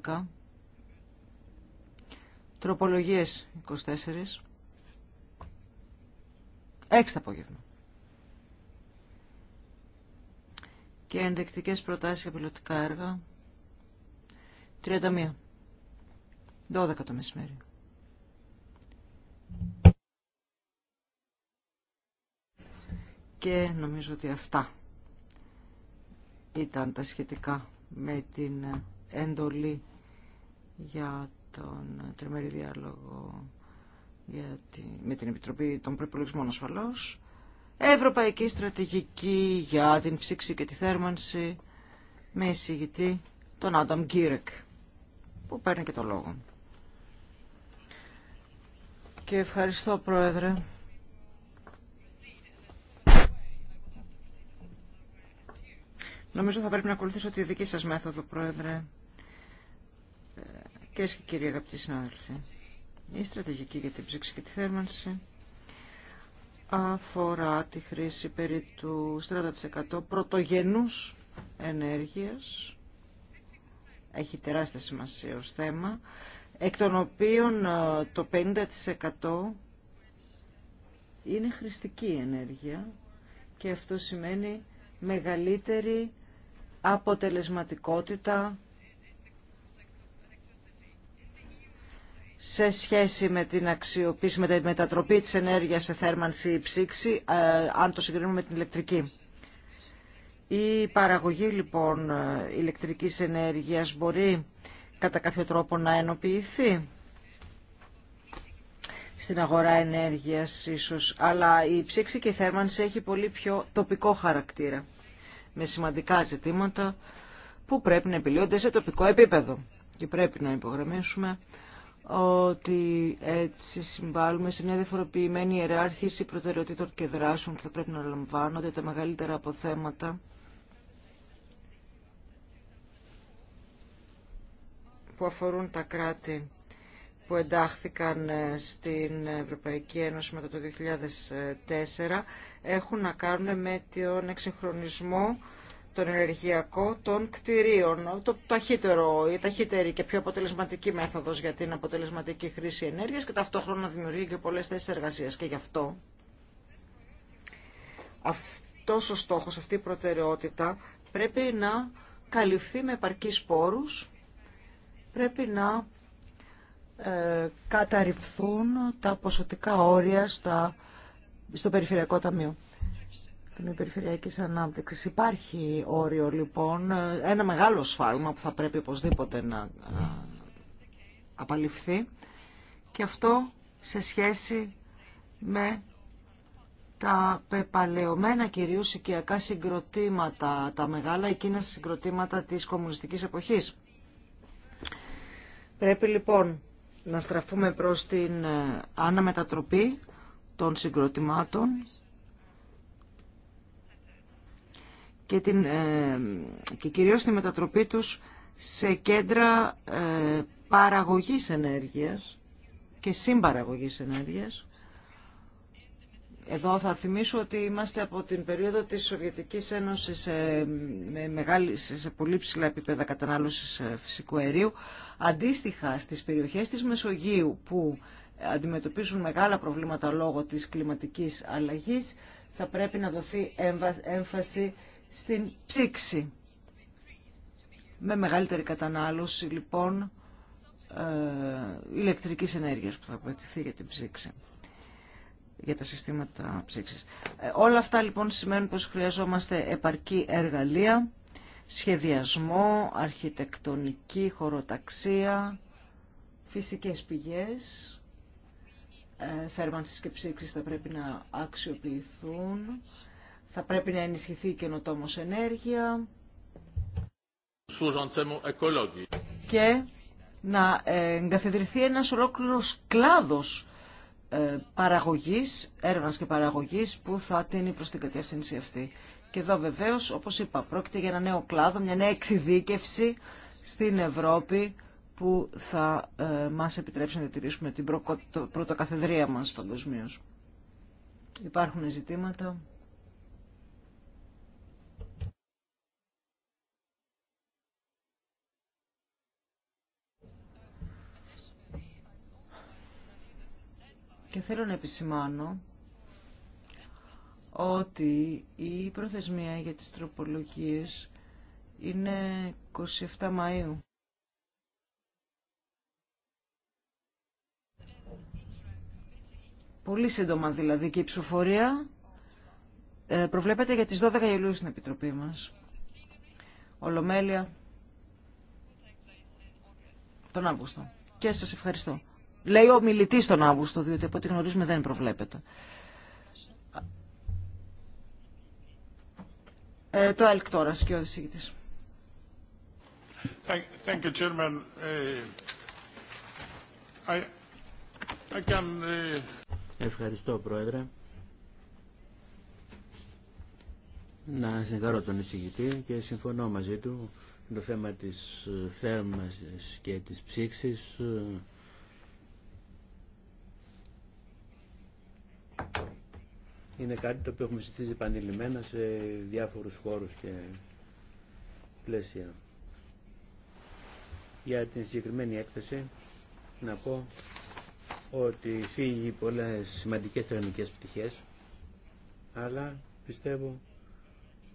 12 τροπολογίες 24 6 το απόγευμα και ενδεικτικές προτάσεις για πιλωτικά έργα 31 12 το μεσημέρι και νομίζω ότι αυτά ήταν τα σχετικά με την εντολή για τον τριμερή διάλογο για τη, με την Επιτροπή των Προπολογισμών Ασφαλώς. Ευρωπαϊκή στρατηγική για την ψήξη και τη θέρμανση με εισηγητή τον Άνταμ Γκίρεκ που παίρνει και το λόγο. Και ευχαριστώ Πρόεδρε. Νομίζω θα πρέπει να ακολουθήσω τη δική σας μέθοδο, Πρόεδρε. Ε, και και κύριοι αγαπητοί συνάδελφοι. Η στρατηγική για την ψήξη και τη θέρμανση αφορά τη χρήση περί του 40% πρωτογενούς ενέργειας. Έχει τεράστια σημασία ως θέμα, εκ των οποίων ε, το 50% είναι χρηστική ενέργεια και αυτό σημαίνει μεγαλύτερη αποτελεσματικότητα σε σχέση με την αξιοποίηση, με την μετατροπή της ενέργειας σε θέρμανση ή ψήξη, ε, αν το συγκρίνουμε με την ηλεκτρική. Η παραγωγή λοιπόν ηλεκτρικής ενέργειας μπορεί κατά κάποιο τρόπο να ενοποιηθεί στην αγορά ενέργειας ίσως, αλλά η ψήξη και η θέρμανση έχει πολύ πιο τοπικό χαρακτήρα με σημαντικά ζητήματα που πρέπει να επιλύονται σε τοπικό επίπεδο. Και πρέπει να υπογραμμίσουμε ότι έτσι συμβάλλουμε σε μια διαφοροποιημένη ιεράρχηση προτεραιοτήτων και δράσεων που θα πρέπει να λαμβάνονται τα μεγαλύτερα αποθέματα που αφορούν τα κράτη που εντάχθηκαν ε, στην Ευρωπαϊκή Ένωση μετά το 2004 έχουν να κάνουν με τον εξυγχρονισμό τον ενεργειακό των κτηρίων. Το ταχύτερο, η ταχύτερη και πιο αποτελεσματική μέθοδος για την αποτελεσματική χρήση ενέργειας και ταυτόχρονα δημιουργεί και πολλές θέσεις εργασίας. Και γι' αυτό αυτός ο στόχος, αυτή η προτεραιότητα πρέπει να καλυφθεί με επαρκή πόρους, πρέπει να ε, καταρριφθούν τα ποσοτικά όρια στα, στο Περιφερειακό Ταμείο την περιφερειακή ανάπτυξη. Υπάρχει όριο λοιπόν, ε, ένα μεγάλο σφάλμα που θα πρέπει οπωσδήποτε να ε, απαλληφθεί και αυτό σε σχέση με τα πεπαλαιωμένα κυρίως οικιακά συγκροτήματα, τα μεγάλα εκείνα συγκροτήματα της κομμουνιστικής εποχής. Πρέπει λοιπόν να στραφούμε προς την ε, αναμετατροπή των συγκροτημάτων και, την, ε, και κυρίως τη μετατροπή τους σε κέντρα ε, παραγωγής ενέργειας και συμπαραγωγής ενέργειας εδώ θα θυμίσω ότι είμαστε από την περίοδο της Σοβιετικής Ένωσης σε, με μεγάλη, σε πολύ ψηλά επίπεδα κατανάλωσης ε, φυσικού αερίου. Αντίστοιχα στις περιοχές της Μεσογείου που αντιμετωπίζουν μεγάλα προβλήματα λόγω της κλιματικής αλλαγής θα πρέπει να δοθεί έμφαση στην ψήξη. Με μεγαλύτερη κατανάλωση λοιπόν ε, ηλεκτρικής ενέργειας που θα απαιτηθεί για την ψήξη για τα συστήματα ψήξης. Ε, όλα αυτά λοιπόν σημαίνουν πως χρειαζόμαστε επαρκή εργαλεία, σχεδιασμό, αρχιτεκτονική, χωροταξία, φυσικές πηγές, ε, θέρμανσης και ψήξης θα πρέπει να αξιοποιηθούν, θα πρέπει να ενισχυθεί η καινοτόμως ενέργεια και να εγκαθιδρυθεί ένας ολόκληρος κλάδος ε, παραγωγής, έρευνας και παραγωγής που θα τίνει προς την κατεύθυνση αυτή. Και εδώ βεβαίως, όπως είπα, πρόκειται για ένα νέο κλάδο, μια νέα εξειδίκευση στην Ευρώπη που θα ε, μας επιτρέψει να διατηρήσουμε την πρωτοκαθεδρία μας παγκοσμίω. Υπάρχουν ζητήματα και θέλω να επισημάνω ότι η προθεσμία για τις τροπολογίες είναι 27 Μαΐου. Πολύ σύντομα δηλαδή και η ψηφοφορία ε, προβλέπεται για τις 12 Ιουλίου στην Επιτροπή μας. Ολομέλεια τον Αύγουστο. Και σας ευχαριστώ λέει ο μιλητής τον Αύγουστο, διότι από ό,τι γνωρίζουμε δεν προβλέπεται. Ε, το ΕΛΚ τώρα, σκιώδης Thank you, Chairman. Ε, I, can... Ε, Ευχαριστώ, Πρόεδρε. Να συγχαρώ τον εισηγητή και συμφωνώ μαζί του το θέμα της ε, θέρμασης και της ψήξης είναι κάτι το οποίο έχουμε συζητήσει επανειλημμένα σε διάφορους χώρους και πλαίσια. Για την συγκεκριμένη έκθεση να πω ότι φύγει πολλές σημαντικές τεχνικές πτυχές αλλά πιστεύω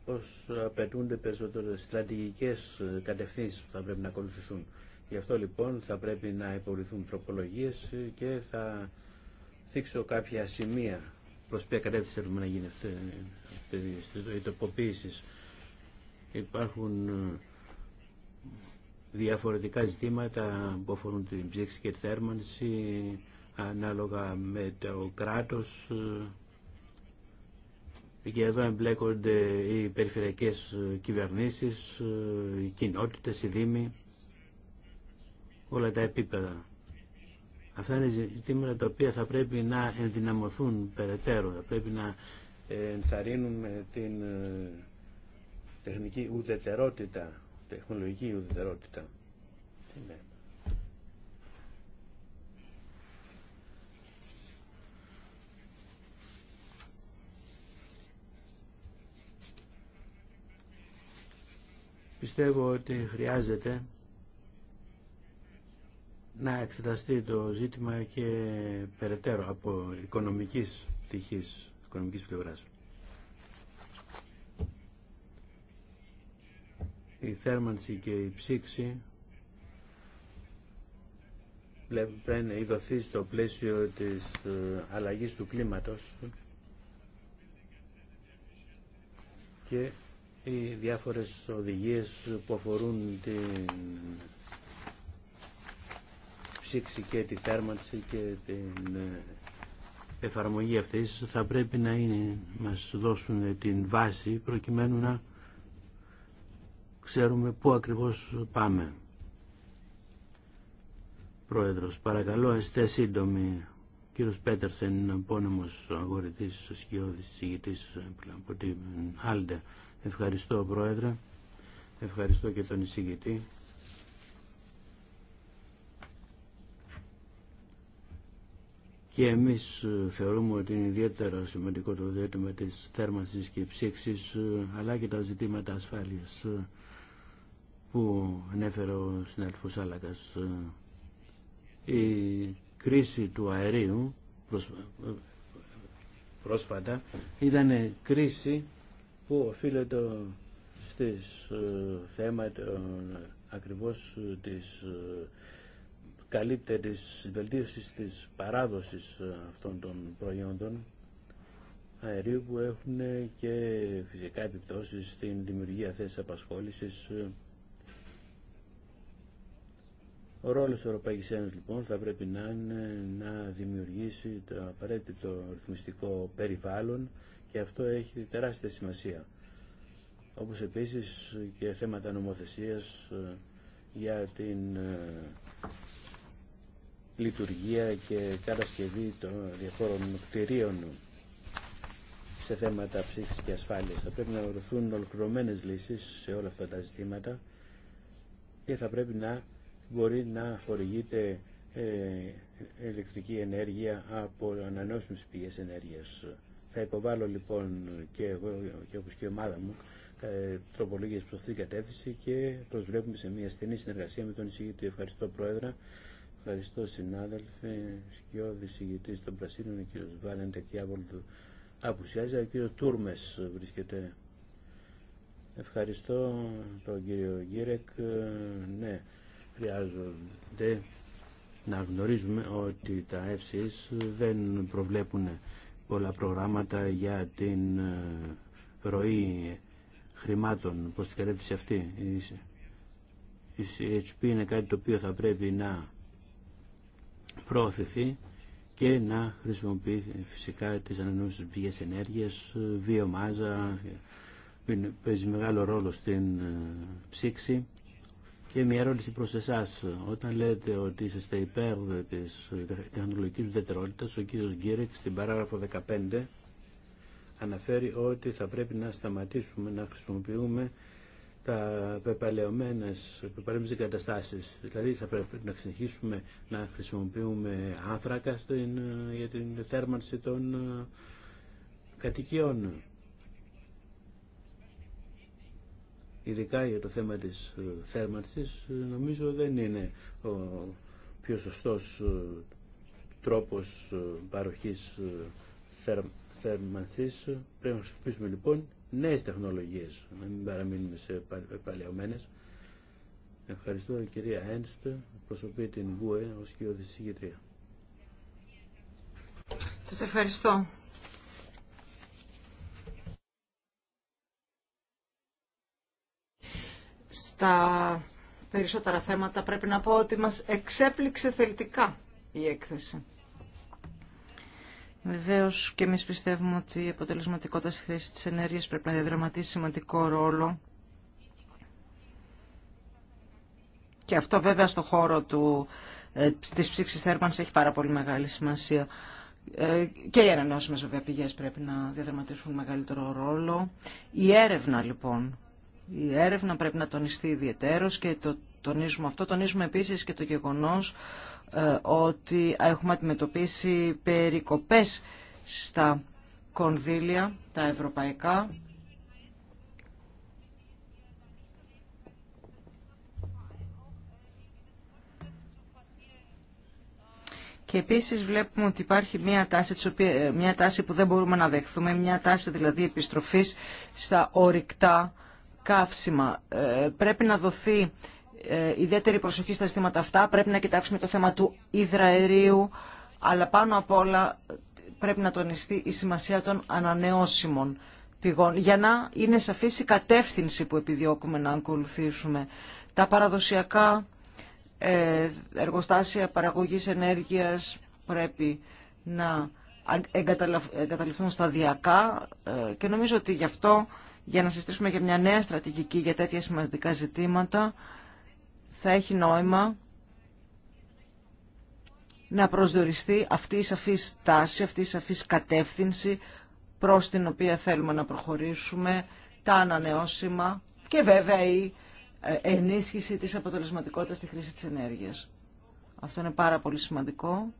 πως απαιτούνται περισσότερες στρατηγικές κατευθύνσεις που θα πρέπει να ακολουθηθούν. Γι' αυτό λοιπόν θα πρέπει να υποβληθούν τροπολογίες και θα θίξω κάποια σημεία προς ποια κατεύθυνση θέλουμε να γίνει αυτή, η τοποποίηση. Υπάρχουν ε, διαφορετικά ζητήματα που αφορούν την ψήξη και τη θέρμανση ανάλογα με το κράτος και εδώ εμπλέκονται οι περιφερειακές κυβερνήσεις, ε, οι κοινότητες, οι δήμοι, όλα τα επίπεδα. Αυτά είναι ζητήματα τα οποία θα πρέπει να ενδυναμωθούν περαιτέρω, θα πρέπει να ε, ενθαρρύνουμε την ε, τεχνική ουδετερότητα, τεχνολογική ουδετερότητα. Πιστεύω ότι χρειάζεται να εξεταστεί το ζήτημα και περαιτέρω από οικονομικής πτυχής, οικονομικής πλευράς. Η θέρμανση και η ψήξη πρέπει να ειδωθεί στο πλαίσιο της ε, αλλαγής του κλίματος και οι διάφορες οδηγίες που αφορούν την ψήξη και τη θέρμανση και την ε, εφαρμογή αυτής θα πρέπει να είναι, μας δώσουν την βάση προκειμένου να ξέρουμε πού ακριβώς πάμε. Πρόεδρος, παρακαλώ είστε σύντομοι. Κύριος Πέτερσεν είναι απόνομος αγορητής, σκιώδης, συγητής από την Άλντε. Ευχαριστώ Πρόεδρε, ευχαριστώ και τον εισηγητή. και εμείς ε, θεωρούμε ότι είναι ιδιαίτερα σημαντικό το ζήτημα της θέρμανσης και ψήξης ε, αλλά και τα ζητήματα ασφάλειας ε, που ανέφερε ο συνάδελφος Άλακας. Η κρίση του αερίου πρόσφατα ήταν κρίση που οφείλεται στις θέματα ακριβώς της καλύτερης βελτίωσης της παράδοσης ε, αυτών των προϊόντων αερίου που έχουν και φυσικά επιπτώσεις στην δημιουργία θέσης απασχόλησης. Ο ρόλος της Ευρωπαϊκής Ένωσης λοιπόν θα πρέπει να είναι να δημιουργήσει το απαραίτητο ρυθμιστικό περιβάλλον και αυτό έχει τεράστια σημασία. Όπως επίσης και θέματα νομοθεσίας ε, για την ε, λειτουργία και κατασκευή των διαφόρων κτηρίων σε θέματα ψήφισης και ασφάλειας. Θα πρέπει να βρεθούν ολοκληρωμένες λύσεις σε όλα αυτά τα ζητήματα και θα πρέπει να μπορεί να χορηγείται ε, ηλεκτρική ενέργεια από ανανεώσιμες πηγές ενέργειας. Θα υποβάλω λοιπόν και εγώ και όπως και η ομάδα μου ε, τροπολογίες προς την κατεύθυνση και προσβλέπουμε σε μια στενή συνεργασία με τον εισηγητή. Ευχαριστώ Πρόεδρα. Ευχαριστώ συνάδελφε, σκιώδη ηγητής των Πρασίνων, ο κύριος Βάλεντε του απουσιάζει, ο κύριος Τούρμες βρίσκεται. Ευχαριστώ τον κύριο Γκίρεκ. Ε, ναι, χρειάζονται να γνωρίζουμε ότι τα ΕΦΣΙΣ δεν προβλέπουν πολλά προγράμματα για την ε, ροή χρημάτων προς την κατεύθυνση αυτή. Η HP είναι κάτι το οποίο θα πρέπει να προωθηθεί και να χρησιμοποιεί φυσικά τις ανανεώσιμες πηγές ενέργειας, βιομάζα, ε, παίζει μεγάλο ρόλο στην ε, ψήξη και μια ερώτηση προς εσάς. Όταν λέτε ότι είστε υπέρ της τεχνολογικής ουδετερότητας, ο κύριος Γκίρεκ στην παράγραφο 15 αναφέρει ότι θα πρέπει να σταματήσουμε να χρησιμοποιούμε τα πεπαλαιωμένε πεπαλαιωμένες καταστάσεις, Δηλαδή θα πρέπει να συνεχίσουμε να χρησιμοποιούμε άνθρακα στην, για την θέρμανση των ε, κατοικιών. Ειδικά για το θέμα της ε, θέρμανσης ε, νομίζω δεν είναι ο πιο σωστός τρόπος παροχής θέρμανσης. Πρέπει να χρησιμοποιήσουμε λοιπόν νέες τεχνολογίες, να μην παραμείνουμε σε παλαιωμένε. Ευχαριστώ η κυρία Ένστ, προσωπεί την ΒΟΕ ως κοιοδησηγητρία. Σας ευχαριστώ. Στα περισσότερα θέματα πρέπει να πω ότι μας εξέπληξε θελτικά η έκθεση. Βεβαίω και εμεί πιστεύουμε ότι η αποτελεσματικότητα στη χρήση τη ενέργεια πρέπει να διαδραματίσει σημαντικό ρόλο. Και αυτό βέβαια στο χώρο του, ε, της ψήξης θέρμανσης έχει πάρα πολύ μεγάλη σημασία. Ε, και οι ανανεώσιμε βέβαια πηγέ πρέπει να διαδραματίσουν μεγαλύτερο ρόλο. Η έρευνα λοιπόν. Η έρευνα πρέπει να τονιστεί ιδιαιτέρως και το τονίζουμε αυτό. Τονίζουμε επίσης και το γεγονός ε, ότι έχουμε αντιμετωπίσει περικοπές στα κονδύλια, τα ευρωπαϊκά. Και επίσης βλέπουμε ότι υπάρχει μια τάση, μια τάση που δεν μπορούμε να δεχθούμε, μια τάση δηλαδή επιστροφής στα ορυκτά καύσιμα. Ε, πρέπει να δοθεί ε, ιδιαίτερη προσοχή στα ζητήματα αυτά. Πρέπει να κοιτάξουμε το θέμα του υδραερίου, αλλά πάνω απ' όλα πρέπει να τονιστεί η σημασία των ανανεώσιμων πηγών, για να είναι σαφής η κατεύθυνση που επιδιώκουμε να ακολουθήσουμε. Τα παραδοσιακά ε, εργοστάσια παραγωγής ενέργειας πρέπει να εγκαταλειφθούν σταδιακά ε, και νομίζω ότι γι' αυτό για να συστήσουμε για μια νέα στρατηγική για τέτοια σημαντικά ζητήματα θα έχει νόημα να προσδιοριστεί αυτή η σαφή τάση, αυτή η σαφή κατεύθυνση προς την οποία θέλουμε να προχωρήσουμε, τα ανανεώσιμα και βέβαια η ε, ενίσχυση της αποτελεσματικότητας στη χρήση της ενέργειας. Αυτό είναι πάρα πολύ σημαντικό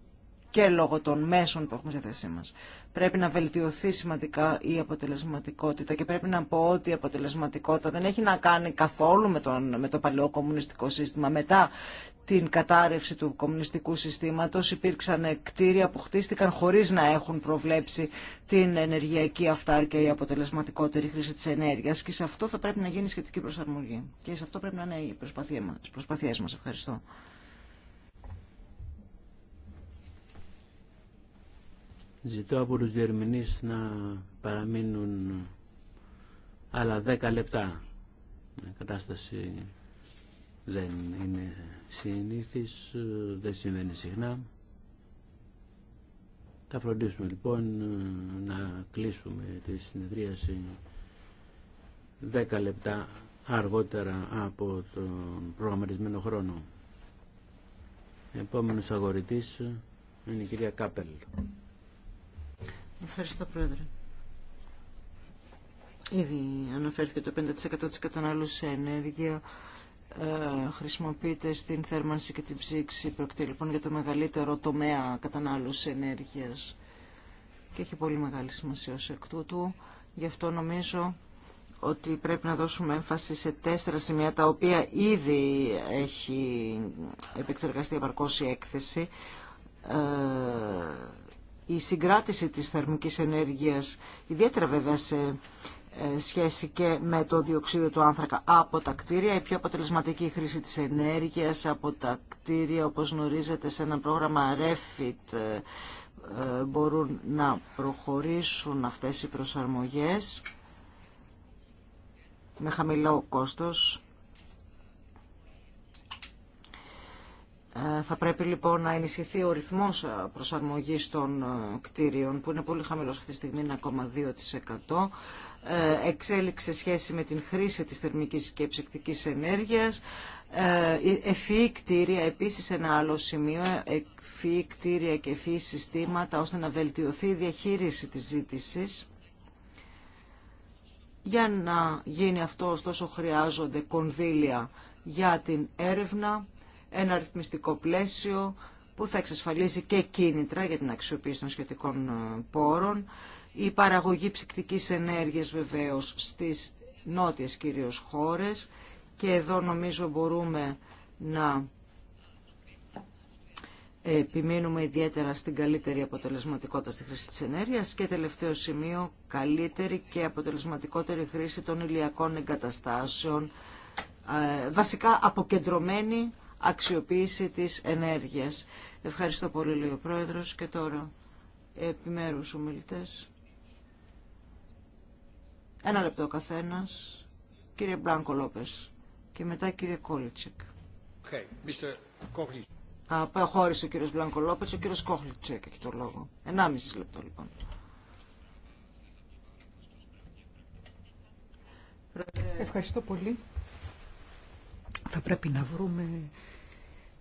και λόγω των μέσων που έχουμε στη θέση μας. Πρέπει να βελτιωθεί σημαντικά η αποτελεσματικότητα και πρέπει να πω ότι η αποτελεσματικότητα δεν έχει να κάνει καθόλου με, τον, με το παλαιό κομμουνιστικό σύστημα. Μετά την κατάρρευση του κομμουνιστικού συστήματος υπήρξαν κτίρια που χτίστηκαν χωρίς να έχουν προβλέψει την ενεργειακή αυτάρκεια ή αποτελεσματικότερη χρήση της ενέργειας και σε αυτό θα πρέπει να γίνει σχετική προσαρμογή και σε αυτό πρέπει να είναι οι προσπαθίες μας. Ευχαριστώ. Ζητώ από τους διερμηνείς να παραμείνουν άλλα 10 λεπτά. Η κατάσταση δεν είναι συνήθις, δεν συμβαίνει συχνά. Θα φροντίσουμε λοιπόν να κλείσουμε τη συνεδρίαση 10 λεπτά αργότερα από τον προγραμματισμένο χρόνο. Επόμενος αγορητής είναι η κυρία Κάπελ. Ευχαριστώ, Πρόεδρε. Ήδη αναφέρθηκε το 50% της κατανάλωσης ενέργεια ε, χρησιμοποιείται στην θέρμανση και την ψήξη. Προκτεί λοιπόν για το μεγαλύτερο τομέα κατανάλωση ενέργειας και έχει πολύ μεγάλη σημασία ως εκ τούτου. Γι' αυτό νομίζω ότι πρέπει να δώσουμε έμφαση σε τέσσερα σημεία τα οποία ήδη έχει επεξεργαστεί επαρκώς η έκθεση ε, η συγκράτηση της θερμικής ενέργειας, ιδιαίτερα βέβαια σε ε, σχέση και με το διοξείδιο του άνθρακα από τα κτίρια, η πιο αποτελεσματική χρήση της ενέργειας από τα κτίρια, όπως γνωρίζετε σε ένα πρόγραμμα REFIT ε, ε, μπορούν να προχωρήσουν αυτές οι προσαρμογές με χαμηλό κόστος Ε, θα πρέπει λοιπόν να ενισχυθεί ο ρυθμός ε, προσαρμογής των ε, κτίριων που είναι πολύ χαμηλός αυτή τη στιγμή, είναι ακόμα 2%. σε σχέση με την χρήση της θερμικής και ψυκτικής ενέργειας. Ευφυή κτίρια, επίσης ένα άλλο σημείο, ευφυή κτίρια και ευφυή συστήματα ώστε να βελτιωθεί η διαχείριση της ζήτησης. Για να γίνει αυτό ωστόσο χρειάζονται κονδύλια για την έρευνα ένα αριθμιστικό πλαίσιο που θα εξασφαλίζει και κίνητρα για την αξιοποίηση των σχετικών ε, πόρων, η παραγωγή ψυκτικής ενέργειας βεβαίως στις νότιες κυρίως χώρες και εδώ νομίζω μπορούμε να επιμείνουμε ιδιαίτερα στην καλύτερη αποτελεσματικότητα στη χρήση της ενέργειας και τελευταίο σημείο καλύτερη και αποτελεσματικότερη χρήση των ηλιακών εγκαταστάσεων ε, βασικά αποκεντρωμένη αξιοποίηση της ενέργειας. Ευχαριστώ πολύ, λέει ο Πρόεδρος. Και τώρα, επιμέρους ομιλητές. Ένα λεπτό καθένας. Κύριε Μπλάνκο Λόπες και μετά κύριε Κόλιτσεκ. Okay, Mr. ο κύριος Μπλάνκο Λόπε, ο κύριος Κόχλιτσεκ έχει το λόγο. Ενάμιση λεπτό λοιπόν. Ευχαριστώ πολύ. Θα πρέπει να βρούμε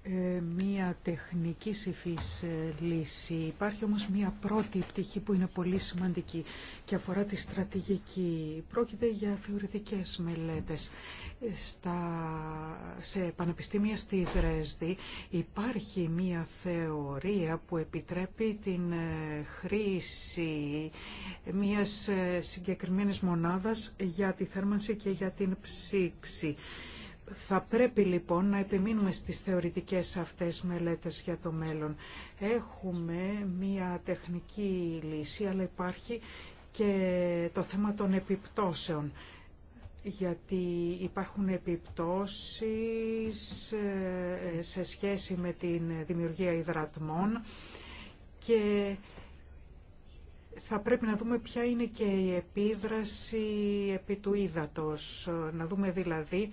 ε, μία τεχνική υφής ε, λύση. Υπάρχει όμως μία πρώτη πτυχή που είναι πολύ σημαντική και αφορά τη στρατηγική. Πρόκειται για θεωρητικές μελέτες. Ε, στα, σε πανεπιστήμια στη Δρέσδη υπάρχει μία θεωρία που επιτρέπει την χρήση μίας συγκεκριμένης μονάδας για τη θέρμανση και για την ψήξη. Θα πρέπει λοιπόν να επιμείνουμε στις θεωρητικές αυτές μελέτες για το μέλλον. Έχουμε μία τεχνική λύση, αλλά υπάρχει και το θέμα των επιπτώσεων. Γιατί υπάρχουν επιπτώσεις ε, σε σχέση με την δημιουργία υδρατμών και θα πρέπει να δούμε ποια είναι και η επίδραση επί του ύδατος. Να δούμε δηλαδή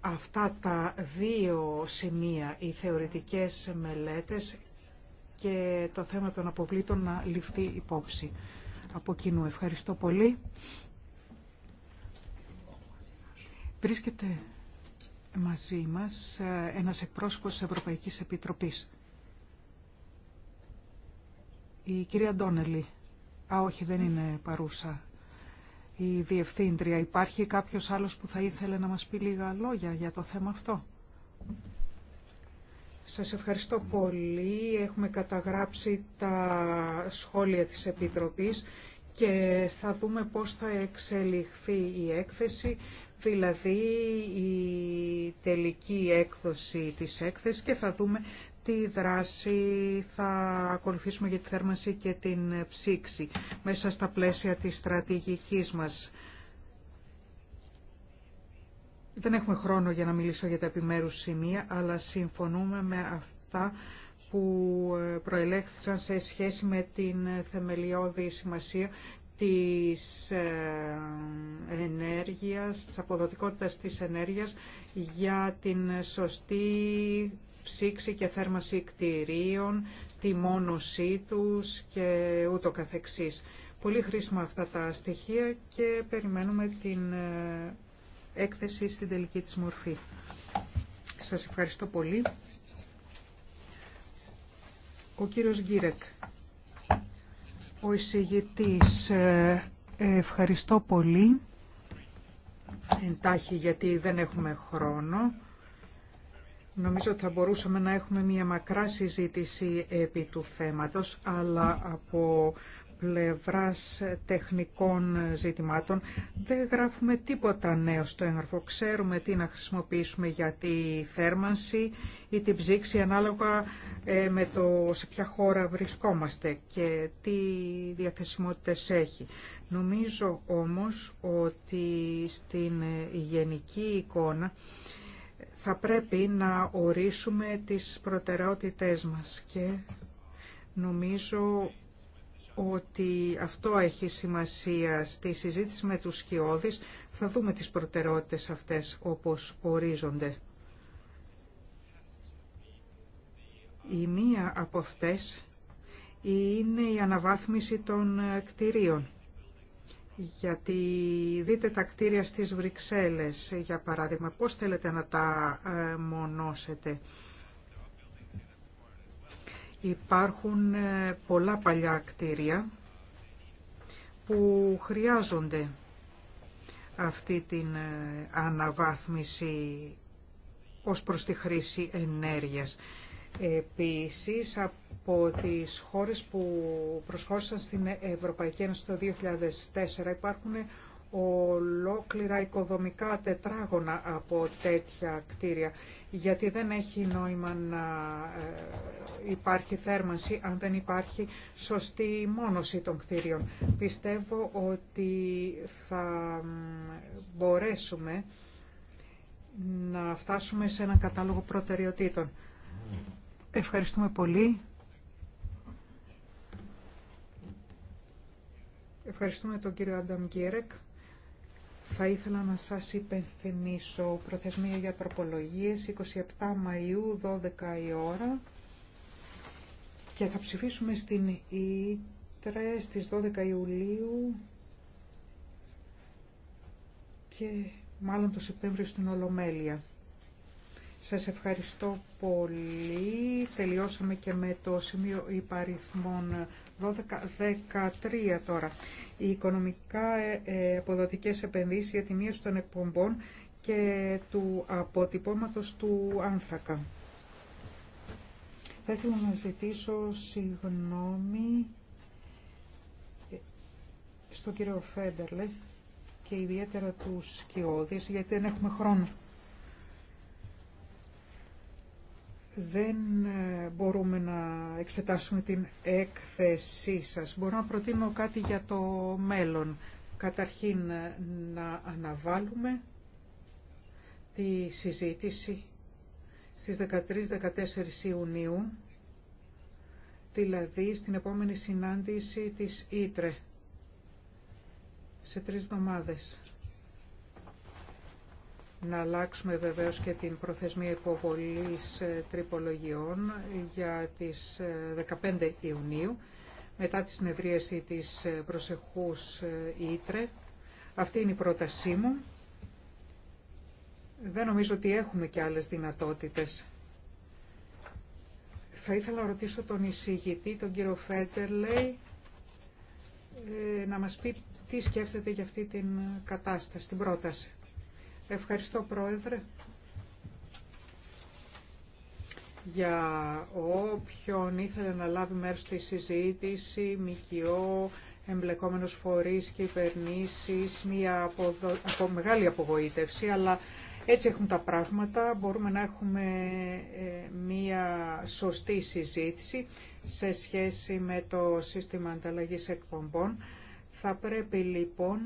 αυτά τα δύο σημεία, οι θεωρητικές μελέτες και το θέμα των αποβλήτων να ληφθεί υπόψη από κοινού. Ευχαριστώ πολύ. Βρίσκεται μαζί μας ε, ένας εκπρόσωπος της Ευρωπαϊκής Επιτροπής. Η κυρία Ντόνελη. Α, όχι, δεν είναι παρούσα η Διευθύντρια. Υπάρχει κάποιος άλλος που θα ήθελε να μας πει λίγα λόγια για το θέμα αυτό. Σας ευχαριστώ πολύ. Έχουμε καταγράψει τα σχόλια της Επιτροπής και θα δούμε πώς θα εξελιχθεί η έκθεση, δηλαδή η τελική έκδοση της έκθεσης και θα δούμε τι δράση θα ακολουθήσουμε για τη θέρμανση και την ψήξη μέσα στα πλαίσια της στρατηγικής μας. Δεν έχουμε χρόνο για να μιλήσω για τα επιμέρους σημεία, αλλά συμφωνούμε με αυτά που προελέχθησαν σε σχέση με την θεμελιώδη σημασία της ε, ενέργειας, της αποδοτικότητας της ενέργειας για την σωστή ψήξη και θέρμανση κτηρίων, τη μόνωσή τους και ούτω καθεξής. Πολύ χρήσιμα αυτά τα στοιχεία και περιμένουμε την ε, έκθεση στην τελική της μορφή. Σας ευχαριστώ πολύ. Ο κύριος Γκίρεκ, ο εισηγητής, ε, ευχαριστώ πολύ. Εντάχει γιατί δεν έχουμε χρόνο. Νομίζω ότι θα μπορούσαμε να έχουμε μια μακρά συζήτηση επί του θέματος, αλλά από πλευράς τεχνικών ζητημάτων δεν γράφουμε τίποτα νέο στο έγγραφο. Ξέρουμε τι να χρησιμοποιήσουμε για τη θέρμανση ή την ψήξη ανάλογα ε, με το σε ποια χώρα βρισκόμαστε και τι διαθεσιμότητες έχει. Νομίζω όμως ότι στην γενική εικόνα θα πρέπει να ορίσουμε τις προτεραιότητές μας και νομίζω ότι αυτό έχει σημασία στη συζήτηση με τους σκιώδεις. Θα δούμε τις προτεραιότητες αυτές όπως ορίζονται. Η μία από αυτές είναι η αναβάθμιση των κτηρίων γιατί δείτε τα κτίρια στις Βρυξέλλες, για παράδειγμα, πώς θέλετε να τα ε, μονώσετε. Υπάρχουν ε, πολλά παλιά κτίρια που χρειάζονται αυτή την ε, αναβάθμιση ως προς τη χρήση ενέργειας. Επίσης, από τις χώρες που προσχώρησαν στην Ευρωπαϊκή Ένωση το 2004 υπάρχουν ολόκληρα οικοδομικά τετράγωνα από τέτοια κτίρια, γιατί δεν έχει νόημα να ε, υπάρχει θέρμανση αν δεν υπάρχει σωστή μόνωση των κτίριων. Πιστεύω ότι θα μπορέσουμε να φτάσουμε σε έναν κατάλογο προτεραιοτήτων. Ευχαριστούμε πολύ. Ευχαριστούμε τον κύριο Άνταμ Γκέρεκ. Θα ήθελα να σας υπενθυμίσω προθεσμία για τροπολογίες 27 Μαΐου 12 η ώρα και θα ψηφίσουμε στην Ήτρε στις 12 Ιουλίου και μάλλον το Σεπτέμβριο στην Ολομέλεια. Σας ευχαριστώ πολύ. Τελειώσαμε και με το σημείο υπαριθμών 12-13 τώρα. Οι οικονομικά ε, ε, αποδοτικές επενδύσεις για τη μείωση των εκπομπών και του αποτυπώματος του άνθρακα. Θα ήθελα να ζητήσω συγγνώμη ε, στον κύριο Φέντερλε και ιδιαίτερα τους Σκιώδης, γιατί δεν έχουμε χρόνο. δεν ε, μπορούμε να εξετάσουμε την έκθεσή σας. Μπορώ να προτείνω κάτι για το μέλλον. Καταρχήν ε, να αναβάλουμε τη συζήτηση στις 13-14 Ιουνίου, δηλαδή στην επόμενη συνάντηση της Ήτρε, σε τρεις εβδομάδες να αλλάξουμε βεβαίως και την προθεσμία υποβολής ε, τρυπολογιών για τις 15 ε, Ιουνίου μετά τη συνεδρίαση της ε, προσεχούς Ήτρε. Αυτή είναι η πρότασή μου. Δεν νομίζω ότι έχουμε και άλλες δυνατότητες. Θα ήθελα να ρωτήσω τον εισηγητή, τον κύριο λέει, να μας πει τι σκέφτεται για αυτή την κατάσταση, την πρόταση. Ευχαριστώ Πρόεδρε. Για όποιον ήθελε να λάβει μέρος στη συζήτηση, ΜΚΟ, εμπλεκόμενος φορείς, κυβερνήσεις, μια από μεγάλη απογοήτευση, αλλά έτσι έχουν τα πράγματα. Μπορούμε να έχουμε ε, μια σωστή συζήτηση σε σχέση με το σύστημα ανταλλαγής εκπομπών. Θα πρέπει λοιπόν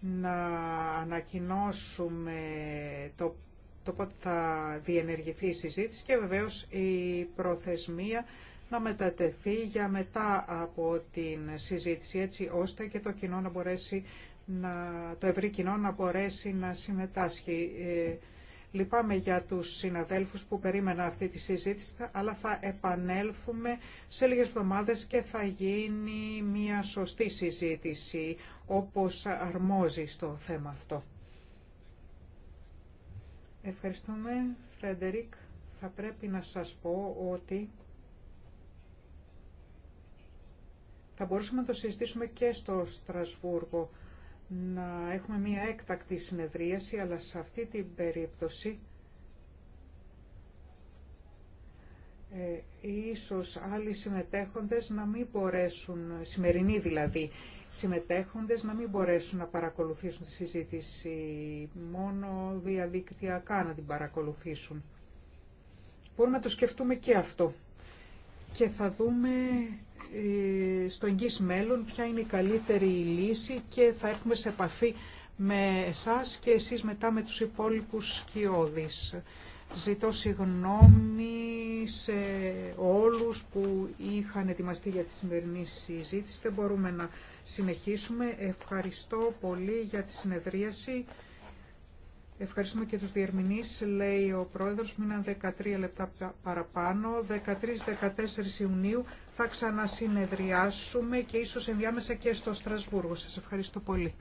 να ανακοινώσουμε το, το πότε θα διενεργηθεί η συζήτηση και βεβαίως η προθεσμία να μετατεθεί για μετά από την συζήτηση έτσι ώστε και το κοινό να μπορέσει να, το ευρύ κοινό να μπορέσει να συμμετάσχει. Ε, Λυπάμαι για τους συναδέλφους που περίμεναν αυτή τη συζήτηση, αλλά θα επανέλθουμε σε λίγες εβδομάδες και θα γίνει μια σωστή συζήτηση, όπως αρμόζει στο θέμα αυτό. Ευχαριστούμε, Φρεντερίκ. Θα πρέπει να σας πω ότι θα μπορούσαμε να το συζητήσουμε και στο Στρασβούργο να έχουμε μία έκτακτη συνεδρίαση, αλλά σε αυτή την περίπτωση ε, ίσως άλλοι συμμετέχοντες να μην μπορέσουν, σημερινοί δηλαδή, συμμετέχοντες να μην μπορέσουν να παρακολουθήσουν τη συζήτηση, μόνο διαδικτυακά να την παρακολουθήσουν. Μπορούμε να το σκεφτούμε και αυτό και θα δούμε ε, στο εγγύς μέλλον ποια είναι η καλύτερη λύση και θα έρθουμε σε επαφή με εσάς και εσείς μετά με τους υπόλοιπους σκιώδεις. Ζητώ συγγνώμη σε όλους που είχαν ετοιμαστεί για τη σημερινή συζήτηση. Δεν μπορούμε να συνεχίσουμε. Ευχαριστώ πολύ για τη συνεδρίαση. Ευχαριστούμε και τους διερμηνείς, λέει ο πρόεδρος, μείναν 13 λεπτά παραπάνω. 13-14 Ιουνίου θα ξανασυνεδριάσουμε και ίσως ενδιάμεσα και στο Στρασβούργο. Σας ευχαριστώ πολύ.